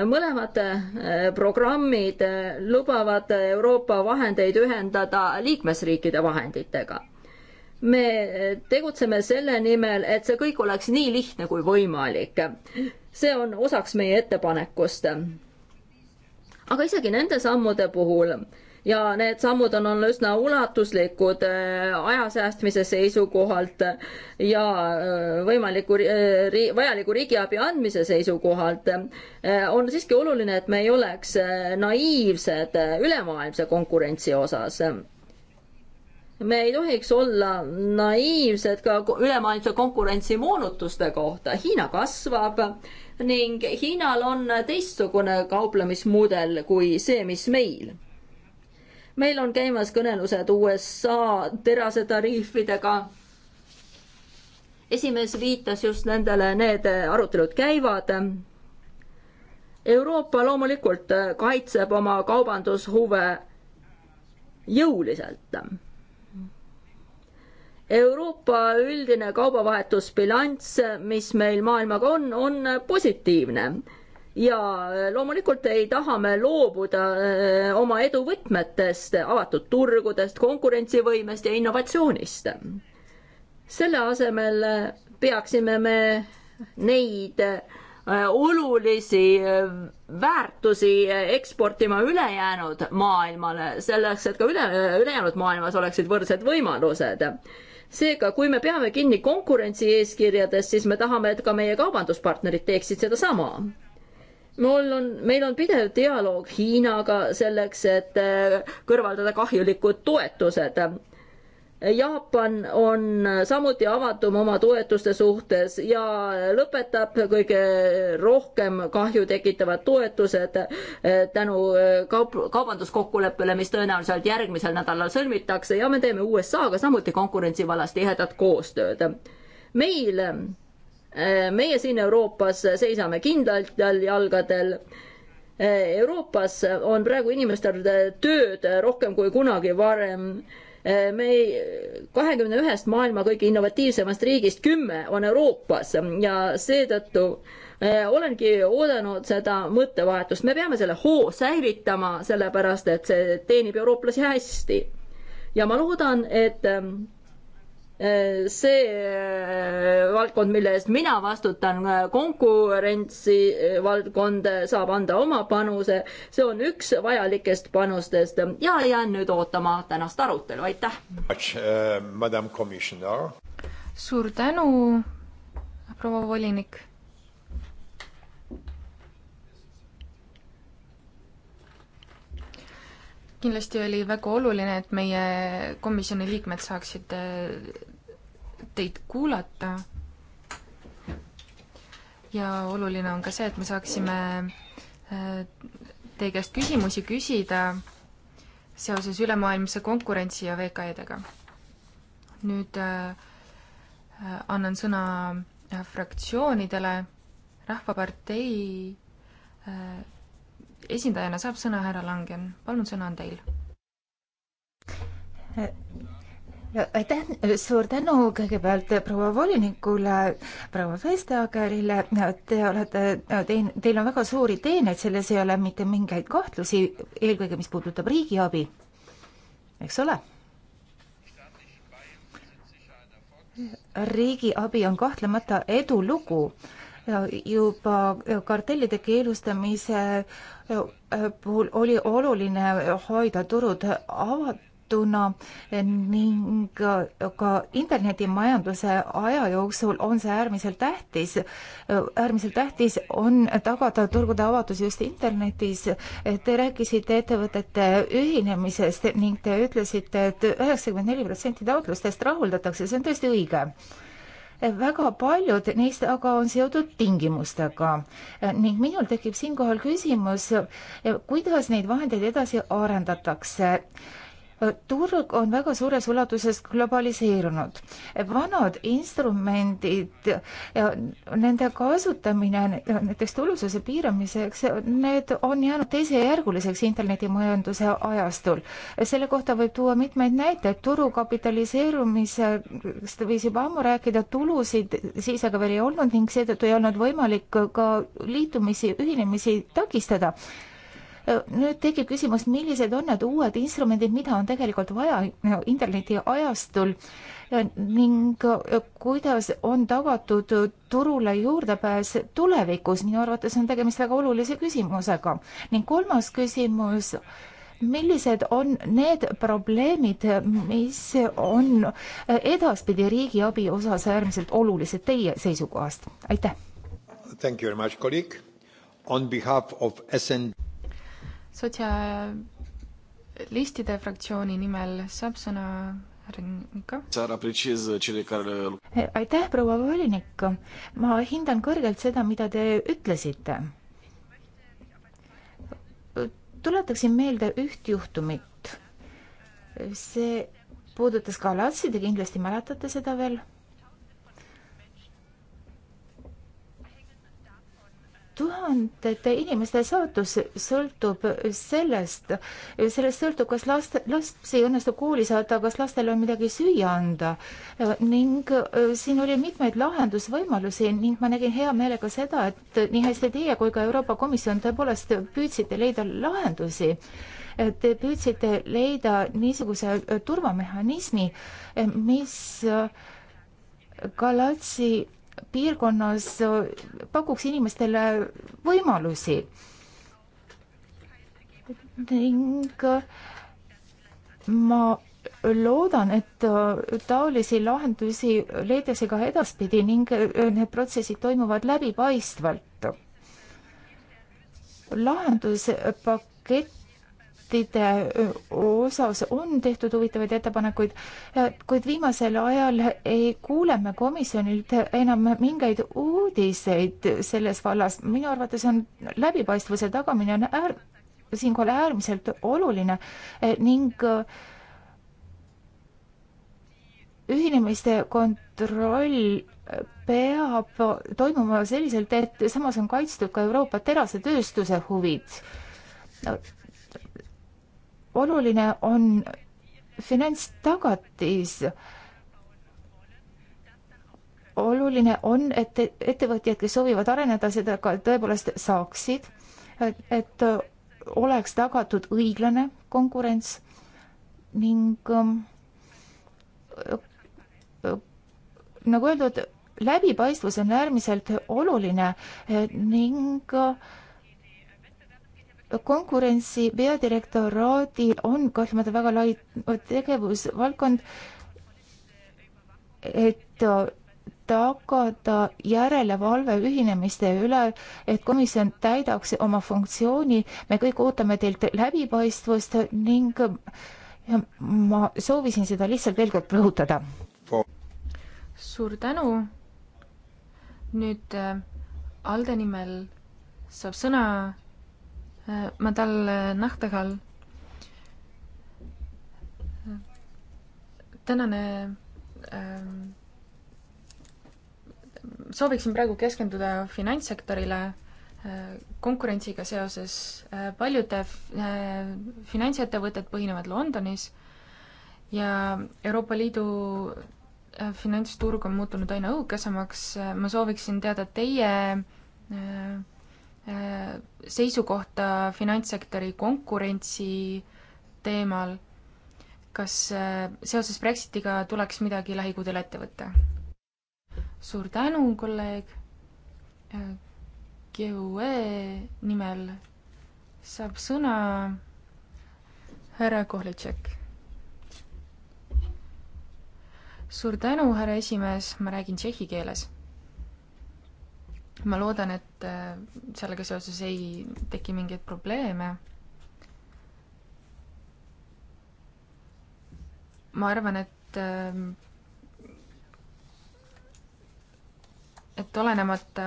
mõlemad eh, programmid eh, lubavad Euroopa vahendeid ühendada liikmesriikide vahenditega. me eh, tegutseme selle nimel, et see kõik oleks nii lihtne kui võimalik. see on osaks meie ettepanekust. aga isegi nende sammude puhul ja need sammud on olnud üsna ulatuslikud äh, aja säästmise seisukohalt ja äh, võimaliku äh, ri,, vajaliku riigiabi andmise seisukohalt. on siiski oluline, et me ei oleks naiivsed ülemaailmse konkurentsi osas me ei tohiks olla naiivsed ka ülemaailmse konkurentsi moonutuste kohta. Hiina kasvab ning Hiinal on teistsugune kauplemismudel kui see, mis meil meil on käimas kõnelused USA terasetariifidega. esimees viitas just nendele, need arutelud käivad. Euroopa loomulikult kaitseb oma kaubandushuve jõuliselt. Euroopa üldine kaubavahetusbilanss, mis meil maailmaga on, on positiivne ja äh, loomulikult ei taha me loobuda äh, oma edu võtmetest, avatud turgudest, konkurentsivõimest ja innovatsioonist. selle asemel äh, peaksime me neid olulisi väärtusi eksportima ülejäänud maailmale, selleks et ka üle, ülejäänud maailmas oleksid võrdsed võimalused. seega, kui me peame kinni konkurentsieeskirjadest, siis me tahame, et ka meie kaubanduspartnerid teeksid sedasama mul on, meil on pidev dialoog Hiinaga selleks, et äh, kõrvaldada kahjulikud toetused. Jaapan on samuti avatum oma toetuste suhtes ja lõpetab kõige rohkem kahju tekitavad toetused äh, tänu äh, kaup-, kaubanduskokkuleppele, mis tõenäoliselt järgmisel nädalal sõlmitakse ja me teeme USA-ga samuti konkurentsi vallas tihedat koostööd. meil Äh, meie siin Euroopas seisame kindlatel jalgadel. Äh, Euroopas on praegu inimestel tööd rohkem kui kunagi varem. Äh, me kahekümne ühest maailma kõige innovatiivsemast riigist kümme on Euroopas ja seetõttu olengi oodanud seda mõttevahetust, me peame selle hoo säilitama, sellepärast et see teenib eurooplasi hästi. ja ma loodan, et ähm, Äh, see äh, valdkond, mille eest mina vastutan, äh, konkurentsi valdkond saab anda oma panuse, see on üks vajalikest panustest ja jään nüüd ootama tänast arutelu, aitäh.
suur tänu, proua volinik. kindlasti oli väga oluline, et meie komisjoni liikmed saaksid teid kuulata. ja oluline on ka see, et me saaksime äh, teie käest küsimusi küsida seoses ülemaailmse konkurentsi ja VKE-dega. nüüd äh, annan sõna äh, fraktsioonidele. rahvapartei esindajana saab sõna härra Langen, palun, sõna on teil
aitäh, suur tänu kõigepealt proua volinikule, proua Vestagerile, te olete, tein, teil on väga suuri teeneid, selles ei ole mitte mingeid kahtlusi, eelkõige mis puudutab riigiabi, eks ole? riigiabi on kahtlemata edulugu juba kartellide keelustamise puhul oli oluline hoida turud avat-, muutuna ning ka internetimajanduse aja jooksul on see äärmiselt tähtis. äärmiselt tähtis on tagada turgude avatus just internetis. Te rääkisite ettevõtete ühinemisest ning te ütlesite et, et üheksakümmend neli protsenti taotlustest rahuldatakse, see on tõesti õige väga paljud neist aga on seotud tingimustega ning minul tekib siinkohal küsimus, kuidas neid vahendeid edasi arendatakse turg on väga suures ulatuses globaliseerunud. vanad instrumendid ja nende kasutamine näiteks tulususe piiramiseks, need on jäänud teisejärguliseks internetimajanduse ajastul. selle kohta võib tuua mitmeid näiteid, turu kapitaliseerumisest võis juba ammu rääkida, tulusid siis aga veel ei olnud ning seetõttu ei olnud võimalik ka liitumisi, ühinemisi takistada nüüd tekib küsimus, millised on need uued instrumendid, mida on tegelikult vaja interneti ajastul ning kuidas on tagatud turule juurdepääs tulevikus, minu arvates on tegemist väga olulise küsimusega. ning kolmas küsimus millised on need probleemid, mis on edaspidi riigiabi osas äärmiselt olulised teie seisukohast? aitäh!
Thank you
very much, kolleeg. On behalf of SN-
sotsialistide
fraktsiooni nimel saab sõna
eh, aitäh, proua volinik. ma hindan kõrgelt seda, mida te ütlesite. tuletaksin meelde üht juhtumit. see puudutas ka Latsi, te kindlasti mäletate seda veel tuhandete inimeste saatus sõltub sellest, sellest sõltub, kas last, lapsi õnnestub kooli saada, kas lastele on midagi süüa anda ning äh, siin oli mitmeid lahendusvõimalusi ning ma nägin hea meelega seda, et nii hästi teie kui ka Euroopa Komisjon tõepoolest püüdsite leida lahendusi te püüdsite leida niisuguse äh, turvamehhanismi, mis äh, Galatsi piirkonnas pakuks inimestele võimalusi ning ma loodan, et taolisi lahendusi leitakse ka edaspidi ning need protsessid toimuvad läbipaistvalt. lahenduspakett testide osas on tehtud huvitavaid ettepanekuid, kuid viimasel ajal ei kuule me komisjonilt enam mingeid uudiseid selles vallas. minu arvates on läbipaistvuse tagamine on äär-, siinkohal äärmiselt oluline e, ning ühinemiste kontroll e, peab toimuma selliselt, et samas on kaitstud ka Euroopa terasetööstuse huvid oluline on finantstagatis. oluline on, et ettevõtjad, kes soovivad areneda, seda ka tõepoolest saaksid, et oleks tagatud õiglane konkurents ning ähm, äh, nagu öeldud, läbipaistvus on äärmiselt oluline ning äh, konkurentsi peadirektoraadil on kahtlemata väga lai tegevusvaldkond, et tagada järelevalve ühinemiste üle, et komisjon täidaks oma funktsiooni, me kõik ootame teilt läbipaistvust ning ma soovisin seda lihtsalt veel kord rõhutada.
suur tänu. nüüd äh, Alde nimel saab sõna ma tal nahkahal. tänane ähm, sooviksin praegu keskenduda finantssektorile äh, konkurentsiga seoses. Äh, paljude äh, finantsettevõtted põhinevad Londonis ja Euroopa Liidu finantsturg on muutunud aina õugesemaks. ma sooviksin teada teie seisukohta finantssektori konkurentsi teemal. kas äh, seoses Brexitiga tuleks midagi lähikuudel ette võtta? suur tänu, kolleeg. GUE nimel saab sõna härra Kohlitšek. suur tänu, härra esimees, ma räägin tšehhi keeles ma loodan, et äh, sellega seoses ei teki mingeid probleeme. ma arvan, et äh, et olenemata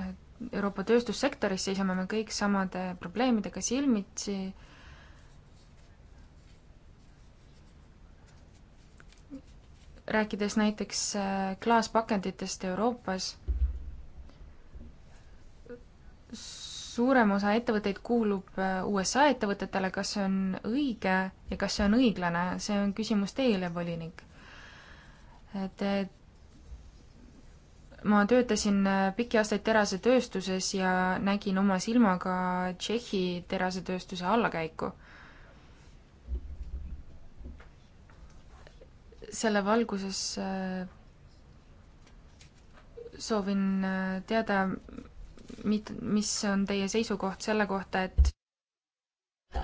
äh, Euroopa tööstussektoris seisame me kõik samade probleemidega silmitsi. rääkides näiteks klaaspakenditest Euroopas suurem osa ettevõtteid kuulub äh, USA ettevõtetele, kas see on õige ja kas see on õiglane, see on küsimus teile, volinik. Te, äh, ma töötasin äh, pikki aastaid terasetööstuses ja nägin oma silmaga Tšehhi terasetööstuse allakäiku. selle valguses soovin teada, mit-, mis on teie seisukoht selle kohta, et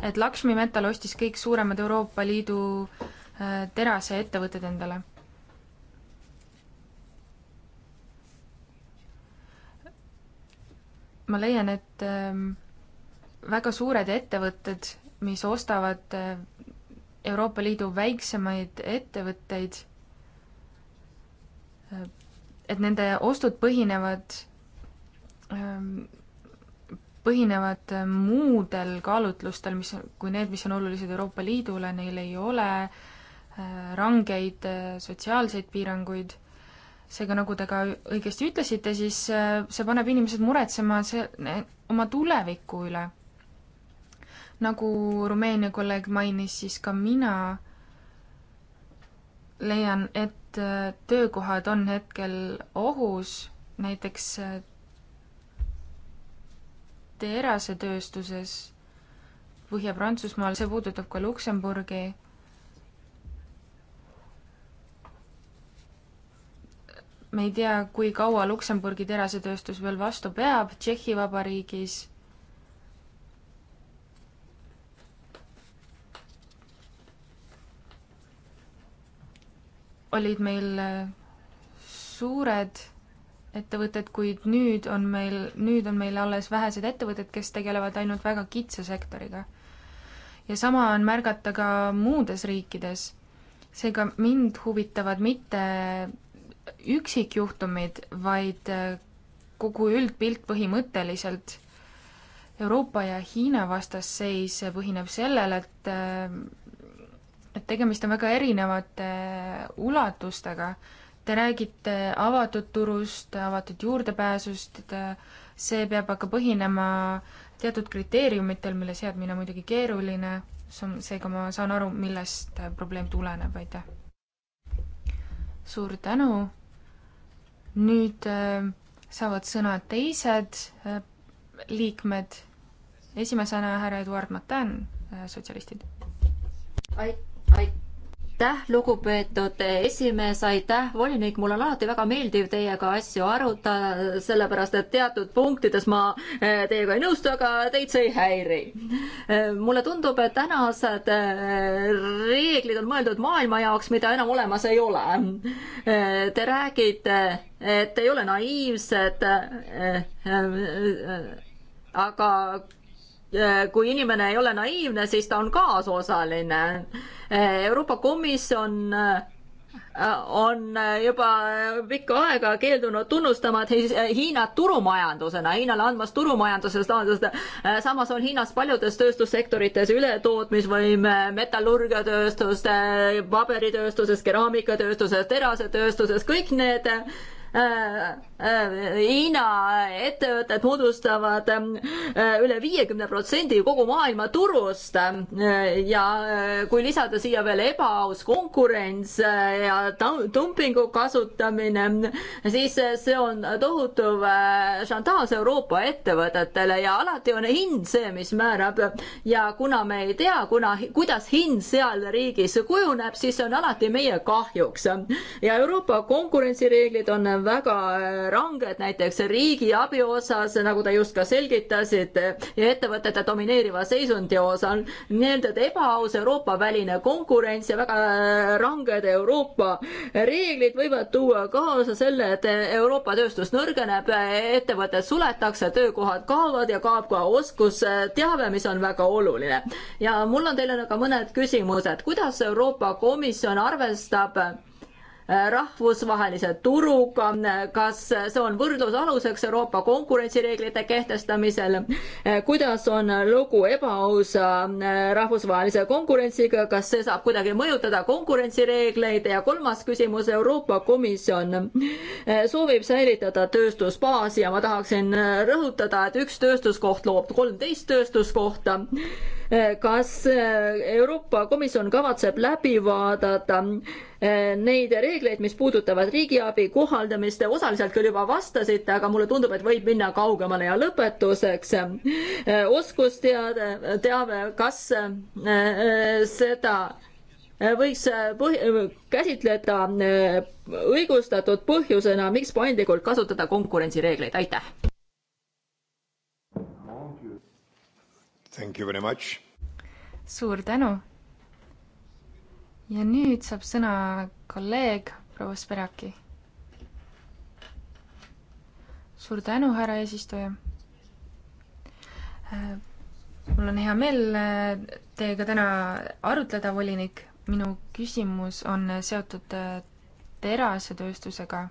et Lakshmi Metal ostis kõik suuremad Euroopa Liidu äh, teraseettevõtted endale? ma leian, et ähm, väga suured ettevõtted, mis ostavad äh, Euroopa Liidu väiksemaid ettevõtteid, äh, et nende ostud põhinevad põhinevad muudel kaalutlustel, mis, kui need, mis on olulised Euroopa Liidule, neil ei ole rangeid sotsiaalseid piiranguid, seega nagu te ka õigesti ütlesite, siis see paneb inimesed muretsema see, oma tuleviku üle. nagu Rumeenia kolleeg mainis, siis ka mina leian, et töökohad on hetkel ohus, näiteks terase tööstuses Põhja-Prantsusmaal, see puudutab ka Luksemburgi. me ei tea, kui kaua Luksemburgi terasetööstus veel vastu peab Tšehhi Vabariigis. olid meil suured ettevõtet, kuid nüüd on meil, nüüd on meil alles vähesed ettevõtted, kes tegelevad ainult väga kitsa sektoriga. ja sama on märgata ka muudes riikides. seega mind huvitavad mitte üksikjuhtumid, vaid kogu üldpilt põhimõtteliselt. Euroopa ja Hiina vastasseis põhineb sellel, et et tegemist on väga erinevate ulatustega Te räägite avatud turust, avatud juurdepääsust, äh, see peab aga põhinema teatud kriteeriumitel, mille seadmine on muidugi keeruline, seega ma saan aru, millest äh, probleem tuleneb, aitäh. suur tänu. nüüd äh, saavad sõna teised liikmed. esimesena härra Eduard Matin, sotsialistid.
aitäh
aitäh, lugupeetud esimees,
aitäh, volinik, mul on alati väga meeldiv teiega asju arutada, sellepärast et teatud punktides ma eh, teiega ei nõustu, aga teid see ei häiri. Eh, mulle tundub, et tänased eh, reeglid on mõeldud maailma jaoks, mida enam olemas ei ole. Te räägite, et ei ole naiivsed, aga Äh, kui inimene ei ole naiivne, siis ta on kaasosaline. Äh, Euroopa Komisjon äh, on juba pikka aega keeldunud tunnustama Hiinat turumajandusena, Hiinale andmas turumajanduse staatust. samas on Hiinas paljudes tööstussektorites ületootmisvõime, metallurgiatööstus, paberitööstuses, keraamikatööstuses, terasetööstuses, kõik need Äh, äh, Hiina ettevõtted moodustavad äh, üle viiekümne protsendi kogu maailma turust ja kui lisada siia veel ebaaus konkurents ja dumpingu kasutamine, siis see on tohutu šantaaž Euroopa ettevõtetele ja alati on hind see, mis määrab ja kuna me ei tea, kuna, kuidas hind seal riigis kujuneb, siis see on alati meie kahjuks ja Euroopa konkurentsireeglid on on väga äh, ranged, näiteks riigiabi osas, nagu te just ka selgitasite, ja ettevõtete domineeriva seisundi osas, nii-öelda ebaaus Euroopa-väline konkurents ja väga äh, ranged Euroopa reeglid võivad tuua kaasa selle, et Euroopa tööstus nõrgeneb, ettevõtted suletakse, töökohad kaovad ja kaob ka oskusteave, mis on väga oluline. ja mul on teile ka mõned küsimused, kuidas Euroopa Komisjon arvestab Äh, rahvusvahelise turuga, äh, kas see on võrdlusaluseks Euroopa konkurentsireeglite kehtestamisel, äh, kuidas on lugu ebaausa rahvusvahelise konkurentsiga, kas see saab kuidagi mõjutada konkurentsireegleid ja kolmas küsimus, Euroopa Komisjon soovib säilitada tööstusbaasi ja ma tahaksin rõhutada, et üks tööstuskoht loob kolmteist tööstuskohta kas eh, Euroopa Komisjon kavatseb läbi vaadata eh, neid reegleid, mis puudutavad riigiabi kohaldamist, osaliselt küll juba vastasite, aga mulle tundub, et võib minna kaugemale ja lõpetuseks eh, oskusteade, teave, kas seda võiks põh-, käsitleda õigustatud põhjusena, miks paindlikult kasutada konkurentsireegleid, aitäh! Thank you very much!
suur tänu! ja nüüd saab sõna kolleeg proua Speraki. suur tänu, härra eesistuja! Äh, mul on hea meel äh, teiega täna arutleda, volinik. minu küsimus on äh, seotud terasetööstusega.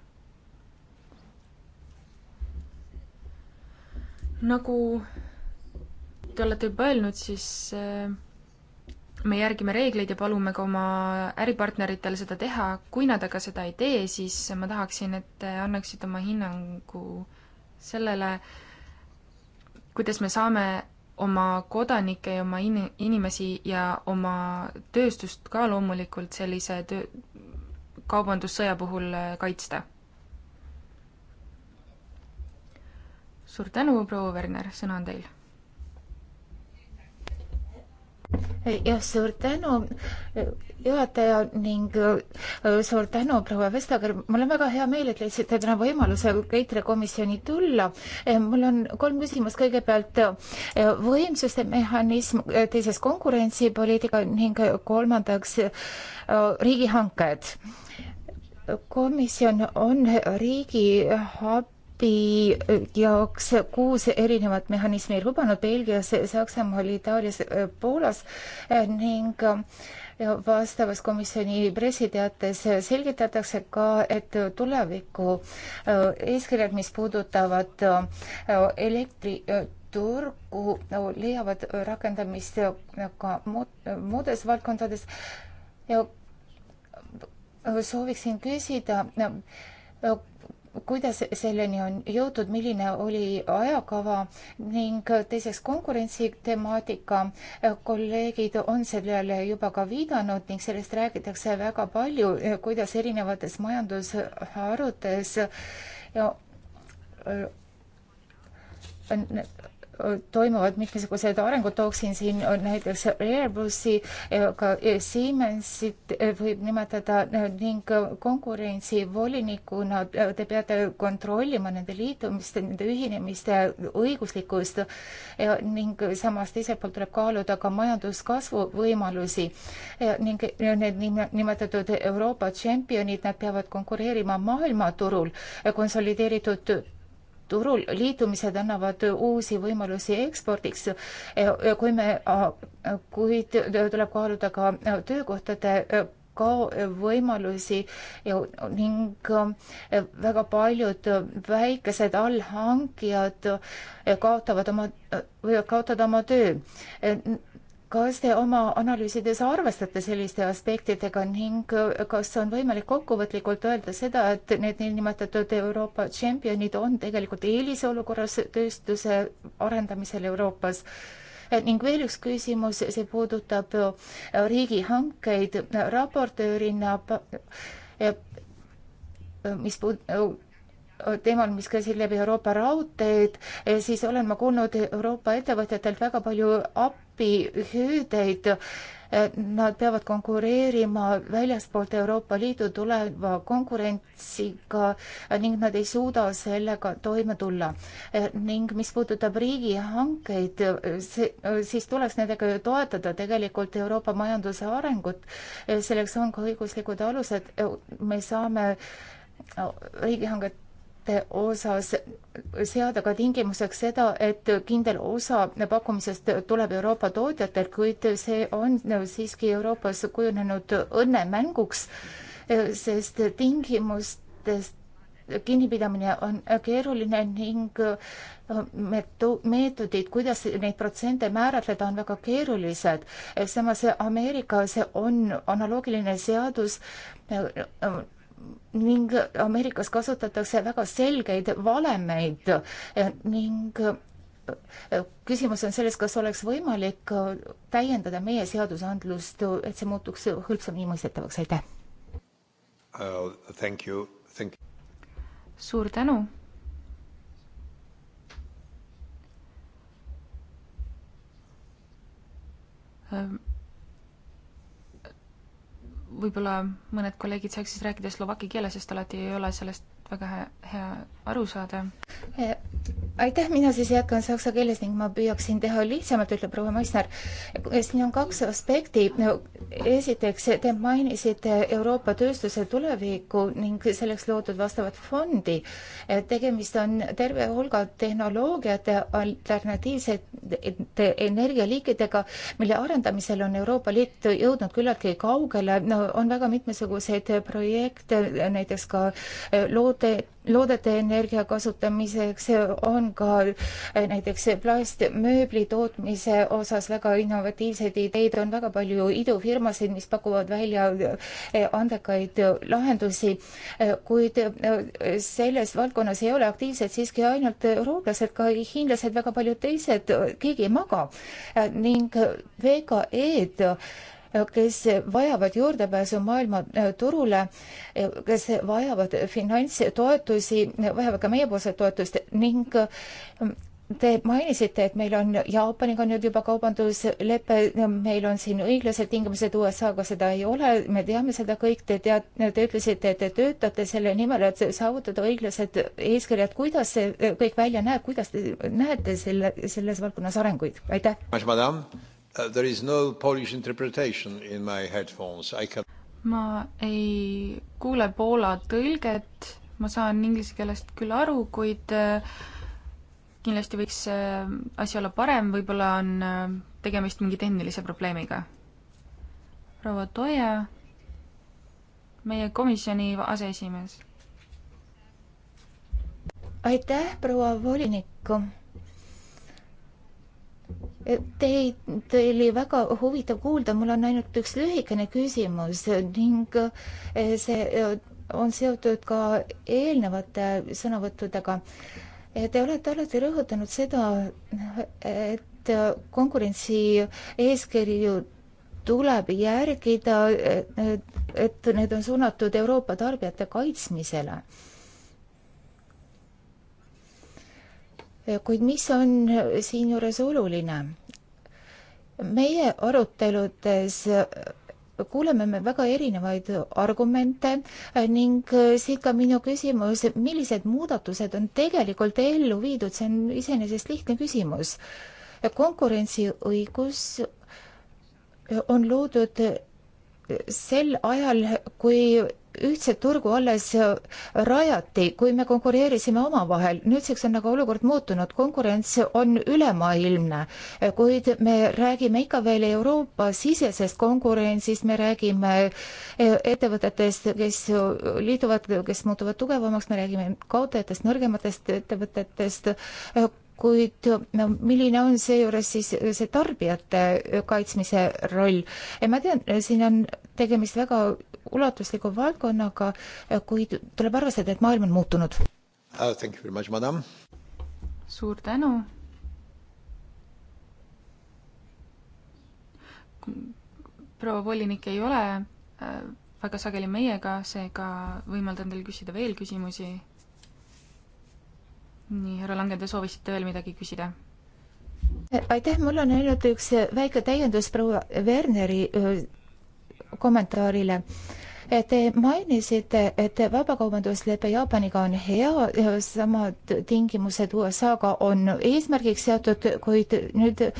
nagu te olete juba öelnud, siis äh, me järgime reegleid ja palume ka oma äripartneritel seda teha, kui nad aga seda ei tee, siis ma tahaksin, et te annaksite oma hinnangu sellele, kuidas me saame oma kodanikke ja oma in-, inimesi ja oma tööstust ka loomulikult sellise töö, kaubandussõja puhul äh, kaitsta. suur
tänu, proua Werner, sõna on teil jah, suur tänu, juhataja ning äh, suur tänu, proua Vestager. mul on väga hea meel, et leidsite täna võimaluse Keitre komisjoni tulla. Äh, mul on kolm küsimust. kõigepealt äh, võimsuste mehhanism, teises konkurentsipoliitika ning kolmandaks riigihanked. komisjon on riigihanke abi äh, jaoks kuus erinevat mehhanismi lubanud Belgias, Saksamaal, Itaalias, äh, Poolas äh, ning vastavas komisjoni pressiteates selgitatakse ka, et tuleviku eeskirjad, mis puudutavad elektriturgu, leiavad rakendamist ka muudes valdkondades. sooviksin küsida kuidas selleni on jõutud, milline oli ajakava ning teiseks konkurentsitemaatika. kolleegid on sellele juba ka viidanud ning sellest räägitakse väga palju, kuidas erinevates majandusharudes ja toimuvad mitmesugused arengud, tooksin siin näiteks Airbusi, ka Siemensit võib nimetada ning konkurentsivolinikuna te peate kontrollima nende liitumist, nende ühinemiste õiguslikkust ning samas teiselt poolt tuleb kaaluda ka majanduskasvu võimalusi ning need nimetatud Euroopa tšempionid, nad peavad konkureerima maailmaturul konsolideeritud turul liitumised annavad uusi võimalusi ekspordiks, kui me, kuid tuleb kaaluda ka töökohtade e, ka võimalusi ja ning e, väga paljud väikesed allhankijad e, kaotavad oma, võivad kaotada oma töö kas te oma analüüsides arvestate selliste aspektidega ning äh, kas on võimalik kokkuvõtlikult öelda seda, et need niinimetatud Euroopa tšempionid on tegelikult eelisolukorras tööstuse arendamisel Euroopas? Äh, ning veel üks küsimus, see puudutab äh, riigihankeid raportöörina, mis puud-, teemal, mis käsitleb Euroopa raudteed, eh, siis olen ma kuulnud Euroopa ettevõtjatelt väga palju appihüüdeid. Eh, nad peavad konkureerima väljaspoolt Euroopa Liidu tuleva konkurentsiga ning nad ei suuda sellega toime tulla. Eh, ning mis puudutab riigihankeid, siis tuleks nendega ju toetada tegelikult Euroopa majanduse arengut. selleks on ka õiguslikud alused, me saame riigihanget osas seada ka tingimuseks seda, et kindel osa pakkumisest tuleb Euroopa tootjatel, kuid see on siiski Euroopas kujunenud õnnemänguks, sest tingimustest kinnipidamine on keeruline ning äh, meto-, meetodid, kuidas neid protsente määratleda, on väga keerulised. samas Ameerikas on analoogiline seadus äh, ning Ameerikas kasutatakse väga selgeid valemeid eh, ning eh, küsimus on selles, kas oleks võimalik eh, täiendada meie seadusandlust, et see muutuks hõlpsamini mõistetavaks, aitäh
uh,! Thank you, thank you.
suur tänu!
Um võib-olla mõned kolleegid saaks siis rääkida slovaki keeles, sest alati ei ole sellest väga hea, hea aru saada.
Eh, aitäh, mina siis jätkan saksa keeles ning ma püüaksin teha lihtsamalt, ütleb proua Maisner. Eh, siin on kaks aspekti. esiteks, te mainisite Euroopa tööstuse tulevikku ning selleks loodud vastavat fondi. Eh, tegemist on terve hulga tehnoloogiate alternatiivsete energialiikidega, mille arendamisel on Euroopa Liit jõudnud küllaltki kaugele. no on väga mitmesuguseid projekte, näiteks ka loode, loodete energia kasutamiseks, on ka eh, näiteks plastmööbli tootmise osas väga innovatiivseid ideid, on väga palju idufirmasid, mis pakuvad välja eh, andekaid lahendusi, eh, kuid selles valdkonnas ei ole aktiivsed siiski ainult eurooplased, ka hiinlased, väga paljud teised, keegi ei maga ning VKE-d kes vajavad juurdepääsu maailmaturule, äh, äh, kes vajavad finantstoetusi, vajavad ka meiepoolset toetust ning äh, Te mainisite, et meil on Jaapaniga nüüd juba kaubanduslepe, meil on siin õiglased tingimused, USA-ga seda ei ole, me teame seda kõik, te tead, te ütlesite, et te töötate selle nimel, et saavutada õiglased eeskirjad, kuidas see kõik välja näeb, kuidas te näete selle, selles valdkonnas arenguid, aitäh!
Uh, there is no Polish interpretation in my headphones. I can...
ma ei kuule Poola
tõlget, ma saan inglise keelest küll aru, kuid äh, kindlasti võiks äh, asi olla parem, võib-olla on äh, tegemist mingi tehnilise probleemiga. proua Toia, meie komisjoni aseesimees.
aitäh, proua volinikku Teid oli väga huvitav kuulda, mul on ainult üks lühikene küsimus ning eh, see eh, on seotud ka eelnevate sõnavõttudega. Eh, te olete alati rõhutanud seda, et konkurentsi eeskirju tuleb järgida, et need on suunatud Euroopa tarbijate kaitsmisele kuid mis on äh, siinjuures oluline? meie aruteludes äh, kuuleme me väga erinevaid argumente äh, ning siit ka minu küsimus, millised muudatused on tegelikult ellu viidud, see on iseenesest lihtne küsimus. konkurentsiõigus on loodud sel ajal, kui ühtset turgu alles rajati, kui me konkureerisime omavahel. nüüdseks on aga olukord muutunud, konkurents on ülemaailmne, kuid me räägime ikka veel Euroopa-sisesest konkurentsist, me räägime e, ettevõtetest, kes liituvad, kes muutuvad tugevamaks, me räägime kaotajatest, nõrgematest ettevõtetest, kuid no milline on seejuures siis see tarbijate kaitsmise roll? ma tean, siin on tegemist väga ulatusliku valdkonnaga, kuid tuleb arvestada, et maailm on muutunud
uh,.
suur tänu.
proua volinik ei ole äh, väga sageli meiega, seega võimaldan teil küsida veel küsimusi. nii, härra Langen, te soovisite veel midagi küsida?
aitäh, mul on ainult üks väike täiendus proua Werneri äh, kommentaarile Te mainisite, et vabakaubanduslepe Jaapaniga on hea, samad tingimused USA-ga on eesmärgiks seatud, kuid nüüd e,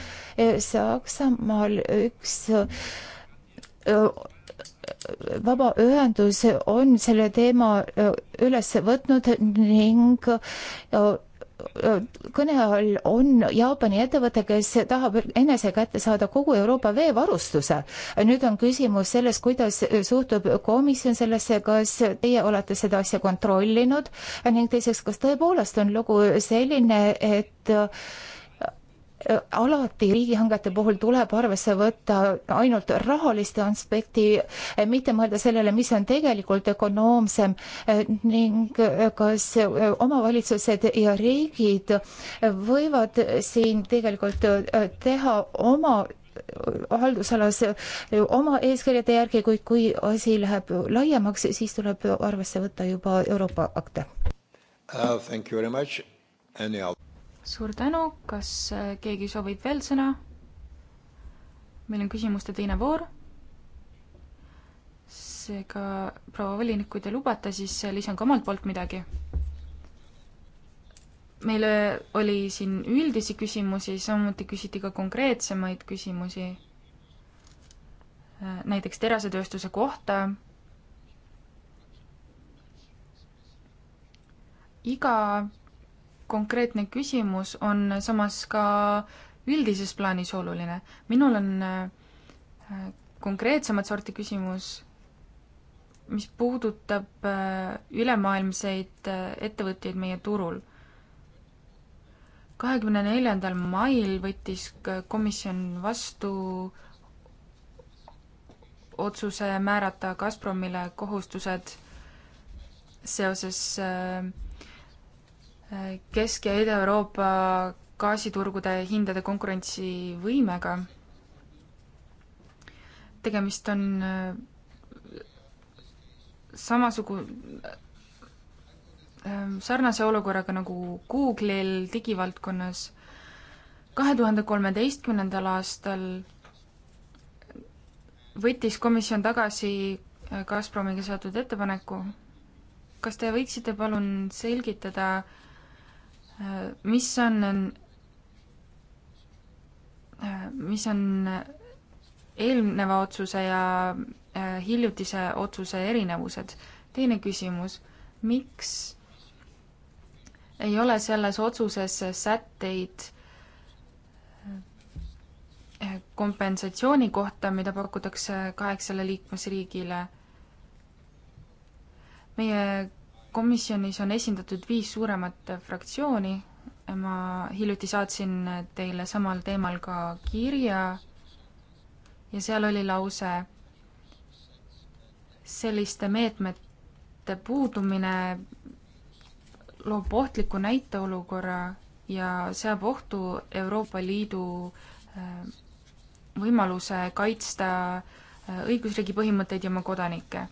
Saksamaal üks e, vabaühendus on selle teema e, üles võtnud ning kõne all on Jaapani ettevõte, kes tahab enese kätte saada kogu Euroopa veevarustuse. nüüd on küsimus selles, kuidas suhtub komisjon sellesse, kas teie olete seda asja kontrollinud ning teiseks, kas tõepoolest on lugu selline, et Äh, alati riigihangete puhul tuleb arvesse võtta ainult rahaliste aspekti, äh, mitte mõelda sellele, mis on tegelikult ökonoomsem äh, ning kas omavalitsused ja riigid võivad siin tegelikult teha oma haldusalas oma eeskirjade järgi, kuid kui asi läheb laiemaks, siis tuleb arvesse võtta juba Euroopa akte
uh,. Thank you very much. Any other?
suur tänu,
kas äh, keegi soovib veel sõna? meil on küsimuste teine voor. seega proua volinik, kui te lubate, siis äh, lisan ka omalt poolt midagi. meil oli siin üldisi küsimusi, samuti küsiti ka konkreetsemaid küsimusi äh, näiteks terasetööstuse kohta. iga konkreetne küsimus on samas ka üldises plaanis oluline. minul on äh, konkreetsemat sorti küsimus, mis puudutab äh, ülemaailmseid äh, ettevõtjaid meie turul. kahekümne neljandal mail võttis komisjon vastu otsuse määrata Gazpromile kohustused seoses äh, Kesk- ja Ida-Euroopa gaasiturgude hindade konkurentsivõimega. tegemist on äh, samasugu-, äh, sarnase olukorraga nagu Google'il digivaldkonnas. kahe tuhande kolmeteistkümnendal aastal võttis komisjon tagasi äh, Gazpromiga seotud ettepaneku. kas te võiksite palun selgitada äh, mis on, mis on eelneva otsuse ja äh, hiljutise otsuse erinevused? teine küsimus, miks ei ole selles otsuses sätteid äh, kompensatsiooni kohta, mida pakutakse kaheksale liikmesriigile. meie komisjonis on esindatud viis suuremat fraktsiooni, ma hiljuti saatsin teile samal teemal ka kirja ja seal oli lause, selliste meetmete puudumine loob ohtliku näiteolukorra ja seab ohtu Euroopa Liidu äh, võimaluse kaitsta äh, õigusriigi põhimõtteid ja oma kodanikke.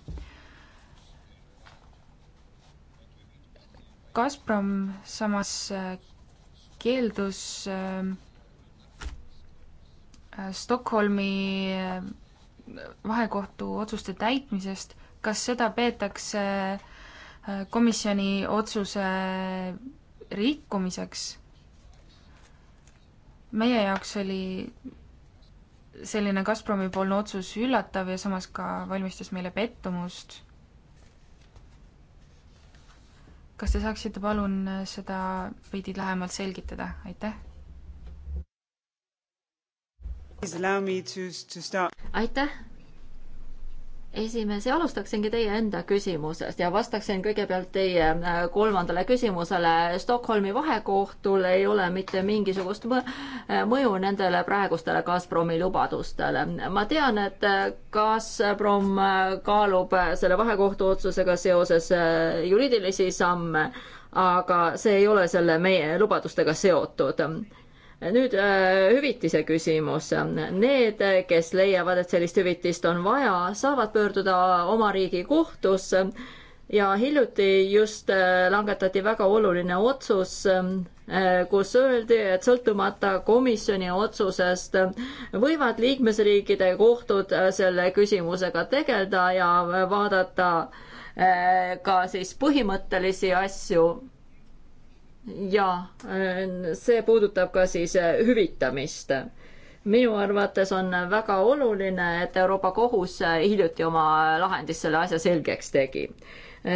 Gazprom samas äh, keeldus äh, äh, Stockholmi vahekohtu otsuste täitmisest, kas seda peetakse komisjoni otsuse rikkumiseks? meie jaoks oli selline Gazpromi poolne otsus üllatav ja samas ka valmistas meile pettumust kas te saaksite palun äh, seda veidi lähemalt selgitada, aitäh? aitäh,
esimees ja alustaksingi teie enda küsimusest ja vastaksin kõigepealt teie äh, kolmandale küsimusele. Stockholmi vahekohtul ei ole mitte mingisugust äh, mõju nendele praegustele Gazpromi lubadustele. ma tean, et äh, Gazprom kaalub selle vahekohtu otsusega seoses juriidilisi samme, aga see ei ole selle meie lubadustega seotud nüüd äh, hüvitise küsimus. Need, kes leiavad, et sellist hüvitist on vaja, saavad pöörduda oma riigi kohtusse ja hiljuti just äh, langetati väga oluline otsus, äh, kus öeldi, et sõltumata komisjoni otsusest võivad liikmesriikide kohtud selle küsimusega tegeleda ja vaadata ka siis põhimõttelisi asju ja äh, see puudutab ka siis äh, hüvitamist. minu arvates on väga oluline, et Euroopa Kohus äh, hiljuti oma lahendis selle asja selgeks tegi.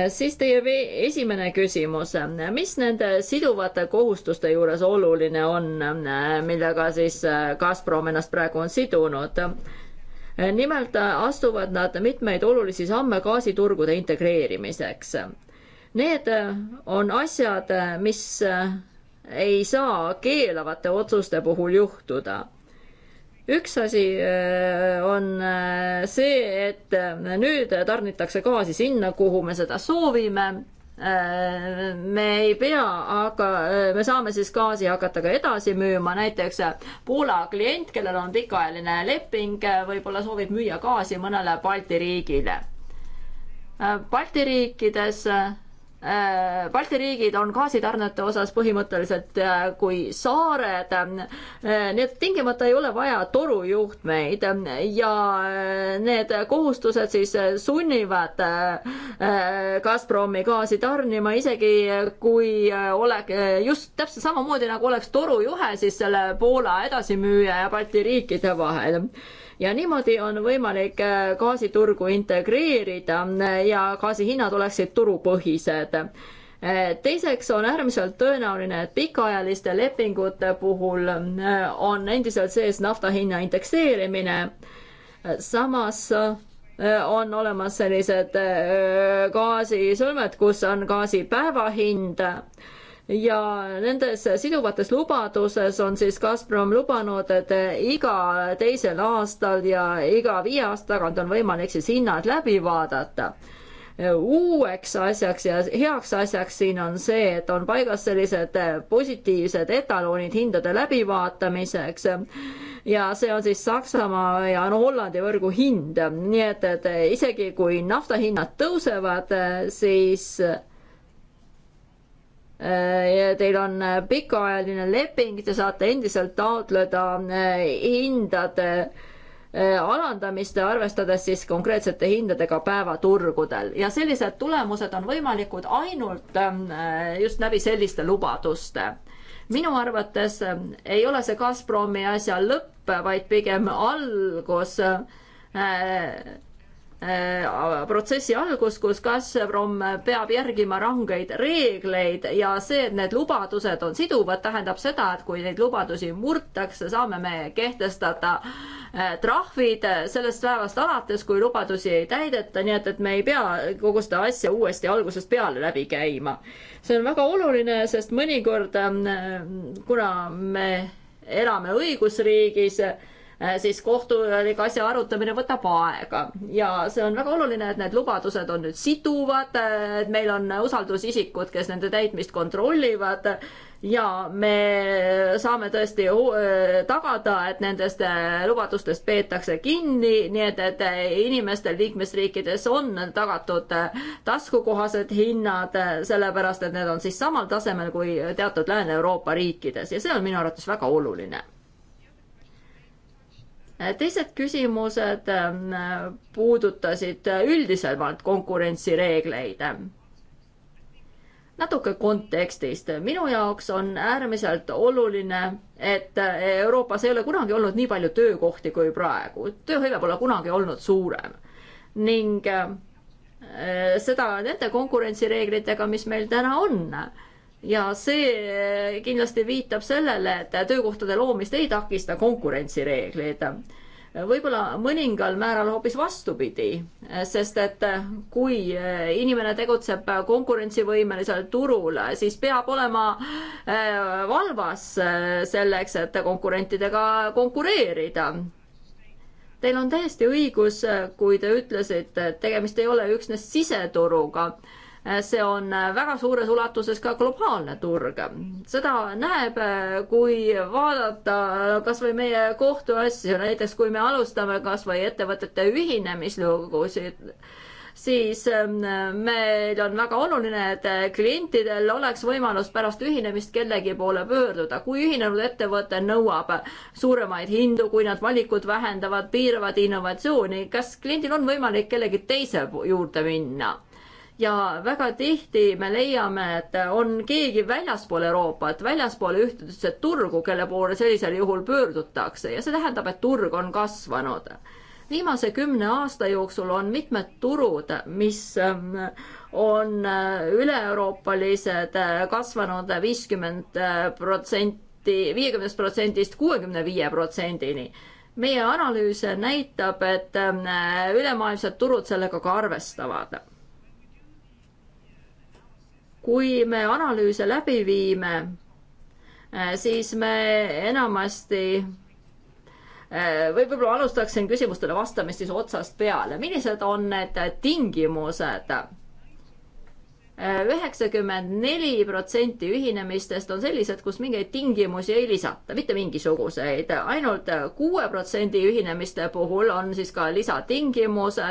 siis teie esimene küsimus, mis nende siduvate kohustuste juures oluline on, millega siis Gazprom ennast praegu on sidunud? nimelt astuvad nad mitmeid olulisi samme gaasiturgude integreerimiseks Need äh, on asjad, äh, mis äh, ei saa keelavate otsuste puhul juhtuda. üks asi on see, et nüüd tarnitakse gaasi sinna, kuhu me seda soovime. me ei pea, aga me saame siis gaasi hakata ka edasi müüma, näiteks Poola klient, kellel on pikaajaline leping, võib-olla soovib müüa gaasi mõnele Balti riigile Balti riikides Äh, Balti riigid on gaasitarnete osas põhimõtteliselt äh, kui saared, äh, nii et tingimata ei ole vaja torujuhtmeid ja need kohustused siis sunnivad Gazpromi gaasi tarnima, isegi kui oleks just täpselt samamoodi nagu oleks torujuhe siis selle Poola edasimüüja ja Balti riikide vahel ja niimoodi on võimalik äh, gaasiturgu integreerida äh, ja gaasihinnad oleksid turupõhised äh, teiseks on äärmiselt tõenäoline, et pikaajaliste lepingute puhul on endiselt sees nafta hinna indekseerimine. samas on olemas sellised gaasisõlmed, kus on gaasi päevahind ja nendes siduvates lubaduses on siis Gazprom lubanud, et iga teisel aastal ja iga viie aasta tagant on võimalik siis hinnad läbi vaadata uueks asjaks ja heaks asjaks siin on see, et on paigas sellised positiivsed etaloonid hindade läbivaatamiseks. ja see on siis Saksamaa ja no Hollandi võrgu hind, nii et, et isegi kui nafta hinnad tõusevad, siis Äh, ja teil on äh, pikaajaline leping, te saate endiselt taotleda äh, hindade alandamist, arvestades siis konkreetsete hindadega päevaturgudel ja sellised tulemused on võimalikud ainult ähm, just läbi selliste lubaduste. minu arvates ei ole see Gazpromi asja lõpp, vaid pigem algus Äh, protsessi algus, kus Gazprom peab järgima rangeid reegleid ja see, et need lubadused on siduvad, tähendab seda, et kui neid lubadusi murtakse, saame me kehtestada äh, trahvid sellest päevast alates, kui lubadusi ei täideta, nii et, et me ei pea kogu seda asja uuesti algusest peale läbi käima. see on väga oluline, sest mõnikord, ähm, kuna me elame õigusriigis, Äh, siis kohtulik asja arutamine võtab aega ja see on väga oluline, et need lubadused on nüüd siduvad, äh, et meil on usaldusisikud, kes nende täitmist kontrollivad ja me saame tõesti äh, tagada, et nendest lubadustest peetakse kinni, nii et, et inimestel liikmesriikides on tagatud taskukohased hinnad, sellepärast et need on siis samal tasemel kui teatud Lääne-Euroopa riikides ja see on minu arvates väga oluline Äh, teised küsimused ähm, puudutasid äh, üldisemalt konkurentsireegleid. natuke kontekstist. minu jaoks on äärmiselt oluline, et äh, Euroopas ei ole kunagi olnud nii palju töökohti kui praegu. tööhõive pole kunagi olnud suurem ning seda nende konkurentsireeglitega, mis meil täna on ja see kindlasti viitab sellele, et töökohtade loomist ei takista konkurentsireeglid võib-olla mõningal määral hoopis vastupidi, sest et kui inimene tegutseb konkurentsivõimelisel turul, siis peab olema äh, valvas äh, selleks, et konkurentidega konkureerida. Teil on täiesti õigus, kui te ütlesite, et tegemist ei ole üksnes siseturuga Äh, see on äh, väga suures ulatuses ka globaalne turg. seda näeb, äh, kui vaadata kas või meie kohtuasju, näiteks kui me alustame kas või ettevõtete ühinemislugusid, siis ähm, meil on väga oluline, et klientidel oleks võimalus pärast ühinemist kellegi poole pöörduda. kui ühinenud ettevõte nõuab suuremaid hindu, kui nad valikut vähendavad, piiravad innovatsiooni, kas kliendil on võimalik kellegi teise juurde minna? ja väga tihti me leiame, et on keegi väljaspool Euroopat, väljaspool ühtedesse turgu, kelle poole sellisel juhul pöördutakse ja see tähendab, et turg on kasvanud. viimase kümne aasta jooksul on mitmed turud, mis ähm, on äh, üle-euroopalised, äh, kasvanud viiskümmend äh, protsenti, viiekümnest protsendist kuuekümne viie protsendini meie analüüs näitab, et ähm, ülemaailmsed turud sellega ka arvestavad kui me analüüse läbi viime, eh, siis me enamasti eh, või võib-olla alustaksin küsimustele vastamist siis otsast peale. millised on need tingimused? Eh, üheksakümmend neli protsenti ühinemistest on sellised, kus mingeid tingimusi ei lisata, mitte mingisuguseid ainult, ainult kuue protsendi ühinemiste puhul on siis ka lisatingimused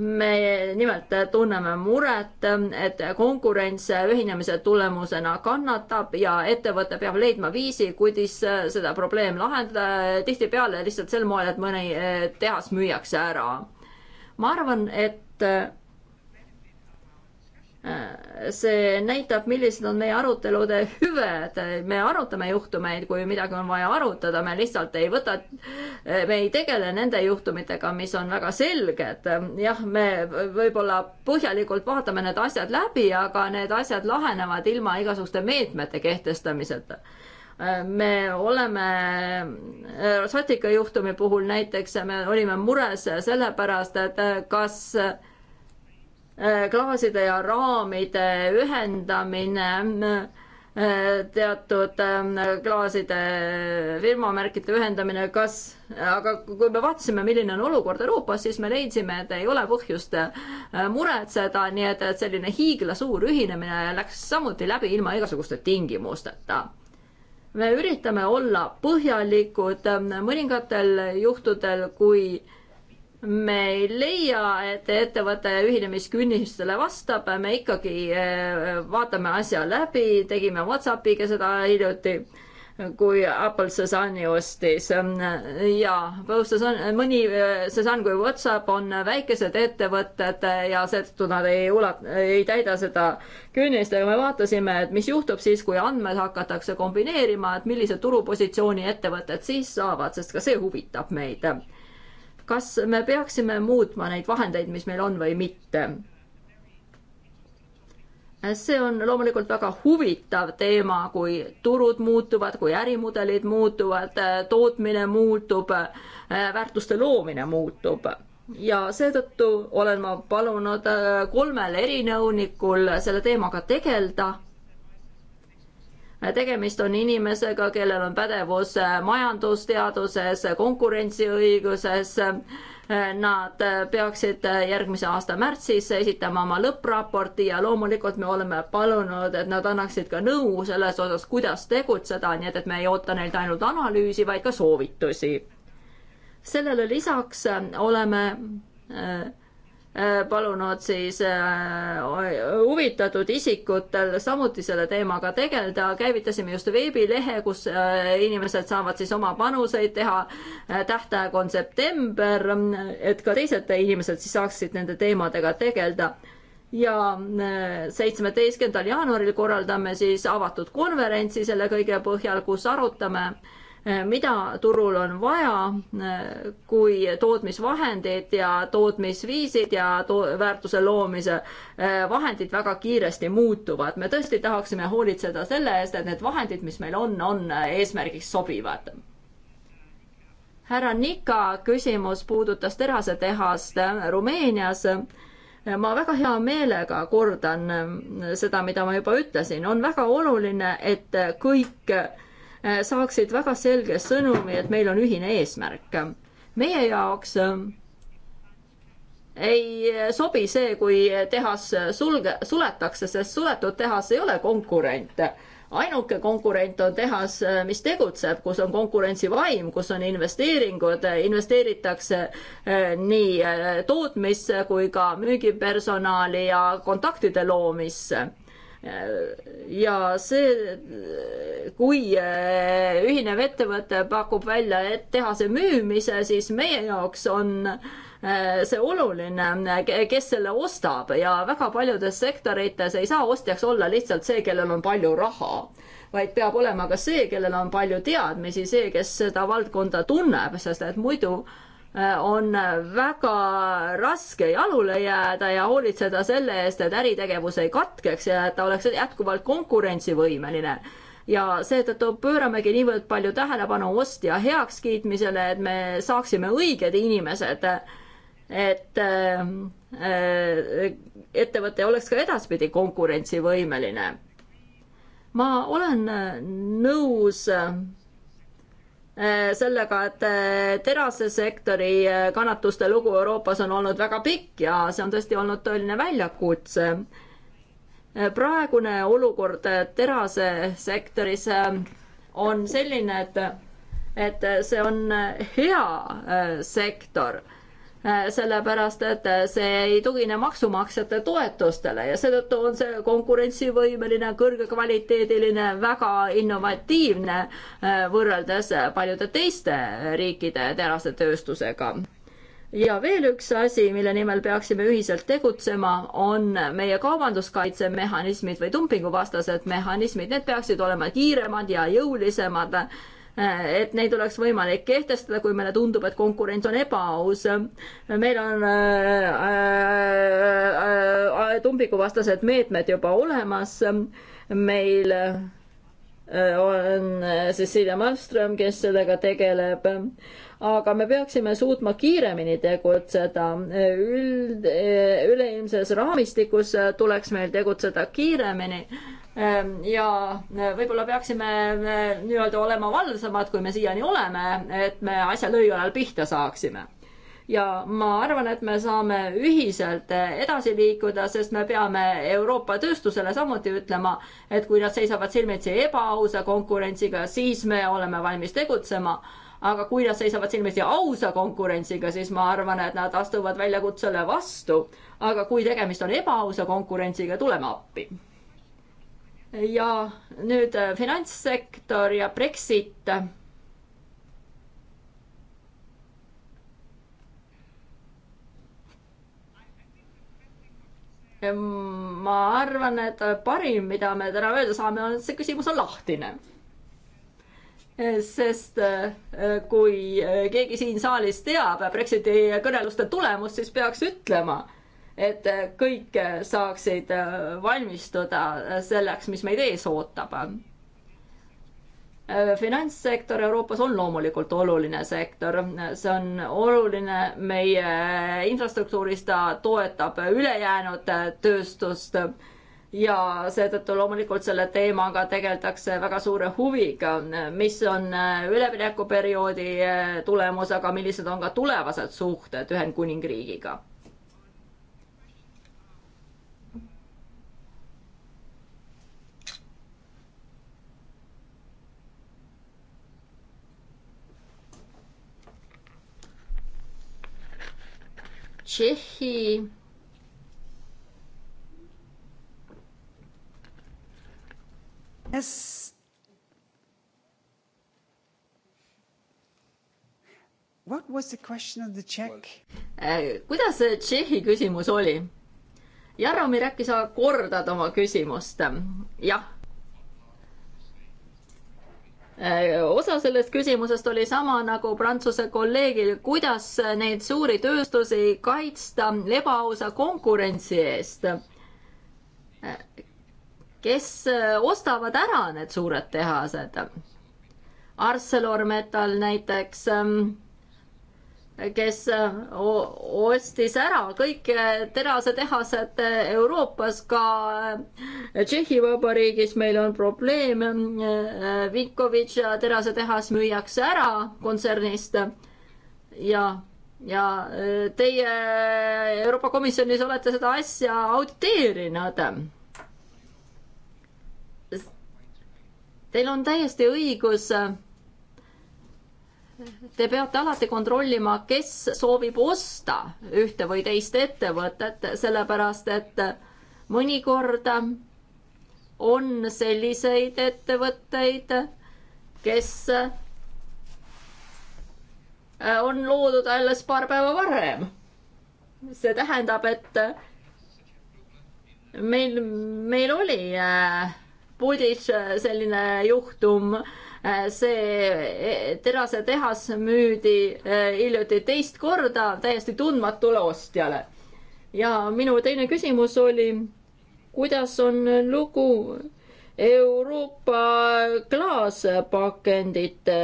me nimelt tunneme muret, et konkurents ühinemise tulemusena kannatab ja ettevõte peab leidma viisi, kuidas seda probleem lahendada, tihtipeale lihtsalt sel moel, et mõni eh, tehas müüakse ära. ma arvan, et see näitab, millised on meie arutelude hüved, me arutame juhtumeid, kui midagi on vaja arutada, me lihtsalt ei võta, me ei tegele nende juhtumitega, mis on väga selged. jah, me võib-olla põhjalikult vaatame need asjad läbi, aga need asjad lahenevad ilma igasuguste meetmete kehtestamiseta me oleme äh, Satika juhtumi puhul näiteks, me olime mures sellepärast, et kas äh, Äh, klaaside ja raamide ühendamine, äh, teatud äh, klaaside firmamärkide ühendamine, kas, aga kui me vaatasime, milline on olukord Euroopas, siis me leidsime, et ei ole põhjust muretseda, nii et, et selline hiiglasuur ühinemine läks samuti läbi ilma igasuguste tingimusteta me üritame olla põhjalikud mõningatel juhtudel, kui me ei leia, et ettevõte ühinemiskünnistele vastab, me ikkagi eh, vaatame asja läbi, tegime Whatsappiga seda hiljuti, kui Apple Cezanne'i ostis ja Cezanne, mõni eh, Cezanne kui Whatsapp on väikesed ettevõtted ja seetõttu nad ei ulat-, ei täida seda künnist, aga me vaatasime, et mis juhtub siis, kui andmed hakatakse kombineerima, et millise turupositsiooni ettevõtted siis saavad, sest ka see huvitab meid kas me peaksime muutma neid vahendeid, mis meil on või mitte. see on loomulikult väga huvitav teema, kui turud muutuvad, kui ärimudelid muutuvad, tootmine muutub, väärtuste loomine muutub ja seetõttu olen ma palunud kolmel erinõunikul selle teemaga tegeleda tegemist on inimesega, kellel on pädevus majandusteaduses, konkurentsiõiguses. Nad peaksid järgmise aasta märtsis esitama oma lõppraporti ja loomulikult me oleme palunud, et nad annaksid ka nõu selles osas, kuidas tegutseda, nii et, et me ei oota neilt ainult analüüsi, vaid ka soovitusi. sellele lisaks oleme Äh, palunud siis äh, huvitatud isikutel samuti selle teemaga tegeleda, käivitasime just veebilehe, kus äh, inimesed saavad siis oma panuseid teha. tähtaeg on september, et ka teised inimesed siis saaksid nende teemadega tegeleda ja seitsmeteistkümnendal jaanuaril korraldame siis avatud konverentsi selle kõige põhjal, kus arutame äh, Äh, mida turul on vaja, äh, kui tootmisvahendid ja tootmisviisid ja to väärtuse loomise äh, vahendid väga kiiresti muutuvad. me tõesti tahaksime hoolitseda selle eest, et need vahendid, mis meil on, on eesmärgiks sobivad härra Nika küsimus puudutas terasetehast Rumeenias. ma väga hea meelega kordan seda, mida ma juba ütlesin, on väga oluline, et kõik Äh, saaksid väga selge sõnumi, et meil on ühine eesmärk. meie jaoks äh, ei sobi see, kui tehas sulge, suletakse, sest suletud tehas ei ole konkurent. ainuke konkurent on tehas, äh, mis tegutseb, kus on konkurentsivaim, kus on investeeringud, investeeritakse nii tootmisse kui ka müügipersonali ja kontaktide loomisse ja see, kui äh, ühinev ettevõte pakub välja et tehase müümise, siis meie jaoks on äh, see oluline, kes selle ostab ja väga paljudes sektorites ei saa ostjaks olla lihtsalt see, kellel on palju raha vaid peab olema ka see, kellel on palju teadmisi, see, kes seda valdkonda tunneb, sest et muidu äh, Äh, on väga raske jalule jääda ja hoolitseda selle eest, et äritegevus ei katkeks ja et ta oleks jätkuvalt konkurentsivõimeline. ja seetõttu pööramegi niivõrd palju tähelepanu ostja heakskiitmisele, et me saaksime õiged inimesed, et äh, ettevõte oleks ka edaspidi konkurentsivõimeline. ma olen nõus äh, Äh, sellega, et äh, terasesektori äh, kannatuste lugu Euroopas on olnud väga pikk ja see on tõesti olnud tõeline väljakutse. praegune olukord terasesektoris on selline, et, et see on hea sektor Äh, sellepärast et äh, see ei tugine maksumaksjate toetustele ja seetõttu on see konkurentsivõimeline, kõrgekvaliteediline, väga innovatiivne äh, võrreldes paljude teiste riikide terasetööstusega ja veel üks asi, mille nimel peaksime ühiselt tegutsema, on meie kaubanduskaitsemehhanismid või dumpinguvastased mehhanismid, need peaksid olema kiiremad ja jõulisemad Äh, et neid oleks võimalik kehtestada, kui meile tundub, et konkurents on ebaaus. meil on äh, äh, äh tumbikuvastased meetmed juba olemas, meil äh, on Cecilia äh, Malmström, kes sellega tegeleb, aga me peaksime suutma kiiremini tegutseda. üld, üleilmses raamistikus tuleks meil tegutseda kiiremini Ehm, ja e, võib-olla peaksime e, nii-öelda olema valvsamad, kui me siiani oleme, et me asja lõi ajal pihta saaksime ja ma arvan, et me saame ühiselt e, edasi liikuda, sest me peame Euroopa tööstusele samuti ütlema, et kui nad seisavad silmitsi ebaausa konkurentsiga, siis me oleme valmis tegutsema. aga kui nad seisavad silmitsi ausa konkurentsiga, siis ma arvan, et nad astuvad väljakutsele vastu. aga kui tegemist on ebaausa konkurentsiga, tuleme appi ja nüüd äh, finantssektor ja Brexit. ma arvan, et parim, mida me täna öelda saame, on, et see küsimus on lahtine sest äh, kui keegi siin saalis teab Brexiti kõneluste tulemust, siis peaks ütlema, et äh, kõik äh, saaksid äh, valmistuda selleks, mis meid ees ootab. finantssektor Euroopas on loomulikult oluline sektor, see on oluline meie infrastruktuuris, ta toetab ülejäänud tööstust ja seetõttu loomulikult selle teemaga tegeldakse väga suure huviga, mis on üleminekuperioodi tulemus, aga millised on ka tulevased suhted Ühendkuningriigiga Tšehhi
yes.. What was the question of the Czech?
Äh, kuidas see Tšehhi küsimus oli? Jaromir, äkki sa kordad oma küsimust? jah Äh, osa sellest küsimusest oli sama nagu Prantsuse kolleegil, kuidas neid suuri tööstusi kaitsta ebaausa konkurentsi eest. kes ostavad ära need suured tehased? ArcelorMittal näiteks ähm, kes äh, ostis ära kõik äh, terasetehased äh, Euroopas, ka Tšehhi Vabariigis meil on probleem. Vinkovitš terasetehas müüakse ära kontsernist ja, ja teie Euroopa Komisjonis olete seda asja auditeerinud. Teil on täiesti õigus te peate alati kontrollima, kes soovib osta ühte või teist ettevõtet, sellepärast et mõnikord on selliseid ettevõtteid, kes on loodud alles paar päeva varem. see tähendab, et meil, meil oli Budis äh, selline juhtum Äh, see e, terasetehas müüdi äh, hiljuti teist korda täiesti tundmatule ostjale. ja minu teine küsimus oli, kuidas on lugu Euroopa klaaspakendite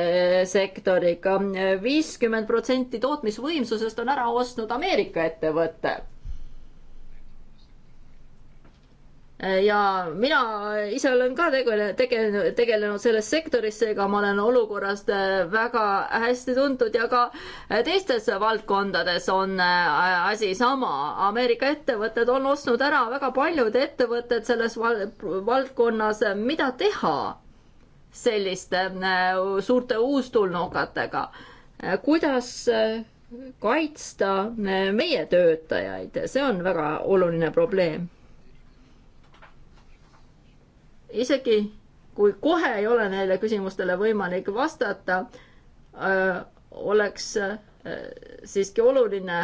sektoriga. viiskümmend protsenti tootmisvõimsusest on ära ostnud Ameerika ettevõte Eh, ja mina ise olen ka tegele-, tegelenud, tegelenud selles sektoris, seega ma olen olukorrast eh, väga hästi tuntud ja ka eh, teistes valdkondades on asi sama. Ameerika ettevõtted on ostnud ära väga paljud ettevõtted selles val-, valdkonnas, mida teha selliste suurte uustulnukatega, kuidas kaitsta meie töötajaid, see on väga oluline probleem isegi kui kohe ei ole neile küsimustele võimalik vastata, oleks siiski oluline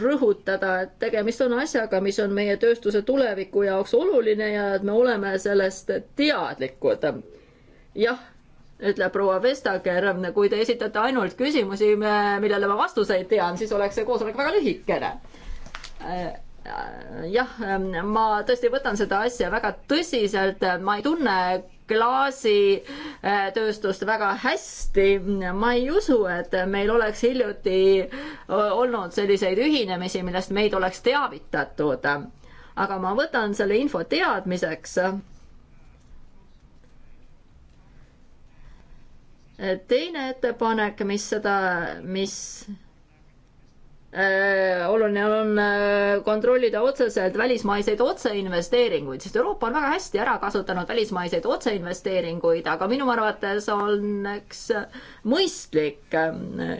rõhutada, et tegemist on asjaga, mis on meie tööstuse tuleviku jaoks oluline ja et me oleme sellest teadlikud. jah, ütleb proua Vestager, kui te esitate ainult küsimusi, millele ma vastuseid tean, siis oleks see koosolek väga lühikene jah, ma tõesti võtan seda asja väga tõsiselt, ma ei tunne klaasitööstust äh, väga hästi. ma ei usu, et meil oleks hiljuti olnud selliseid ühinemisi, millest meid oleks teavitatud. aga ma võtan selle info teadmiseks äh, teine ettepanek, mis seda, mis Äh, oluline on äh, kontrollida otseselt välismaiseid otseinvesteeringuid, sest Euroopa on väga hästi ära kasutanud välismaiseid otseinvesteeringuid, aga minu arvates on üks mõistlik äh,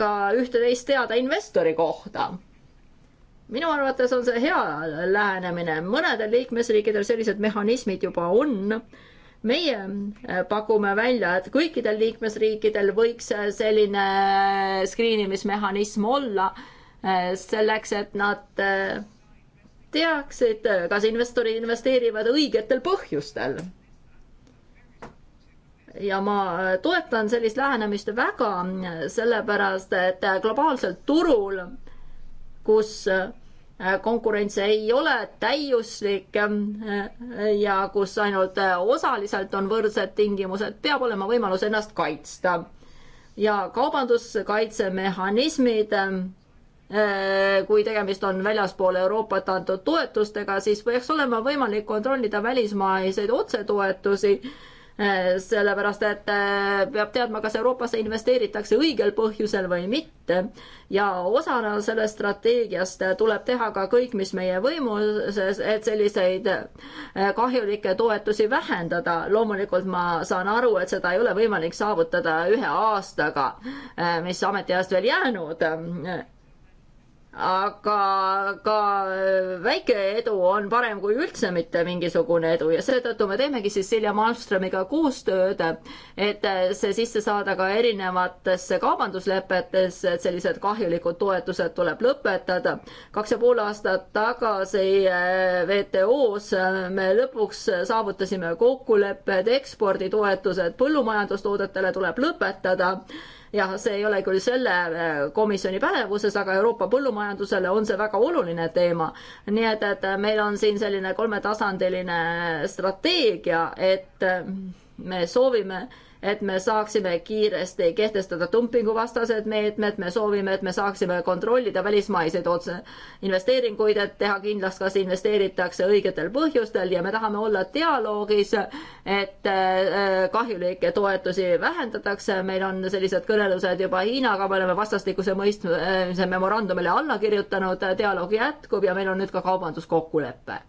ka üht-teist teada investori kohta minu arvates on see hea lähenemine, mõnedel liikmesriikidel sellised mehhanismid juba on meie äh, pakume välja, et kõikidel liikmesriikidel võiks äh, selline äh, screen imismehhanism olla selleks, et nad teaksid, kas investorid investeerivad õigetel põhjustel. ja ma toetan sellist lähenemist väga, sellepärast et globaalsel turul, kus Äh, konkurents ei ole täiuslik äh, ja kus ainult äh, osaliselt on võrdsed tingimused, peab olema võimalus ennast kaitsta. ja kaubanduskaitsemehhanismid, kui tegemist on väljaspool Euroopat antud toetustega, siis peaks olema võimalik kontrollida välismaiseid otsetoetusi Äh, sellepärast et äh, peab teadma, kas Euroopasse investeeritakse õigel põhjusel või mitte. ja osana sellest strateegiast tuleb teha ka kõik, mis meie võimuses, et selliseid äh, kahjulikke toetusi vähendada. loomulikult ma saan aru, et seda ei ole võimalik saavutada ühe aastaga, mis ametiajast veel jäänud aga ka väike edu on parem kui üldse mitte mingisugune edu ja seetõttu me teemegi siis Silja Malmströmiga koostööd, et see sisse saada ka erinevatesse kaubanduslepetesse, et sellised kahjulikud toetused tuleb lõpetada. kaks ja pool aastat tagasi äh, WTO-s äh, me lõpuks saavutasime kokkuleppe, et eksporditoetused põllumajandustoodetele tuleb lõpetada jah, see ei ole küll selle äh, komisjoni pädevuses, aga Euroopa põllumajandusele on see väga oluline teema. nii et, et äh, meil on siin selline kolmetasandiline äh, strateegia, et me soovime et me saaksime kiiresti kehtestada dumpinguvastased meetmed, me soovime, et me saaksime kontrollida välismaiseid otse investeeringuid, et teha kindlaks, kas investeeritakse õigetel põhjustel ja me tahame olla dialoogis, et äh, kahjulikke toetusi vähendatakse, meil on sellised kõnelused juba Hiinaga, me oleme vastastikuse mõistmise memorandumile alla kirjutanud, dialoog jätkub ja meil on nüüd ka kaubanduskokkulepe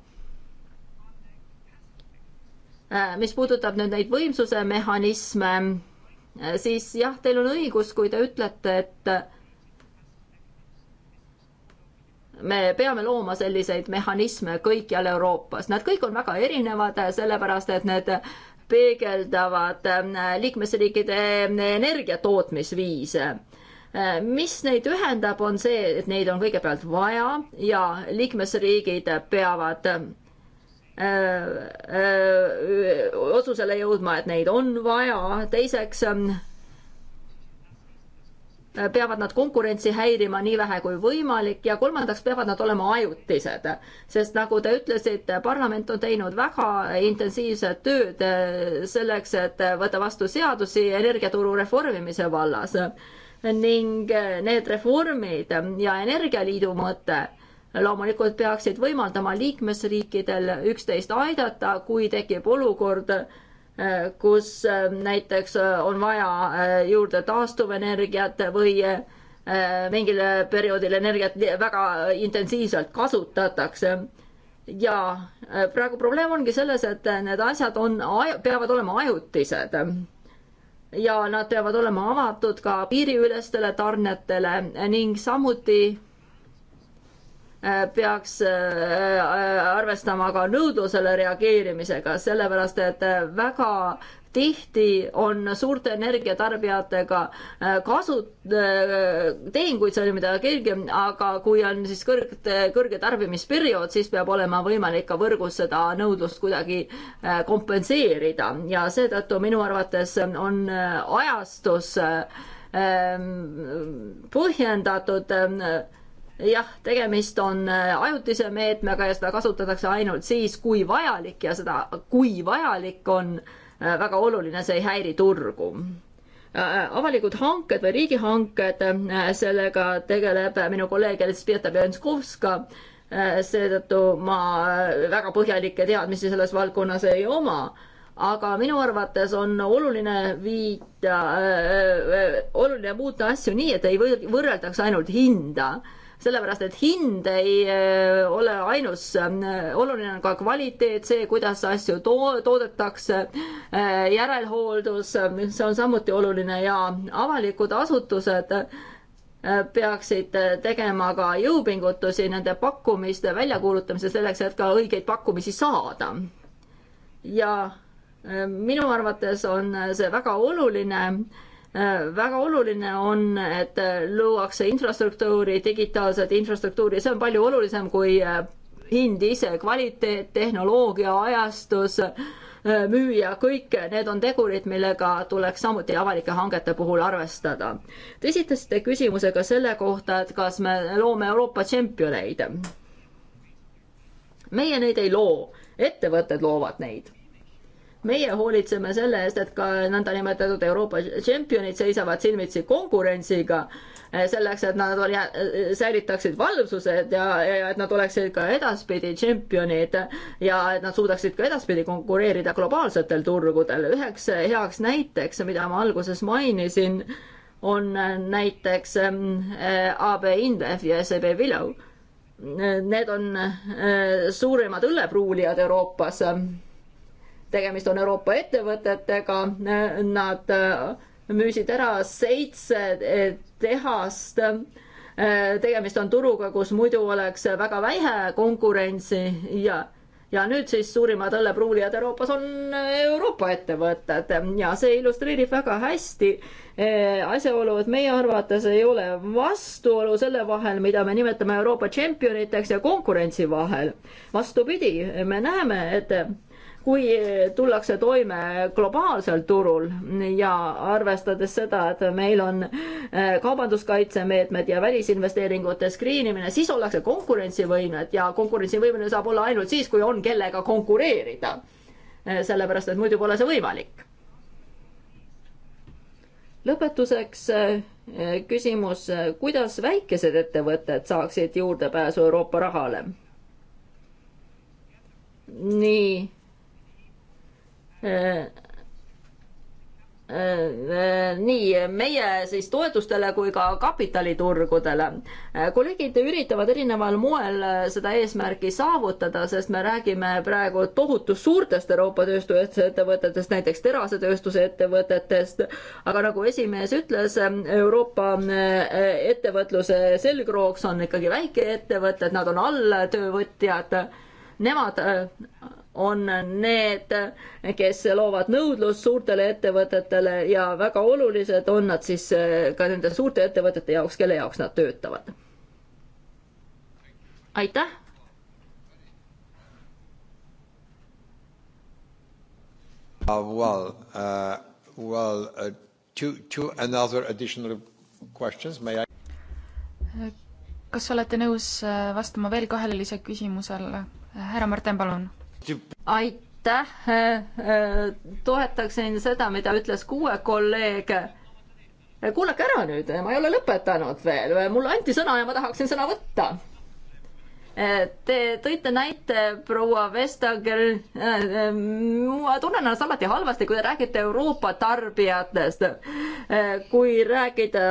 Äh, mis puudutab nüüd neid võimsuse mehhanisme, äh, siis jah, teil on õigus, kui te ütlete, et äh, me peame looma selliseid mehhanisme kõikjal Euroopas, nad kõik on väga erinevad, sellepärast et need peegeldavad liikmesriikide energiatootmisviise mis neid ühendab, on see, et neid on kõigepealt vaja ja liikmesriigid peavad Äh, äh, otsusele jõudma, et neid on vaja, teiseks ähm, peavad nad konkurentsi häirima nii vähe kui võimalik ja kolmandaks peavad nad olema ajutised, sest nagu te ütlesite, parlament on teinud väga intensiivset tööd äh, selleks, et võtta vastu seadusi energiaturu reformimise vallas ning need reformid ja Energialiidu mõte loomulikult peaksid võimaldama liikmesriikidel üksteist aidata, kui tekib olukord, eh, kus eh, näiteks eh, on vaja juurde taastuvenergiat või mingil perioodil energiat väga intensiivselt kasutatakse ja praegu probleem ongi selles, et need asjad on, peavad olema ajutised. ja nad peavad olema avatud ka piiriülestele tarnetele ning samuti Äh, peaks äh, äh, arvestama ka nõudlusele reageerimisega, sellepärast et väga tihti on suurte energiatarbijatega kasu, tehinguid sõlmida keegi, aga kui on siis kõrge, kõrge tarbimisperiood, siis peab olema võimalik ka võrgus seda nõudlust kuidagi kompenseerida ja seetõttu minu arvates on ajastus ähm, põhjendatud jah, tegemist on äh, ajutise meetmega ja seda kasutatakse ainult siis, kui vajalik ja seda, kui vajalik on äh, väga oluline, see ei häiri turgu. Äh, avalikud hanked või riigihanked, sellega tegeleb minu kolleeg Elizabeth Janskovska, seetõttu ma väga põhjalikke teadmisi selles valdkonnas ei oma aga minu arvates on oluline viida äh,, oluline muuta asju nii, et ei võrreldaks ainult hinda sellepärast et hind ei äh, ole ainus, äh, oluline on ka kvaliteet, see, kuidas asju to-, toodetakse, äh, järelhooldus, see on samuti oluline ja avalikud asutused peaksid tegema ka jõupingutusi nende pakkumiste väljakuulutamisel selleks, et ka õigeid pakkumisi saada. ja minu arvates on see väga oluline väga oluline on, et luuakse infrastruktuuri, digitaalset infrastruktuuri, see on palju olulisem kui äh, hind ise, kvaliteet, tehnoloogia, ajastus, äh, müüja, kõik need on tegurid, millega tuleks samuti avalike hangete puhul arvestada. Te esitasite küsimuse ka selle kohta, et kas me loome Euroopa tšempioneid. meie neid ei loo, ettevõtted loovad neid meie hoolitseme selle eest, et ka nõndanimetatud Euroopa tšempionid seisavad silmitsi konkurentsiga, eh, selleks, et nad oli, eh, säilitaksid valvsused ja, ja et nad oleksid ka edaspidi tšempionid ja et nad suudaksid ka edaspidi konkureerida globaalsetel turgudel. üheks eh, heaks näiteks, mida ma alguses mainisin, on näiteks AB InBev ja SEB Willow. Need on suurimad õllepruulijad Euroopas tegemist on Euroopa ettevõtetega, nad äh, müüsid ära seitse äh, tehast. Äh, tegemist on turuga, kus muidu oleks väga vähe konkurentsi ja ja nüüd siis suurimad õllepruulijad Euroopas on Euroopa ettevõtted ja see illustreerib väga hästi asjaolu, et meie arvates ei ole vastuolu selle vahel, mida me nimetame Euroopa tšempioniteks ja konkurentsi vahel. vastupidi, me näeme, et kui eh, tullakse toime globaalsel turul ja arvestades seda, et meil on eh, kaubanduskaitsemeetmed ja välisinvesteeringute screen imine, siis ollakse konkurentsivõimed ja konkurentsivõimeline saab olla ainult siis, kui on kellega konkureerida. Eh, sellepärast, et muidu pole see võimalik. lõpetuseks küsimus, kuidas väikesed ettevõtted saaksid juurdepääsu Euroopa rahale? nii nii meie siis toetustele kui ka kapitaliturgudele. kolleegid üritavad erineval moel seda eesmärki saavutada, sest me räägime praegu tohutu suurtest Euroopa tööstusettevõtetest, näiteks terasetööstuse ettevõtetest, aga nagu esimees ütles, Euroopa eh, ettevõtluse selgrooks on ikkagi väikeettevõtted, nad on alltöövõtjad, nemad eh, on need, kes loovad nõudlust suurtele ettevõtetele ja väga olulised on nad siis eh, ka nende suurte ettevõtete jaoks, kelle jaoks nad töötavad. aitäh.
Uh, well, uh, well, uh, two, two another additional questions, may I? kas olete nõus uh, vastama veel kahele lisaküsimusele? härra Marten, palun aitäh, äh, toetaksin seda, mida ütles kuue
kolleeg. Äh, kuulake ära nüüd, ma ei ole lõpetanud veel, mulle anti sõna ja ma tahaksin sõna võtta. Äh, te tõite näite, proua Vestager, ma tunnen ennast alati halvasti, kui te räägite Euroopa tarbijatest. kui rääkida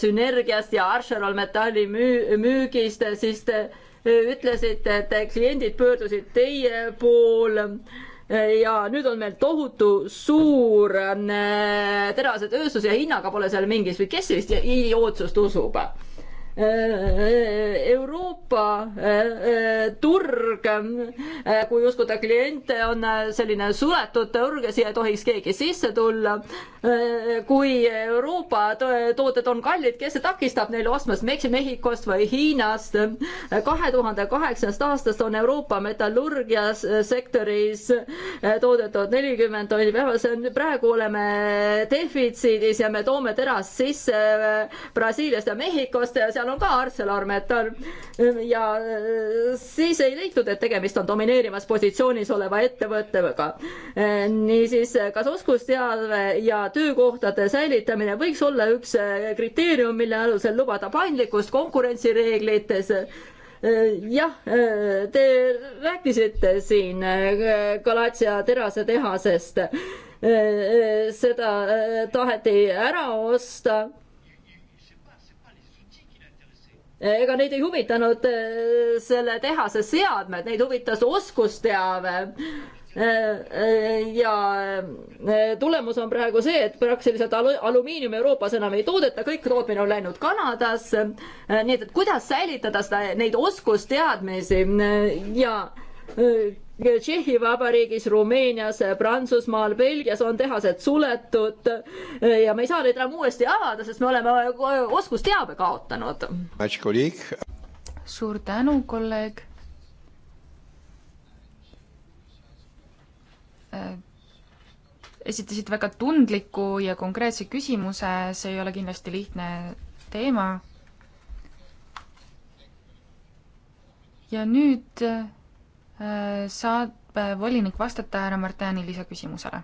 sünergiast ja ArcelorMittali müü-, müügist, siis te ütlesite, et kliendid pöördusid teie poole ja nüüd on meil tohutu suur äh, terasetööstus ja hinnaga pole seal mingis või kes sellist idiootsust usub? Äh, äh, Euroopa äh, turg, kui uskuda kliente, on selline suletud turg ja siia ei tohiks keegi sisse tulla. kui Euroopa tooted on kallid, kes see takistab neil ostmast Mehhikost või Hiinast? kahe tuhande kaheksandast aastast on Euroopa metallurgiasektoris toodetud nelikümmend tonni päevas, praegu oleme defitsiidis ja me toome terast sisse Brasiiliast ja Mehhikost ja seal Saksamaal on ka Arcelormetal ja äh, siis ei leitud, et tegemist on domineerivas positsioonis oleva ettevõttega. Äh, niisiis, äh, kas oskusteave ja töökohtade säilitamine võiks olla üks kriteerium, mille alusel lubada paindlikkust konkurentsireeglites jah, te rääkisite siin Galatsia terasetehasest. seda taheti ära osta Eh, ega neid ei huvitanud eh, selle tehase seadmed, neid huvitas oskusteave. Eh, ja tulemus on praegu see, et praktiliselt alumiinium Euroopas enam ei toodeta, kõik tootmine on läinud Kanadasse. nii et, et kuidas säilitada seda, neid oskusteadmisi ja Tšehhi Vabariigis, Rumeenias, Prantsusmaal, Belgias on tehased suletud ja me ei saa neid enam uuesti avada, sest me oleme oskusteabe kaotanud.
suur tänu, kolleeg. esitasid väga tundliku ja konkreetse küsimuse, see ei ole kindlasti lihtne teema. ja nüüd saab äh, volinik vastata härra Martani lisaküsimusele.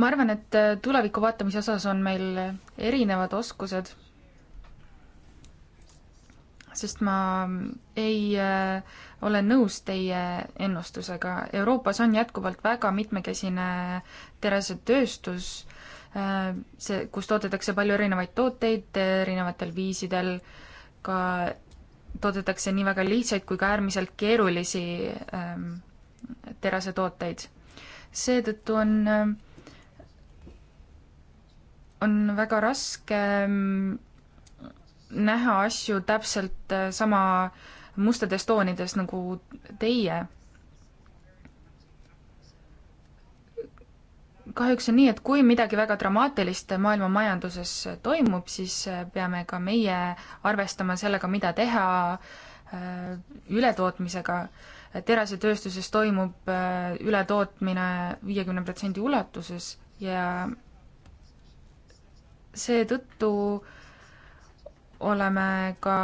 ma arvan, et äh, tuleviku vaatamise osas on meil erinevad oskused, sest ma ei äh, ole nõus teie ennustusega. Euroopas on jätkuvalt väga mitmekesine terasetööstus, see, kus toodetakse palju erinevaid tooteid erinevatel viisidel äh,, ka toodetakse nii väga lihtsaid kui ka äärmiselt keerulisi ähm, terasetooteid. seetõttu on ähm,, on väga raske ähm, näha asju täpselt äh, sama mustades toonides nagu teie kahjuks on nii, et kui midagi väga dramaatilist maailma majanduses toimub, siis äh, peame ka meie arvestama sellega, mida teha äh, ületootmisega. terasetööstuses toimub äh, ületootmine viiekümne protsendi ulatuses ja seetõttu oleme ka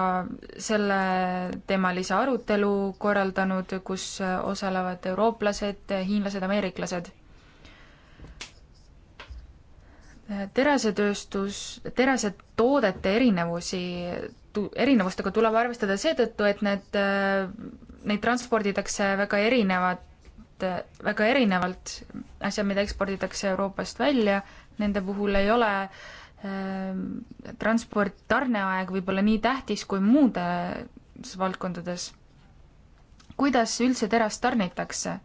selleteemalise arutelu korraldanud, kus osalevad eurooplased, hiinlased, ameeriklased terasetööstus, terasetoodete erinevusi, erinevustega tuleb arvestada seetõttu, et need, neid transporditakse väga erinevat, väga erinevalt, asjad, mida eksporditakse Euroopast välja, nende puhul ei ole eh, transport, tarneaeg võib-olla nii tähtis kui muudes valdkondades. kuidas üldse terast tarnitakse?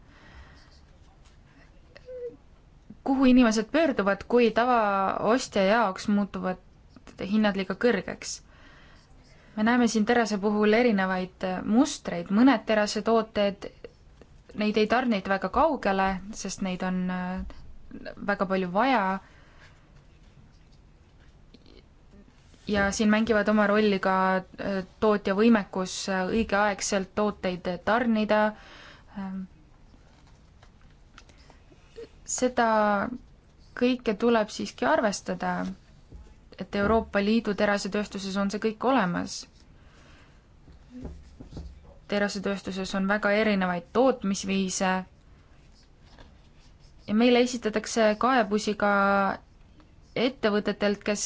kuhu inimesed pöörduvad, kui tavaostja jaoks muutuvad hinnad liiga kõrgeks. me näeme siin terase puhul erinevaid mustreid, mõned terasetooted, neid ei tarnita väga kaugele, sest neid on äh, väga palju vaja. ja siin mängivad oma rolli ka äh, tootja võimekus äh, õigeaegselt tooteid tarnida ähm, seda kõike tuleb siiski arvestada, et Euroopa Liidu terasetööstuses on see kõik olemas. terasetööstuses on väga erinevaid tootmisviise ja meile esitatakse kaebusi ka ettevõtetelt, kes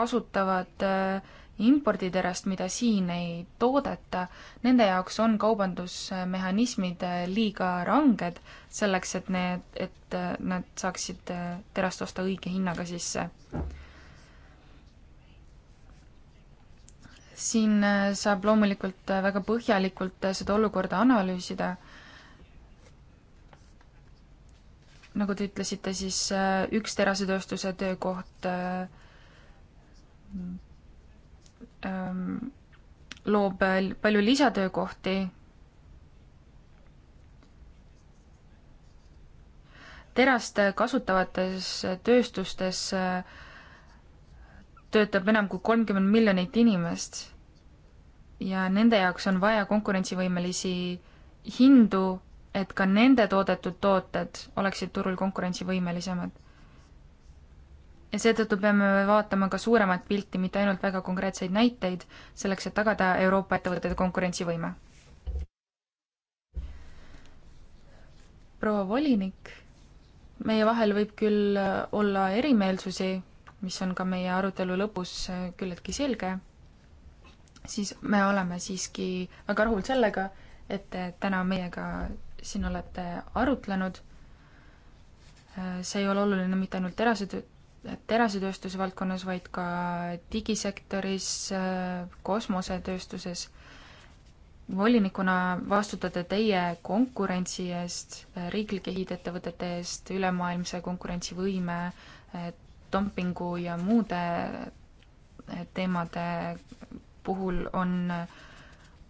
kasutavad äh, imporditerast, mida siin ei toodeta, nende jaoks on kaubandusmehhanismid liiga ranged, selleks et need, et nad saaksid terast osta õige hinnaga sisse. siin saab loomulikult väga põhjalikult seda olukorda analüüsida nagu te ütlesite, siis üks terasetööstuse töökoht Ähm, loob palju lisatöökohti. terast kasutavates tööstustes äh, töötab enam kui kolmkümmend miljonit inimest ja nende jaoks on vaja konkurentsivõimelisi hindu, et ka nende toodetud tooted oleksid turul konkurentsivõimelisemad ja seetõttu peame vaatama ka suuremat pilti, mitte ainult väga konkreetseid näiteid, selleks et tagada Euroopa ettevõtete konkurentsivõime. proua volinik, meie vahel võib küll olla erimeelsusi, mis on ka meie arutelu lõpus küllaltki selge, siis me oleme siiski väga rahul sellega, et te täna meiega siin olete arutlenud. see ei ole oluline mitte ainult terase terasetööstuse valdkonnas, vaid ka digisektoris, äh, kosmosetööstuses. volinikuna vastutate teie konkurentsi eest, äh, riiklike hiidettevõtete eest, ülemaailmse konkurentsivõime, äh, dumpingu ja muude teemade puhul on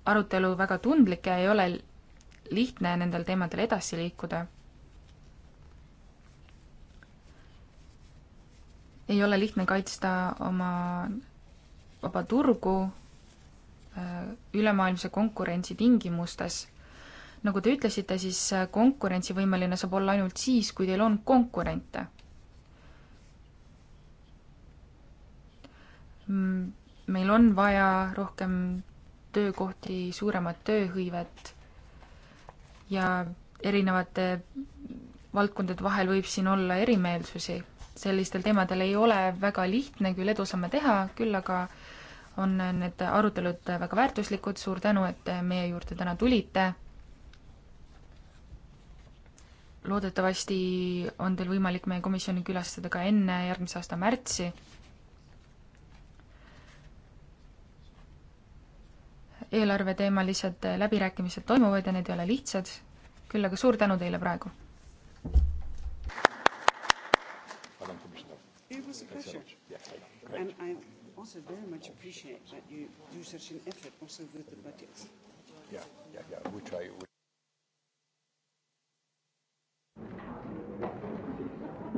arutelu väga tundlik ja ei ole lihtne nendel teemadel edasi liikuda ei ole lihtne kaitsta oma vaba turgu äh, ülemaailmse konkurentsi tingimustes. nagu te ütlesite, siis äh, konkurentsivõimeline saab olla ainult siis, kui teil on konkurente. Mm, meil on vaja rohkem töökohti, suuremat tööhõivet ja erinevate valdkondade vahel võib siin olla erimeelsusi sellistel teemadel ei ole väga lihtne küll edusamme teha, küll aga on need arutelud väga väärtuslikud, suur tänu, et meie juurde täna tulite. loodetavasti on teil võimalik meie komisjoni külastada ka enne järgmise aasta märtsi. eelarveteemalised läbirääkimised toimuvad ja need ei ole lihtsad, küll aga suur tänu teile praegu!
And I also very much appreciate that you do such an effort also with the budgets. Yeah,
yeah, yeah. We try. We